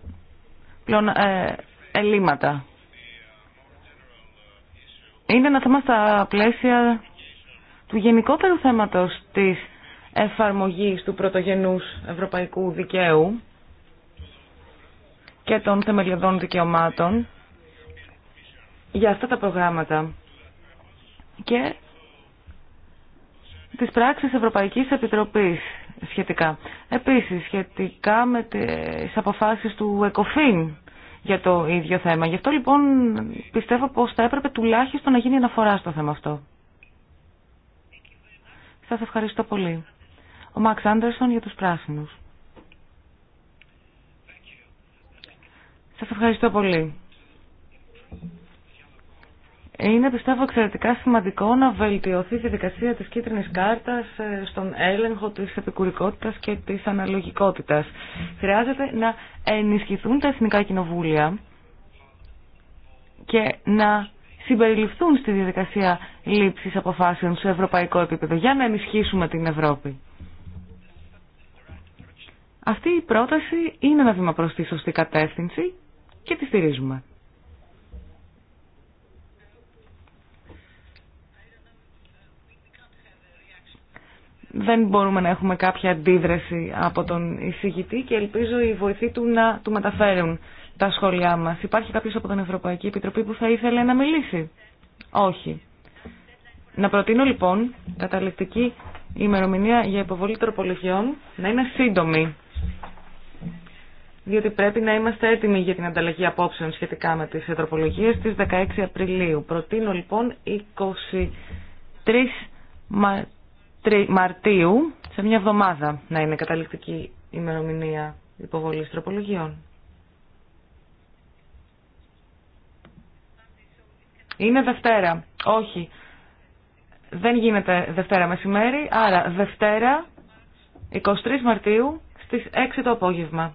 ε, ελλείμματα. Είναι ένα θέμα στα πλαίσια του γενικότερου θέματος της εφαρμογής του πρωτογενούς ευρωπαϊκού δικαίου και των θεμελιωδών δικαιωμάτων για αυτά τα προγράμματα και τις πράξεις Ευρωπαϊκής Επιτροπής σχετικά. Επίσης, σχετικά με τις αποφάσεις του ΕΚΟΦΗΝ για το ίδιο θέμα. Γι' αυτό λοιπόν πιστεύω πως θα έπρεπε τουλάχιστον να γίνει αναφορά στο θέμα αυτό. Σας ευχαριστώ πολύ. Ο Μαξ Άντερσον για τους πράσινους. Σας ευχαριστώ πολύ. Είναι πιστεύω εξαιρετικά σημαντικό να βελτιωθεί η διαδικασία της κίτρινης κάρτας ε, στον έλεγχο της επικουρικότητας και της αναλογικότητας. Χρειάζεται να ενισχυθούν τα εθνικά κοινοβούλια και να συμπεριληφθούν στη διαδικασία λήψης αποφάσεων σε ευρωπαϊκό επίπεδο για να ενισχύσουμε την Ευρώπη. Αυτή η πρόταση είναι ένα βήμα προς τη σωστή κατεύθυνση και τη στηρίζουμε. δεν μπορούμε να έχουμε κάποια αντίδραση από τον εισηγητή και ελπίζω η βοηθοί του να του μεταφέρουν τα σχόλιά μας. Υπάρχει κάποιος από την Ευρωπαϊκή Επιτροπή που θα ήθελε να μιλήσει. Όχι. Να προτείνω λοιπόν καταληκτική ημερομηνία για υποβολή τροπολογιών να είναι σύντομη διότι πρέπει να είμαστε έτοιμοι για την ανταλλαγή απόψεων σχετικά με τις ετροπολογίες της 16 Απριλίου. Προτείνω λοιπόν 23 Μαρτίου, σε μια εβδομάδα να είναι καταληκτική ημερομηνία υποβολής τροπολογιών. Είναι Δευτέρα. Όχι. Δεν γίνεται Δευτέρα μεσημέρι, άρα Δευτέρα 23 Μαρτίου στις 6 το απόγευμα.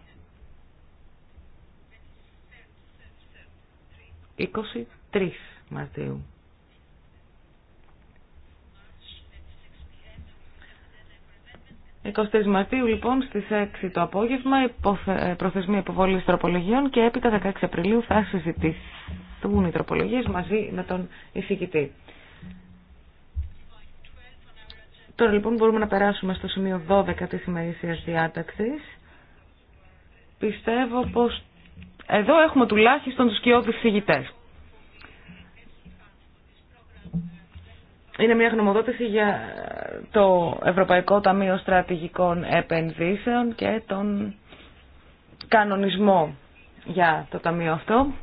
23 Μαρτίου. ...23 Μαρτίου λοιπόν στις 6 το απόγευμα ε, προθεσμία υποβολή τροπολογιών και έπειτα 16 Απριλίου θα συζητηθούν οι τροπολογίες μαζί με τον εισηγητή. Τώρα λοιπόν μπορούμε να περάσουμε στο σημείο 12 της ημερήσιας διάταξης. Πιστεύω πως εδώ έχουμε τουλάχιστον τους κοιόδους φυγητές. Είναι μια γνωμοδότηση για το Ευρωπαϊκό Ταμείο Στρατηγικών Επενδύσεων και τον κανονισμό για το ταμείο αυτό.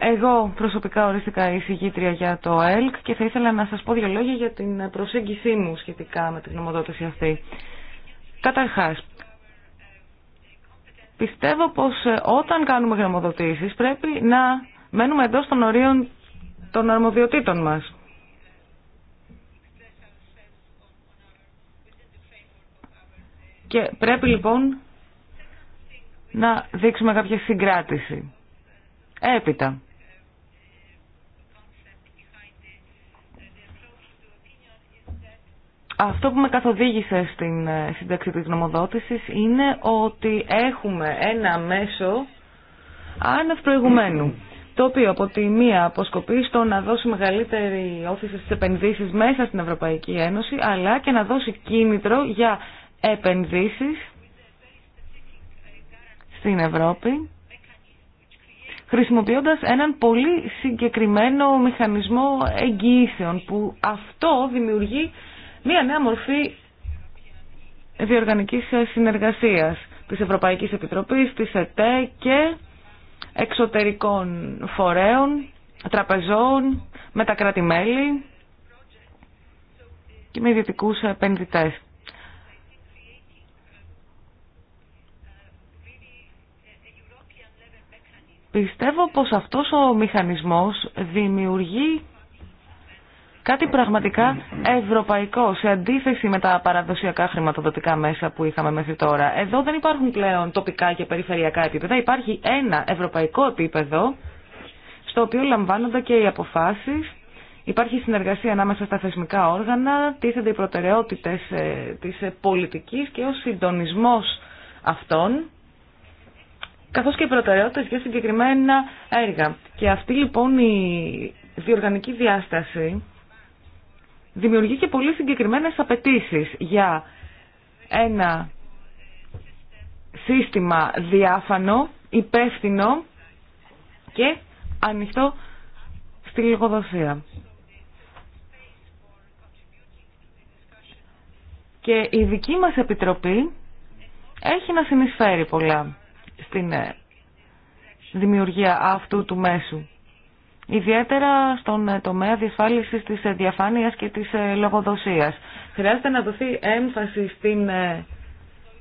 Εγώ προσωπικά ορίστηκα εισηγήτρια για το ΕΛΚ και θα ήθελα να σας πω δύο λόγια για την προσέγγισή μου σχετικά με την γνωμοδότηση αυτή. Καταρχάς, Πιστεύω πως ε, όταν κάνουμε γραμμοδοτήσεις πρέπει να μένουμε εντός των ορίων των αρμοδιοτήτων μας. Και πρέπει λοιπόν να δείξουμε κάποια συγκράτηση. Έπειτα. αυτό που με καθοδήγησε στην ε, σύνταξη της νομοδότησης είναι ότι έχουμε ένα μέσο άνευ προηγουμένου το οποίο από τη μία αποσκοπεί στο να δώσει μεγαλύτερη όθηση στις επενδύσεις μέσα στην Ευρωπαϊκή Ένωση αλλά και να δώσει κίνητρο για επενδύσεις στην Ευρώπη χρησιμοποιώντας έναν πολύ συγκεκριμένο μηχανισμό εγγυήσεων που αυτό δημιουργεί μία νέα μορφή διοργανικής συνεργασίας της Ευρωπαϊκής Επιτροπής, της ΕΤΕ και εξωτερικών φορέων, τραπεζών, με τα κράτη-μέλη και με ιδιωτικού επενδυτές. Πιστεύω πως αυτός ο μηχανισμός δημιουργεί κάτι πραγματικά ευρωπαϊκό, σε αντίθεση με τα παραδοσιακά χρηματοδοτικά μέσα που είχαμε μέχρι τώρα. Εδώ δεν υπάρχουν πλέον τοπικά και περιφερειακά επίπεδα, υπάρχει ένα ευρωπαϊκό επίπεδο, στο οποίο λαμβάνονται και οι αποφάσεις, υπάρχει συνεργασία ανάμεσα στα θεσμικά όργανα, τίθενται οι προτεραιότητες ε, της ε, πολιτικής και ο συντονισμός αυτών, καθώς και οι προτεραιότητες για συγκεκριμένα έργα. Και αυτή λοιπόν η διοργανική διάσταση δημιουργεί και πολύ συγκεκριμένες απαιτήσεις για ένα σύστημα διάφανο, υπεύθυνο και ανοιχτό στη λογοδοσία. Και η δική μας Επιτροπή έχει να συνεισφέρει πολλά στην ε, δημιουργία αυτού του μέσου ιδιαίτερα στον ε, τομέα διασφάλισης της ε, διαφάνειας και της ε, λογοδοσίας. Χρειάζεται να δοθεί έμφαση στην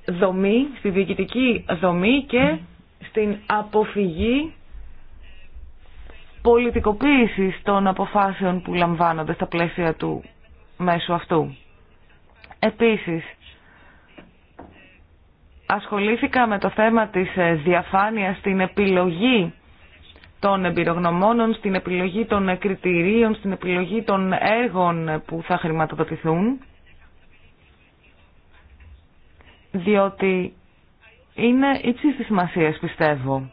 δομή, στη διοικητική δομή και στην αποφυγή πολιτικοποίησης των αποφάσεων που λαμβάνονται στα πλαίσια του μέσου αυτού. Επίσης, ασχολήθηκα με το θέμα της διαφάνειας στην επιλογή των εμπειρογνωμόνων, στην επιλογή των κριτηρίων, στην επιλογή των έργων που θα χρηματοδοτηθούν, διότι είναι ύψης της σημασίας, πιστεύω.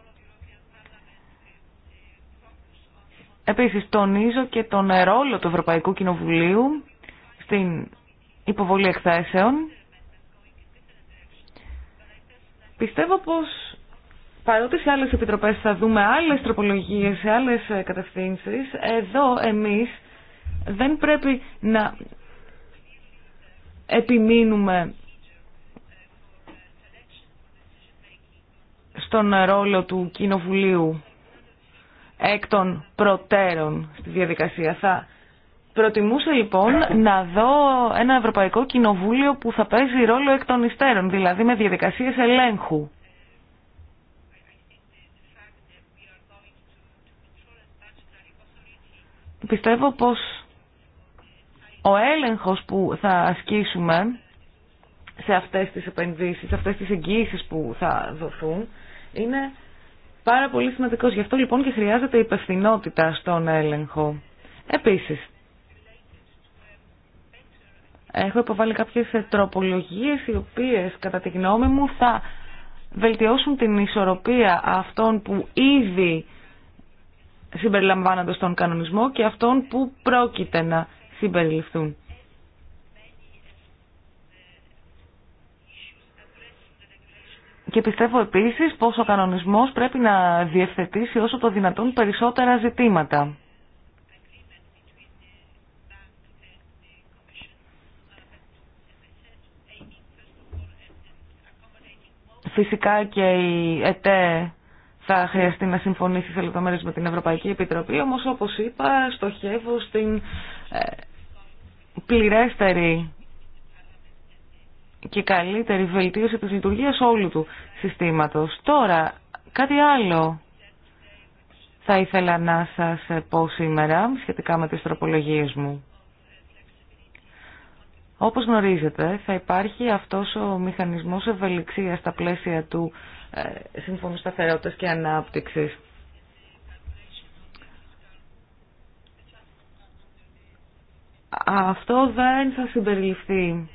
Επίσης, τονίζω και τον ρόλο του Ευρωπαϊκού Κοινοβουλίου στην υποβολή εκθέσεων. Πιστεύω πως παρότι σε άλλες επιτροπές θα δούμε άλλες τροπολογίες, σε άλλες ε, κατευθύνσεις, εδώ εμείς δεν πρέπει να επιμείνουμε στον ρόλο του Κοινοβουλίου εκ των προτέρων στη διαδικασία. Θα προτιμούσα λοιπόν να δω ένα Ευρωπαϊκό Κοινοβούλιο που θα παίζει ρόλο εκ των υστέρων, δηλαδή με διαδικασίες ελέγχου. πιστεύω πως ο έλεγχος που θα ασκήσουμε σε αυτές τις επενδύσεις, σε αυτές τις εγγύησεις που θα δοθούν, είναι πάρα πολύ σημαντικός. Γι' αυτό λοιπόν και χρειάζεται υπευθυνότητα στον έλεγχο. Επίσης, έχω υποβάλει κάποιες τροπολογίες οι οποίες κατά τη γνώμη μου θα βελτιώσουν την ισορροπία αυτών που ήδη συμπεριλαμβάνοντας τον κανονισμό και αυτών που πρόκειται να συμπεριληφθούν. Και πιστεύω επίσης πως ο κανονισμός πρέπει να διευθετήσει όσο το δυνατόν περισσότερα ζητήματα. Φυσικά και η ΕΤΕ θα χρειαστεί να συμφωνήσει σε λεπτομέρειε με την Ευρωπαϊκή Επιτροπή, όμω όπω είπα στοχεύω στην ε, πληρέστερη και καλύτερη βελτίωση της λειτουργίας όλου του συστήματος. Τώρα, κάτι άλλο θα ήθελα να σας πω σήμερα σχετικά με τις τροπολογίες μου. Όπως γνωρίζετε, θα υπάρχει αυτός ο μηχανισμός ευελιξίας στα πλαίσια του ε, Συμφωνού Σταθερότητας και Ανάπτυξης. Αυτό δεν θα συμπεριληφθεί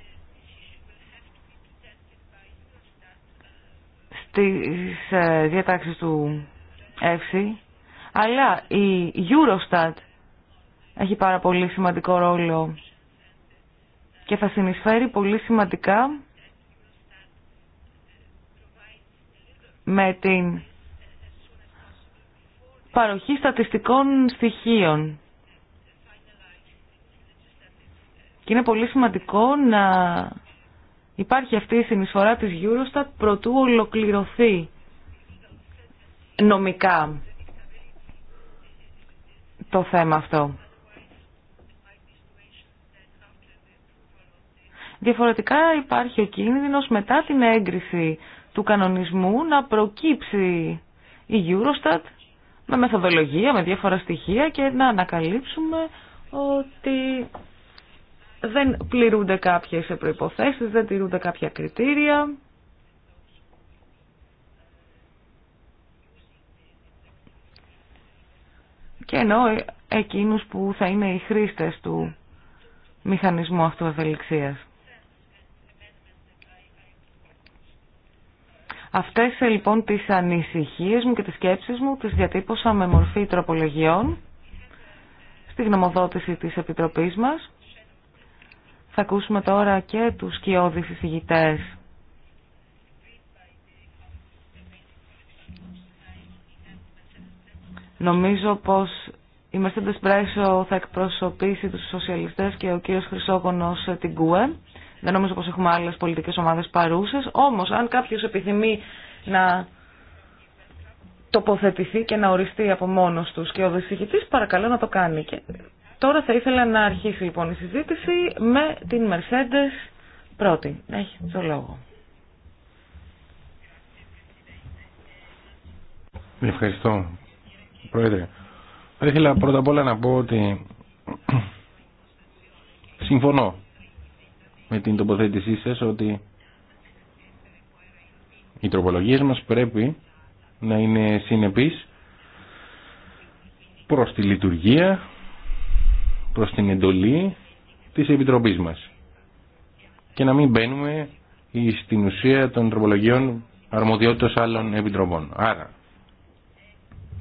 στις ε, διατάξεις του ΕΦΣΥ, αλλά η Eurostat έχει πάρα πολύ σημαντικό ρόλο και θα συνεισφέρει πολύ σημαντικά με την παροχή στατιστικών στοιχείων. Και είναι πολύ σημαντικό να υπάρχει αυτή η συνεισφορά της Eurostat προτού ολοκληρωθεί νομικά το θέμα αυτό. Διαφορετικά υπάρχει ο κίνδυνος μετά την έγκριση του κανονισμού να προκύψει η Eurostat με μεθοδολογία, με διάφορα στοιχεία και να ανακαλύψουμε ότι δεν πληρούνται κάποιες προϋποθέσεις, δεν τηρούνται κάποια κριτήρια. Και ενώ ε, εκείνους που θα είναι οι χρήστες του μηχανισμού αυτοευελιξίας Αυτές ε, λοιπόν τις ανησυχίες μου και τις σκέψεις μου τις διατύπωσα με μορφή τροπολογιών στη γνωμοδότηση της Επιτροπής μας. Θα ακούσουμε τώρα και τους σκιώδεις εισηγητές Νομίζω πως η Μερσέντες Μπρέσο θα εκπροσωπήσει τους σοσιαλιστές και ο κύριος Χρυσόγονος ε, την ΚΟΕ. Δεν νομίζω πως έχουμε άλλες πολιτικές ομάδες παρούσες. Όμως, αν κάποιος επιθυμεί να τοποθετηθεί και να οριστεί από μόνος τους και ο δεσηγητής, παρακαλώ να το κάνει. Και τώρα θα ήθελα να αρχίσει λοιπόν η συζήτηση με την Mercedes πρώτη. Έχει το λόγο. Ευχαριστώ, Πρόεδρε. Θα ήθελα πρώτα απ' όλα να πω ότι συμφωνώ με την τοποθέτησή σας ότι οι τροπολογίες μας πρέπει να είναι συνεπείς προς τη λειτουργία, προς την εντολή της Επιτροπής μας και να μην μπαίνουμε στην ουσία των τροπολογιών αρμοδιότητας άλλων επιτροπών. Άρα,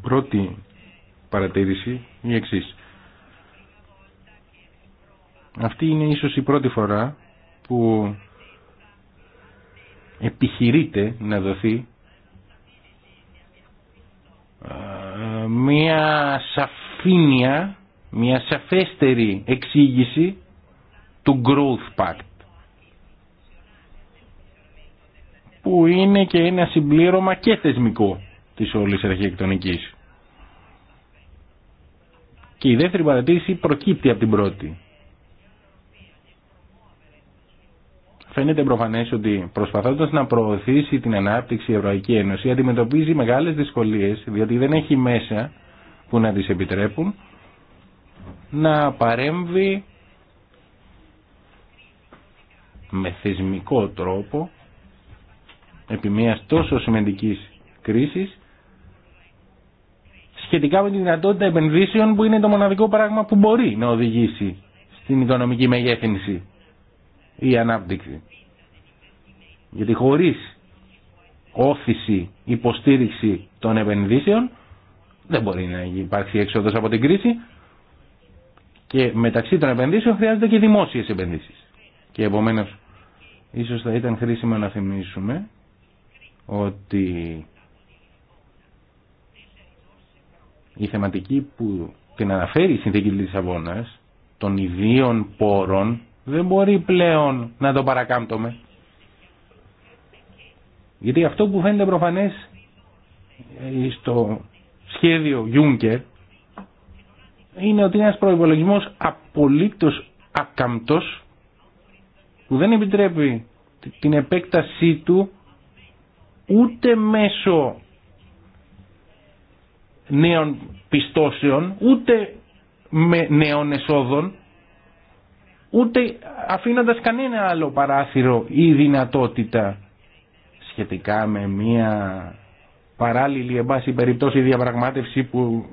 πρώτη παρατήρηση η εξής. Αυτή είναι ίσως η πρώτη φορά που επιχειρείται να δοθεί μια σαφήνεια, μια σαφέστερη εξήγηση του Growth Pact που είναι και ένα συμπλήρωμα και θεσμικό της όλης αρχιεκτονικής. Και η δεύτερη παρατήρηση προκύπτει από την πρώτη. φαίνεται προφανέ ότι προσπαθώντας να προωθήσει την ανάπτυξη η Ευρωπαϊκή Ένωση αντιμετωπίζει μεγάλες δυσκολίες διότι δεν έχει μέσα που να τις επιτρέπουν να παρέμβει με θεσμικό τρόπο επί μιας τόσο σημαντικής κρίσης σχετικά με τη δυνατότητα επενδύσεων που είναι το μοναδικό πράγμα που μπορεί να οδηγήσει στην οικονομική μεγέθυνση η ανάπτυξη. Γιατί χωρίς όθηση, υποστήριξη των επενδύσεων δεν μπορεί να υπάρξει έξοδος από την κρίση και μεταξύ των επενδύσεων χρειάζονται και δημόσιες επενδύσεις. Και επομένως ίσως θα ήταν χρήσιμο να θυμίσουμε ότι η θεματική που την αναφέρει η συνθήκη της Λισαβόνας των ιδίων πόρων δεν μπορεί πλέον να το παρακάμπτουμε. Γιατί αυτό που φαίνεται προφανές ε, στο σχέδιο Juncker είναι ότι είναι ένας προϋπολογισμός απολύτως ακαμπτός που δεν επιτρέπει την επέκτασή του ούτε μέσω νέων πιστώσεων ούτε με νέων εσόδων ούτε αφήνοντας κανένα άλλο παράθυρο ή δυνατότητα σχετικά με μια παράλληλη εν περιπτώσει διαπραγμάτευση που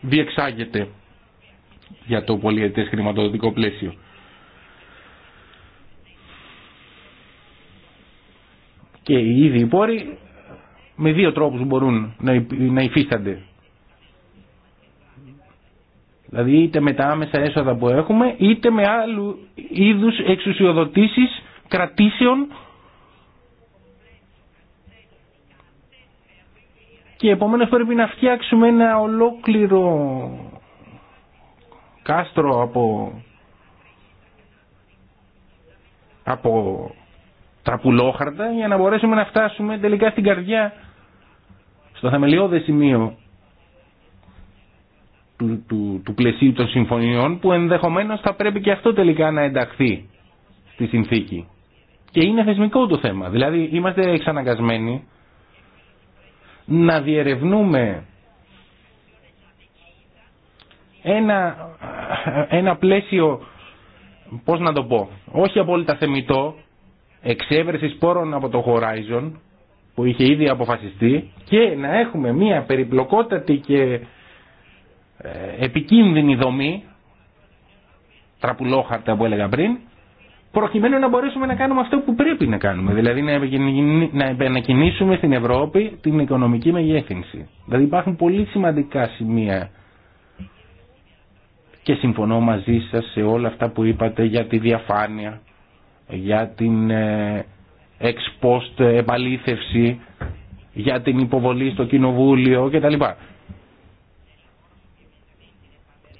διεξάγεται για το πολυετές χρηματοδοτικό πλαίσιο. Και οι ίδιοι πόροι με δύο τρόπους μπορούν να υφίστανται Δηλαδή είτε με τα άμεσα έσοδα που έχουμε είτε με άλλου είδους εξουσιοδοτήσεις κρατήσεων και επόμενος πρέπει να φτιάξουμε ένα ολόκληρο κάστρο από από τα για να μπορέσουμε να φτάσουμε τελικά στην καρδιά στο θεμελιώδες σημείο του, του, του πλαισίου των συμφωνιών που ενδεχομένως θα πρέπει και αυτό τελικά να ενταχθεί στη συνθήκη. Και είναι θεσμικό το θέμα. Δηλαδή είμαστε εξαναγκασμένοι να διερευνούμε ένα, ένα πλαίσιο, πώς να το πω, όχι απόλυτα θεμητό, εξέβρεση σπόρων από το Horizon, που είχε ήδη αποφασιστεί, και να έχουμε μια περιπλοκότατη και ε, επικίνδυνη δομή, τραπουλόχαρτα που έλεγα πριν, προκειμένου να μπορέσουμε να κάνουμε αυτό που πρέπει να κάνουμε, δηλαδή να επανακινήσουμε στην Ευρώπη την οικονομική μεγέθυνση. Δηλαδή υπάρχουν πολύ σημαντικά σημεία και συμφωνώ μαζί σας σε όλα αυτά που είπατε για τη διαφάνεια, για την ε, ex post επαλήθευση, για την υποβολή στο κοινοβούλιο κτλ.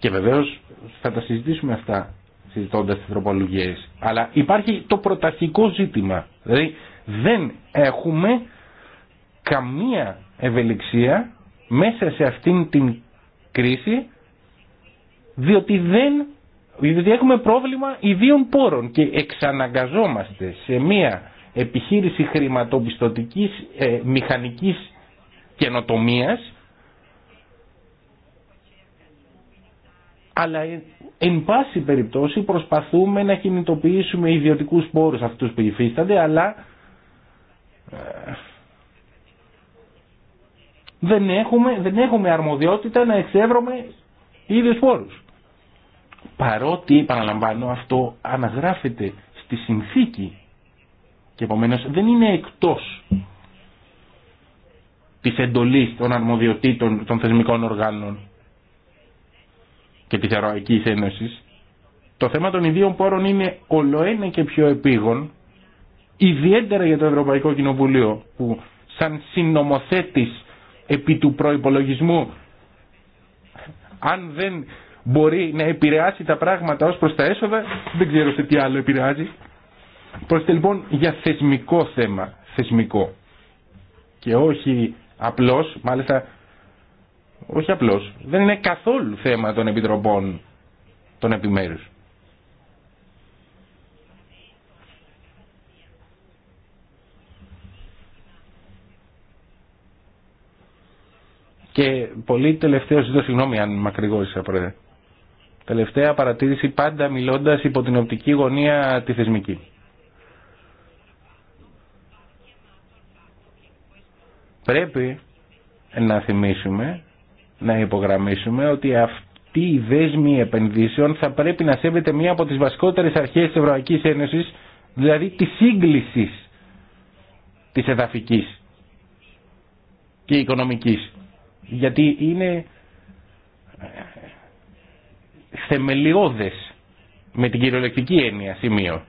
Και βεβαίως θα τα συζητήσουμε αυτά συζητώντα τι τροπολογίε. Αλλά υπάρχει το πρωταρχικό ζήτημα. Δηλαδή δεν έχουμε καμία ευελιξία μέσα σε αυτήν την κρίση διότι δεν διότι έχουμε πρόβλημα ιδίων πόρων και εξαναγκαζόμαστε σε μια επιχείρηση χρηματοπιστωτικής ε, μηχανικής καινοτομίας αλλά ε, εν πάση περιπτώσει προσπαθούμε να κινητοποιήσουμε ιδιωτικούς πόρους αυτούς που υφίστανται, αλλά ε, δεν έχουμε, δεν έχουμε αρμοδιότητα να εξεύρουμε ίδιους πόρους. Παρότι, παραλαμβάνω, αυτό αναγράφεται στη συνθήκη και επομένως δεν είναι εκτός της εντολής των αρμοδιοτήτων των θεσμικών οργάνων και της Ευρωπαϊκής Ένωσης, το θέμα των ιδίων πόρων είναι ολοένα και πιο επίγον, ιδιαίτερα για το Ευρωπαϊκό Κοινοβουλίο, που σαν συνομοθέτης επί του προϋπολογισμού, αν δεν μπορεί να επηρεάσει τα πράγματα ως προς τα έσοδα, δεν ξέρω σε τι άλλο επηρεάζει. Πρόκειται λοιπόν για θεσμικό θέμα, θεσμικό. Και όχι απλώς, μάλιστα όχι απλώς. Δεν είναι καθόλου θέμα των επιτροπών των επιμέρους. Και πολύ τελευταίο, ζητώ συγγνώμη αν μακρηγόρησα, Τελευταία παρατήρηση, πάντα μιλώντα υπό την οπτική γωνία τη θεσμική. Πρέπει να θυμίσουμε να υπογραμμίσουμε ότι αυτή η δέσμη επενδύσεων θα πρέπει να σέβεται μία από τις βασικότερες αρχές της Ευρωπαϊκής Ένωσης, δηλαδή τη σύγκληση της εδαφικής και οικονομικής. Γιατί είναι θεμελιώδες με την κυριολεκτική έννοια σημείο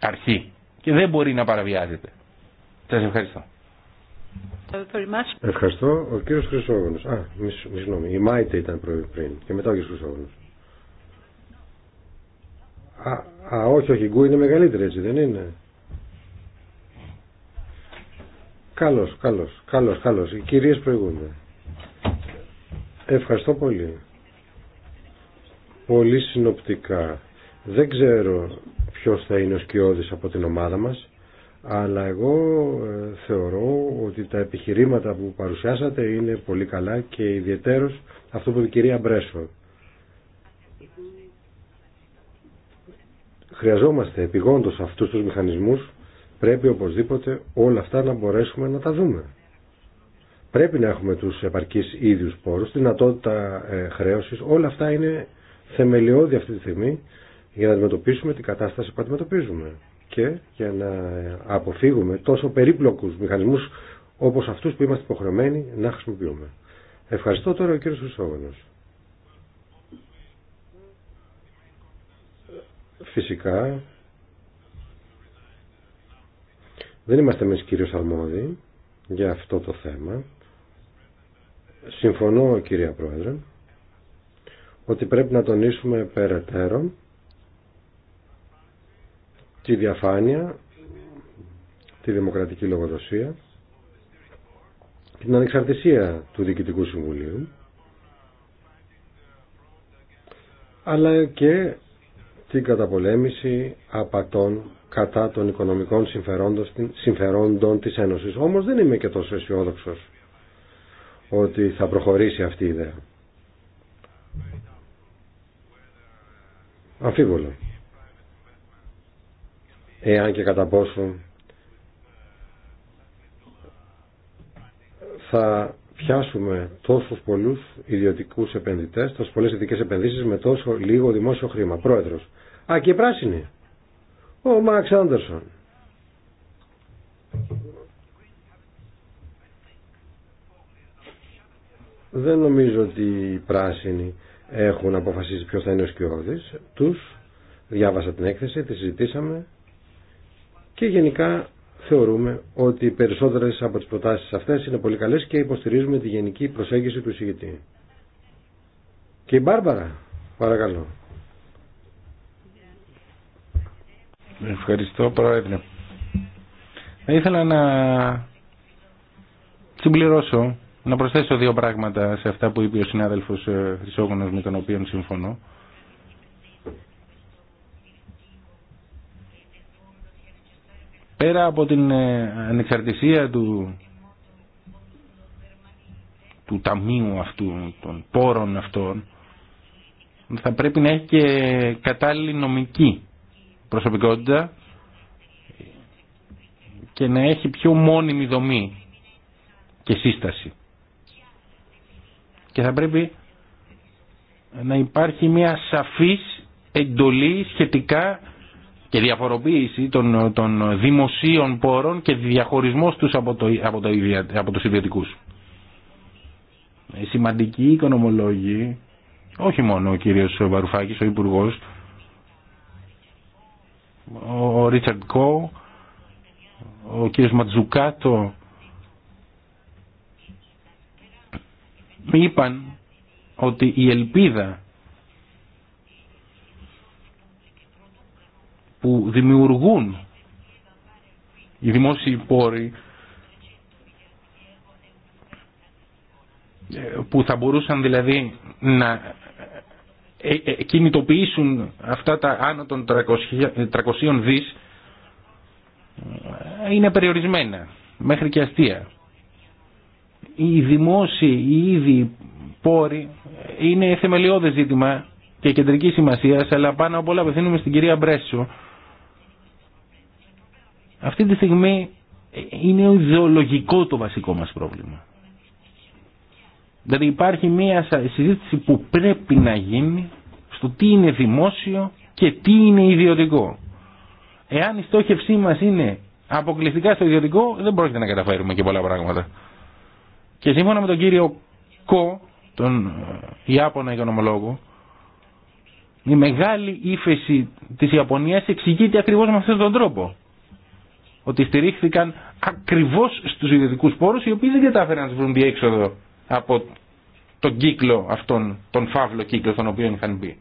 αρχή και δεν μπορεί να παραβιάζεται. Σας ευχαριστώ. Ευχαριστώ. Ο κύριος Χρυσόγονος. Α, συγγνώμη. Η Μάιτε ήταν πριν και μετά ο κύριος Α, όχι, όχι, η Γκου είναι μεγαλύτερη έτσι, δεν είναι. Καλώς, καλώς, καλώς, καλώς. Οι κυρίες προηγούνται. Ευχαριστώ πολύ. Πολύ συνοπτικά. Δεν ξέρω ποιος θα είναι ο σκιώδης από την ομάδα μας αλλά εγώ ε, θεωρώ ότι τα επιχειρήματα που παρουσιάσατε είναι πολύ καλά και ιδιαίτερος αυτό που είπε η κυρία Μπρέσο. Χρειαζόμαστε επιγόντως αυτούς τους μηχανισμούς, πρέπει οπωσδήποτε όλα αυτά να μπορέσουμε να τα δούμε. Πρέπει να έχουμε τους επαρκείς ίδιους πόρους, δυνατότητα ε, χρέωσης, όλα αυτά είναι θεμελιώδη αυτή τη στιγμή για να αντιμετωπίσουμε την κατάσταση που αντιμετωπίζουμε και για να αποφύγουμε τόσο περίπλοκους μηχανισμούς όπως αυτούς που είμαστε υποχρεωμένοι να χρησιμοποιούμε. Ευχαριστώ τώρα ο κύριος Χρυσόγονος. Φυσικά δεν είμαστε εμείς κύριος Αλμόδη για αυτό το θέμα. Συμφωνώ κυρία Πρόεδρε ότι πρέπει να τονίσουμε περαιτέρω τη διαφάνεια, τη δημοκρατική λογοδοσία την ανεξαρτησία του Διοικητικού Συμβουλίου αλλά και την καταπολέμηση απατών κατά των οικονομικών συμφερόντων της Ένωσης. Όμως δεν είμαι και τόσο αισιόδοξο ότι θα προχωρήσει αυτή η ιδέα. Αμφίβολο εάν και κατά πόσο θα πιάσουμε τόσους πολλούς ιδιωτικούς επενδυτές, τόσες πολλές ειδικές επενδύσεις με τόσο λίγο δημόσιο χρήμα. Πρόεδρος. Α, και πράσινη. Ο Μαξ Άντερσον. Δεν νομίζω ότι οι πράσινοι έχουν αποφασίσει ποιος θα είναι ο σκιώδης. Τους διάβασα την έκθεση, τη συζητήσαμε και γενικά θεωρούμε ότι οι περισσότερες από τις προτάσεις αυτές είναι πολύ καλές και υποστηρίζουμε τη γενική προσέγγιση του εισηγητή. Και η Μπάρμπαρα, παρακαλώ. Ευχαριστώ, Πρόεδρε. Θα ήθελα να συμπληρώσω, να προσθέσω δύο πράγματα σε αυτά που είπε ο συνάδελφος ε, Χρυσόγωνος με τον οποίο συμφωνώ. πέρα από την ε, ανεξαρτησία του, του ταμείου αυτού, των πόρων αυτών, θα πρέπει να έχει και κατάλληλη νομική προσωπικότητα και να έχει πιο μόνιμη δομή και σύσταση. Και θα πρέπει να υπάρχει μια σαφής εντολή σχετικά και διαφοροποίηση των, δημοσίων πόρων και διαχωρισμός τους από, το, από, το, από τους ιδιωτικούς. σημαντικοί οικονομολόγοι, όχι μόνο ο κύριος Βαρουφάκης, ο Υπουργός, ο Ρίτσαρντ Κό, ο κύριος Ματζουκάτο, είπαν ότι η ελπίδα που δημιουργούν οι δημόσιοι πόροι ε, που θα μπορούσαν δηλαδή να ε, ε, κινητοποιήσουν αυτά τα άνω των 300 δις είναι περιορισμένα μέχρι και αστεία. Οι δημόσιοι, οι ήδη πόροι είναι θεμελιώδες ζήτημα και κεντρική σημασία, αλλά πάνω απ' όλα απευθύνουμε στην κυρία Μπρέσο αυτή τη στιγμή είναι ιδεολογικό το βασικό μας πρόβλημα. Δηλαδή υπάρχει μια συζήτηση που πρέπει να γίνει στο τι είναι δημόσιο και τι είναι ιδιωτικό. Εάν η στόχευσή μας είναι αποκλειστικά στο ιδιωτικό, δεν πρόκειται να καταφέρουμε και πολλά πράγματα. Και σύμφωνα με τον κύριο Κο, τον ε, Ιάπωνα οικονομολόγο, η μεγάλη ύφεση της Ιαπωνίας εξηγείται ακριβώς με αυτόν τον τρόπο ότι στηρίχθηκαν ακριβώς στους ιδιωτικούς πόρους οι οποίοι δεν κατάφεραν να βρουν διέξοδο από τον κύκλο αυτόν, τον φαύλο κύκλο στον οποίο είχαν μπει.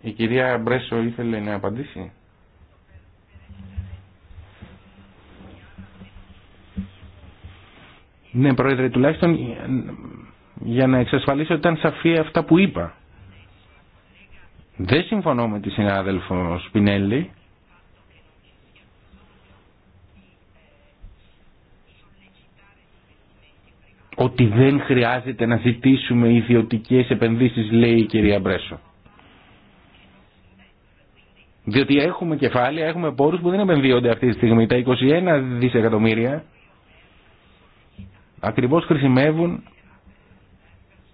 Η κυρία Μπρέσο ήθελε να απαντήσει. Ναι, Πρόεδρε, τουλάχιστον για να εξασφαλίσω ότι ήταν σαφή αυτά που είπα. Δεν συμφωνώ με τη συνάδελφο Σπινέλη ότι δεν χρειάζεται να ζητήσουμε ιδιωτικές επενδύσεις, λέει η κυρία Μπρέσο. Διότι έχουμε κεφάλαια, έχουμε πόρους που δεν επενδύονται αυτή τη στιγμή. Τα 21 δισεκατομμύρια ακριβώς χρησιμεύουν,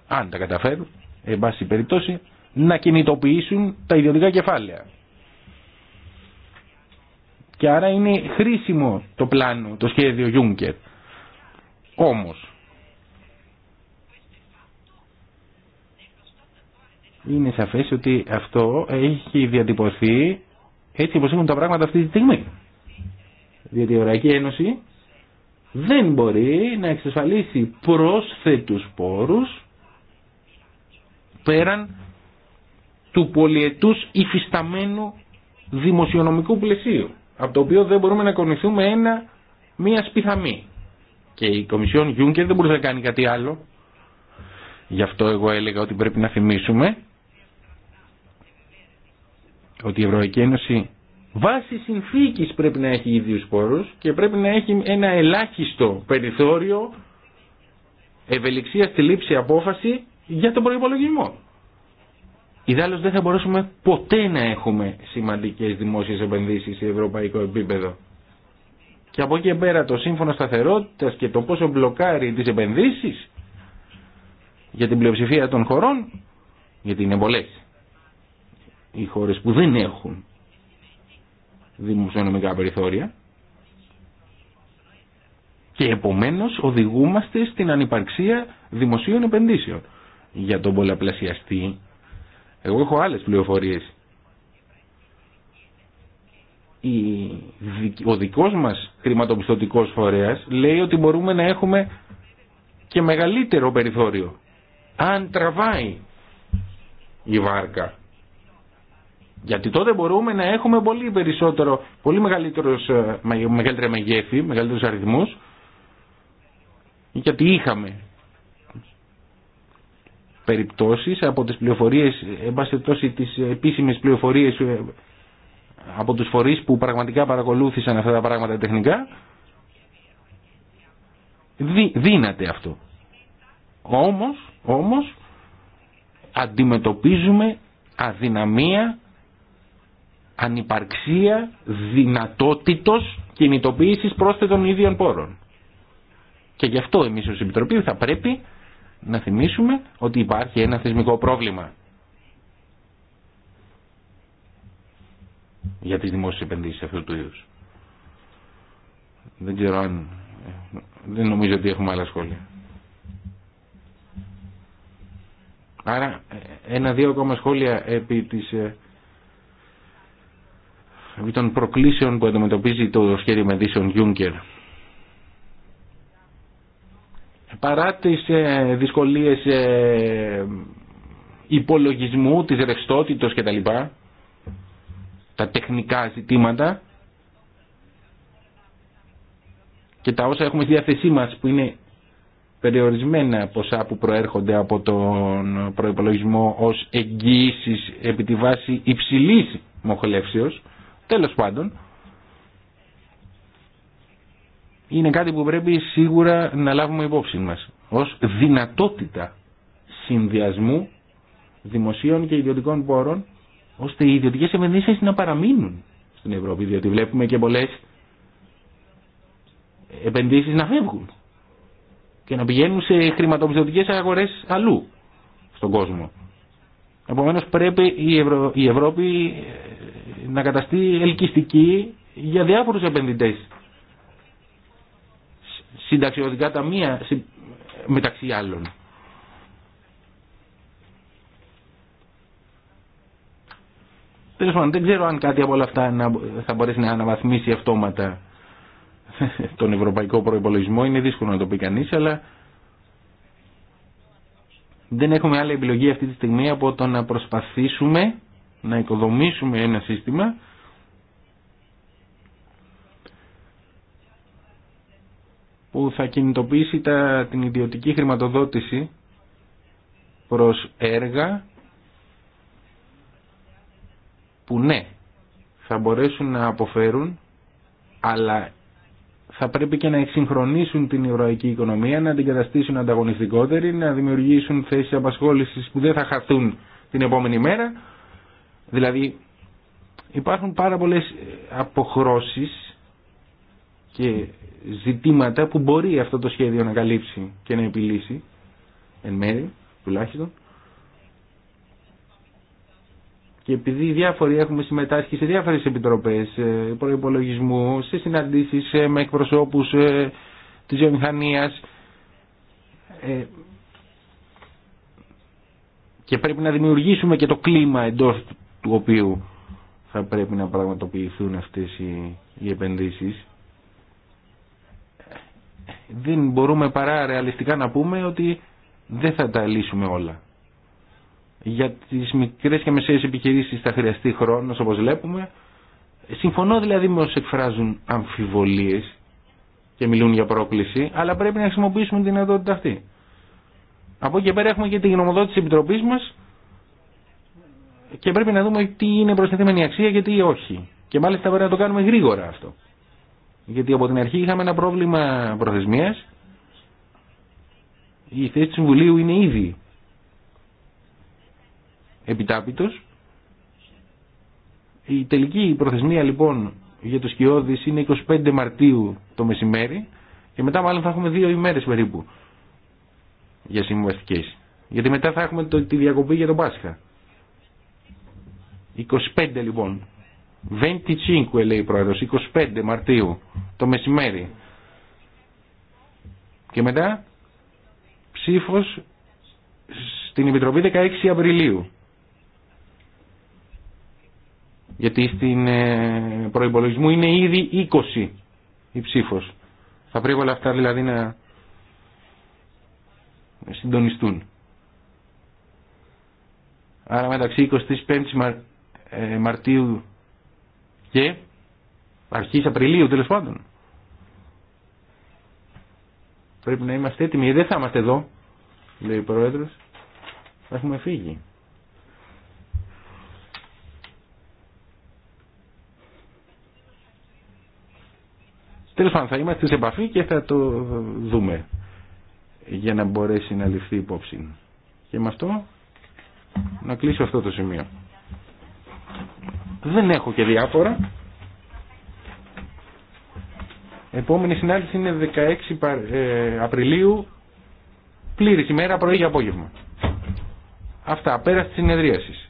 αν τα καταφέρουν, εν πάση περιπτώσει, να κινητοποιήσουν τα ιδιωτικά κεφάλαια. Και άρα είναι χρήσιμο το πλάνο, το σχέδιο Juncker. Όμως, είναι σαφές ότι αυτό έχει διατυπωθεί έτσι όπως έχουν τα πράγματα αυτή τη στιγμή. Διότι η Ευρωπαϊκή Ένωση δεν μπορεί να εξασφαλίσει πρόσθετους πόρους πέραν του πολιετούς υφισταμένου δημοσιονομικού πλαισίου από το οποίο δεν μπορούμε να κονηθούμε ένα, μία σπιθαμή. Και η Κομισιόν και δεν μπορεί να κάνει κάτι άλλο. Γι' αυτό εγώ έλεγα ότι πρέπει να θυμίσουμε ότι η Ευρωπαϊκή Ένωση βάσει συνθήκης πρέπει να έχει ίδιους πόρους και πρέπει να έχει ένα ελάχιστο περιθώριο ευελιξία στη λήψη απόφαση για τον προϋπολογισμό. Ιδάλλως δεν θα μπορέσουμε ποτέ να έχουμε σημαντικές δημόσιες επενδύσεις σε ευρωπαϊκό επίπεδο. Και από εκεί πέρα το σύμφωνο σταθερότητας και το πόσο μπλοκάρει τις επενδύσεις για την πλειοψηφία των χωρών, γιατί είναι πολλές οι χώρες που δεν έχουν δημοσιονομικά περιθώρια και επομένως οδηγούμαστε στην ανυπαρξία δημοσίων επενδύσεων. Για τον πολλαπλασιαστή, εγώ έχω άλλες πληροφορίες. Ο δικός μας χρηματοπιστωτικός φορέας λέει ότι μπορούμε να έχουμε και μεγαλύτερο περιθώριο. Αν τραβάει η βάρκα γιατί τότε μπορούμε να έχουμε πολύ περισσότερο, πολύ μεγαλύτερος, ε, μεγαλύτερα μεγέθη, μεγαλύτερους αριθμούς, γιατί είχαμε περιπτώσεις από τις πληροφορίες, έμπασε τόση τις επίσημες πληροφορίες ε, από τους φορείς που πραγματικά παρακολούθησαν αυτά τα πράγματα τεχνικά, δύναται αυτό. Όμως, όμως, αντιμετωπίζουμε αδυναμία ανυπαρξία δυνατότητος κινητοποίησης πρόσθετων ίδιων πόρων. Και γι' αυτό εμείς ως Επιτροπή θα πρέπει να θυμίσουμε ότι υπάρχει ένα θεσμικό πρόβλημα για τις δημόσιες επενδύσεις αυτού του είδους. Δεν ξέρω αν... Δεν νομίζω ότι έχουμε άλλα σχόλια. Άρα ένα-δύο ακόμα σχόλια επί της ε, των προκλήσεων που αντιμετωπίζει το σχέδιο μετησεων Juncker. Παρά τις ε, δυσκολίες ε, υπολογισμού, της ρευστότητος κτλ, τα τεχνικά ζητήματα και τα όσα έχουμε στη διάθεσή μας που είναι περιορισμένα ποσά που προέρχονται από τον προϋπολογισμό ως εγγύησης επί τη βάση υψηλής μοχλεύσεως Τέλος πάντων, είναι κάτι που πρέπει σίγουρα να λάβουμε υπόψη μας ως δυνατότητα συνδυασμού δημοσίων και ιδιωτικών πόρων ώστε οι ιδιωτικές επενδύσεις να παραμείνουν στην Ευρώπη διότι βλέπουμε και πολλές επενδύσεις να φεύγουν και να πηγαίνουν σε χρηματοπιστωτικές αγορές αλλού στον κόσμο. Επομένως πρέπει η, Ευρώπη ε, να καταστεί ελκυστική για διάφορους επενδυτές. Συνταξιωτικά ταμεία μεταξύ άλλων. δεν ξέρω αν κάτι από όλα αυτά θα μπορέσει να αναβαθμίσει αυτόματα τον ευρωπαϊκό προπολογισμό. Είναι δύσκολο να το πει κανεί, αλλά δεν έχουμε άλλη επιλογή αυτή τη στιγμή από το να προσπαθήσουμε να οικοδομήσουμε ένα σύστημα που θα κινητοποιήσει τα, την ιδιωτική χρηματοδότηση προς έργα που ναι, θα μπορέσουν να αποφέρουν αλλά θα πρέπει και να εξυγχρονίσουν την ευρωπαϊκή οικονομία, να την καταστήσουν ανταγωνιστικότερη, να δημιουργήσουν θέσεις απασχόλησης που δεν θα χαθούν την επόμενη μέρα. Δηλαδή υπάρχουν πάρα πολλές αποχρώσεις και ζητήματα που μπορεί αυτό το σχέδιο να καλύψει και να επιλύσει, εν μέρη τουλάχιστον και επειδή διάφοροι έχουμε συμμετάσχει σε διάφορες επιτροπές ε, προϋπολογισμού, σε συναντήσεις ε, με εκπροσώπους ε, της βιομηχανίας και πρέπει να δημιουργήσουμε και το κλίμα εντός του οποίου θα πρέπει να πραγματοποιηθούν αυτές οι, οι επενδύσεις δεν μπορούμε παρά ρεαλιστικά να πούμε ότι δεν θα τα λύσουμε όλα για τι μικρέ και μεσαίε επιχειρήσει θα χρειαστεί χρόνο, όπως βλέπουμε. Συμφωνώ δηλαδή με όσου εκφράζουν αμφιβολίες και μιλούν για πρόκληση, αλλά πρέπει να χρησιμοποιήσουμε την δυνατότητα αυτή. Από εκεί και πέρα έχουμε και τη γνωμοδότηση τη Επιτροπής μας και πρέπει να δούμε τι είναι προσθετημένη αξία και τι όχι. Και μάλιστα πρέπει να το κάνουμε γρήγορα αυτό. Γιατί από την αρχή είχαμε ένα πρόβλημα προθεσμία. Η θέση του Συμβουλίου είναι ήδη επιτάπητος. Η τελική προθεσμία λοιπόν για το σκιώδης είναι 25 Μαρτίου το μεσημέρι και μετά μάλλον θα έχουμε δύο ημέρες περίπου για συμβαστικές. Γιατί μετά θα έχουμε το, τη διακοπή για τον Πάσχα. 25 λοιπόν. 25 λέει η πρόεδρος. 25 Μαρτίου το μεσημέρι. Και μετά ψήφος στην Επιτροπή 16 Απριλίου γιατί στην ε, προϋπολογισμού είναι ήδη 20 η ψήφος. Θα πρέπει όλα αυτά δηλαδή να συντονιστούν. Άρα μεταξύ 25 ε, Μαρτίου και αρχής Απριλίου τέλος πάντων. Πρέπει να είμαστε έτοιμοι. Ε, δεν θα είμαστε εδώ, λέει ο Πρόεδρος. Θα έχουμε φύγει. Τέλος πάντων θα είμαστε σε επαφή και θα το δούμε για να μπορέσει να ληφθεί υπόψη. Και με αυτό να κλείσω αυτό το σημείο. Δεν έχω και διάφορα. Επόμενη συνάντηση είναι 16 ε, Απριλίου, πλήρης ημέρα, πρωί για απόγευμα. Αυτά, πέρα της συνεδρίασης.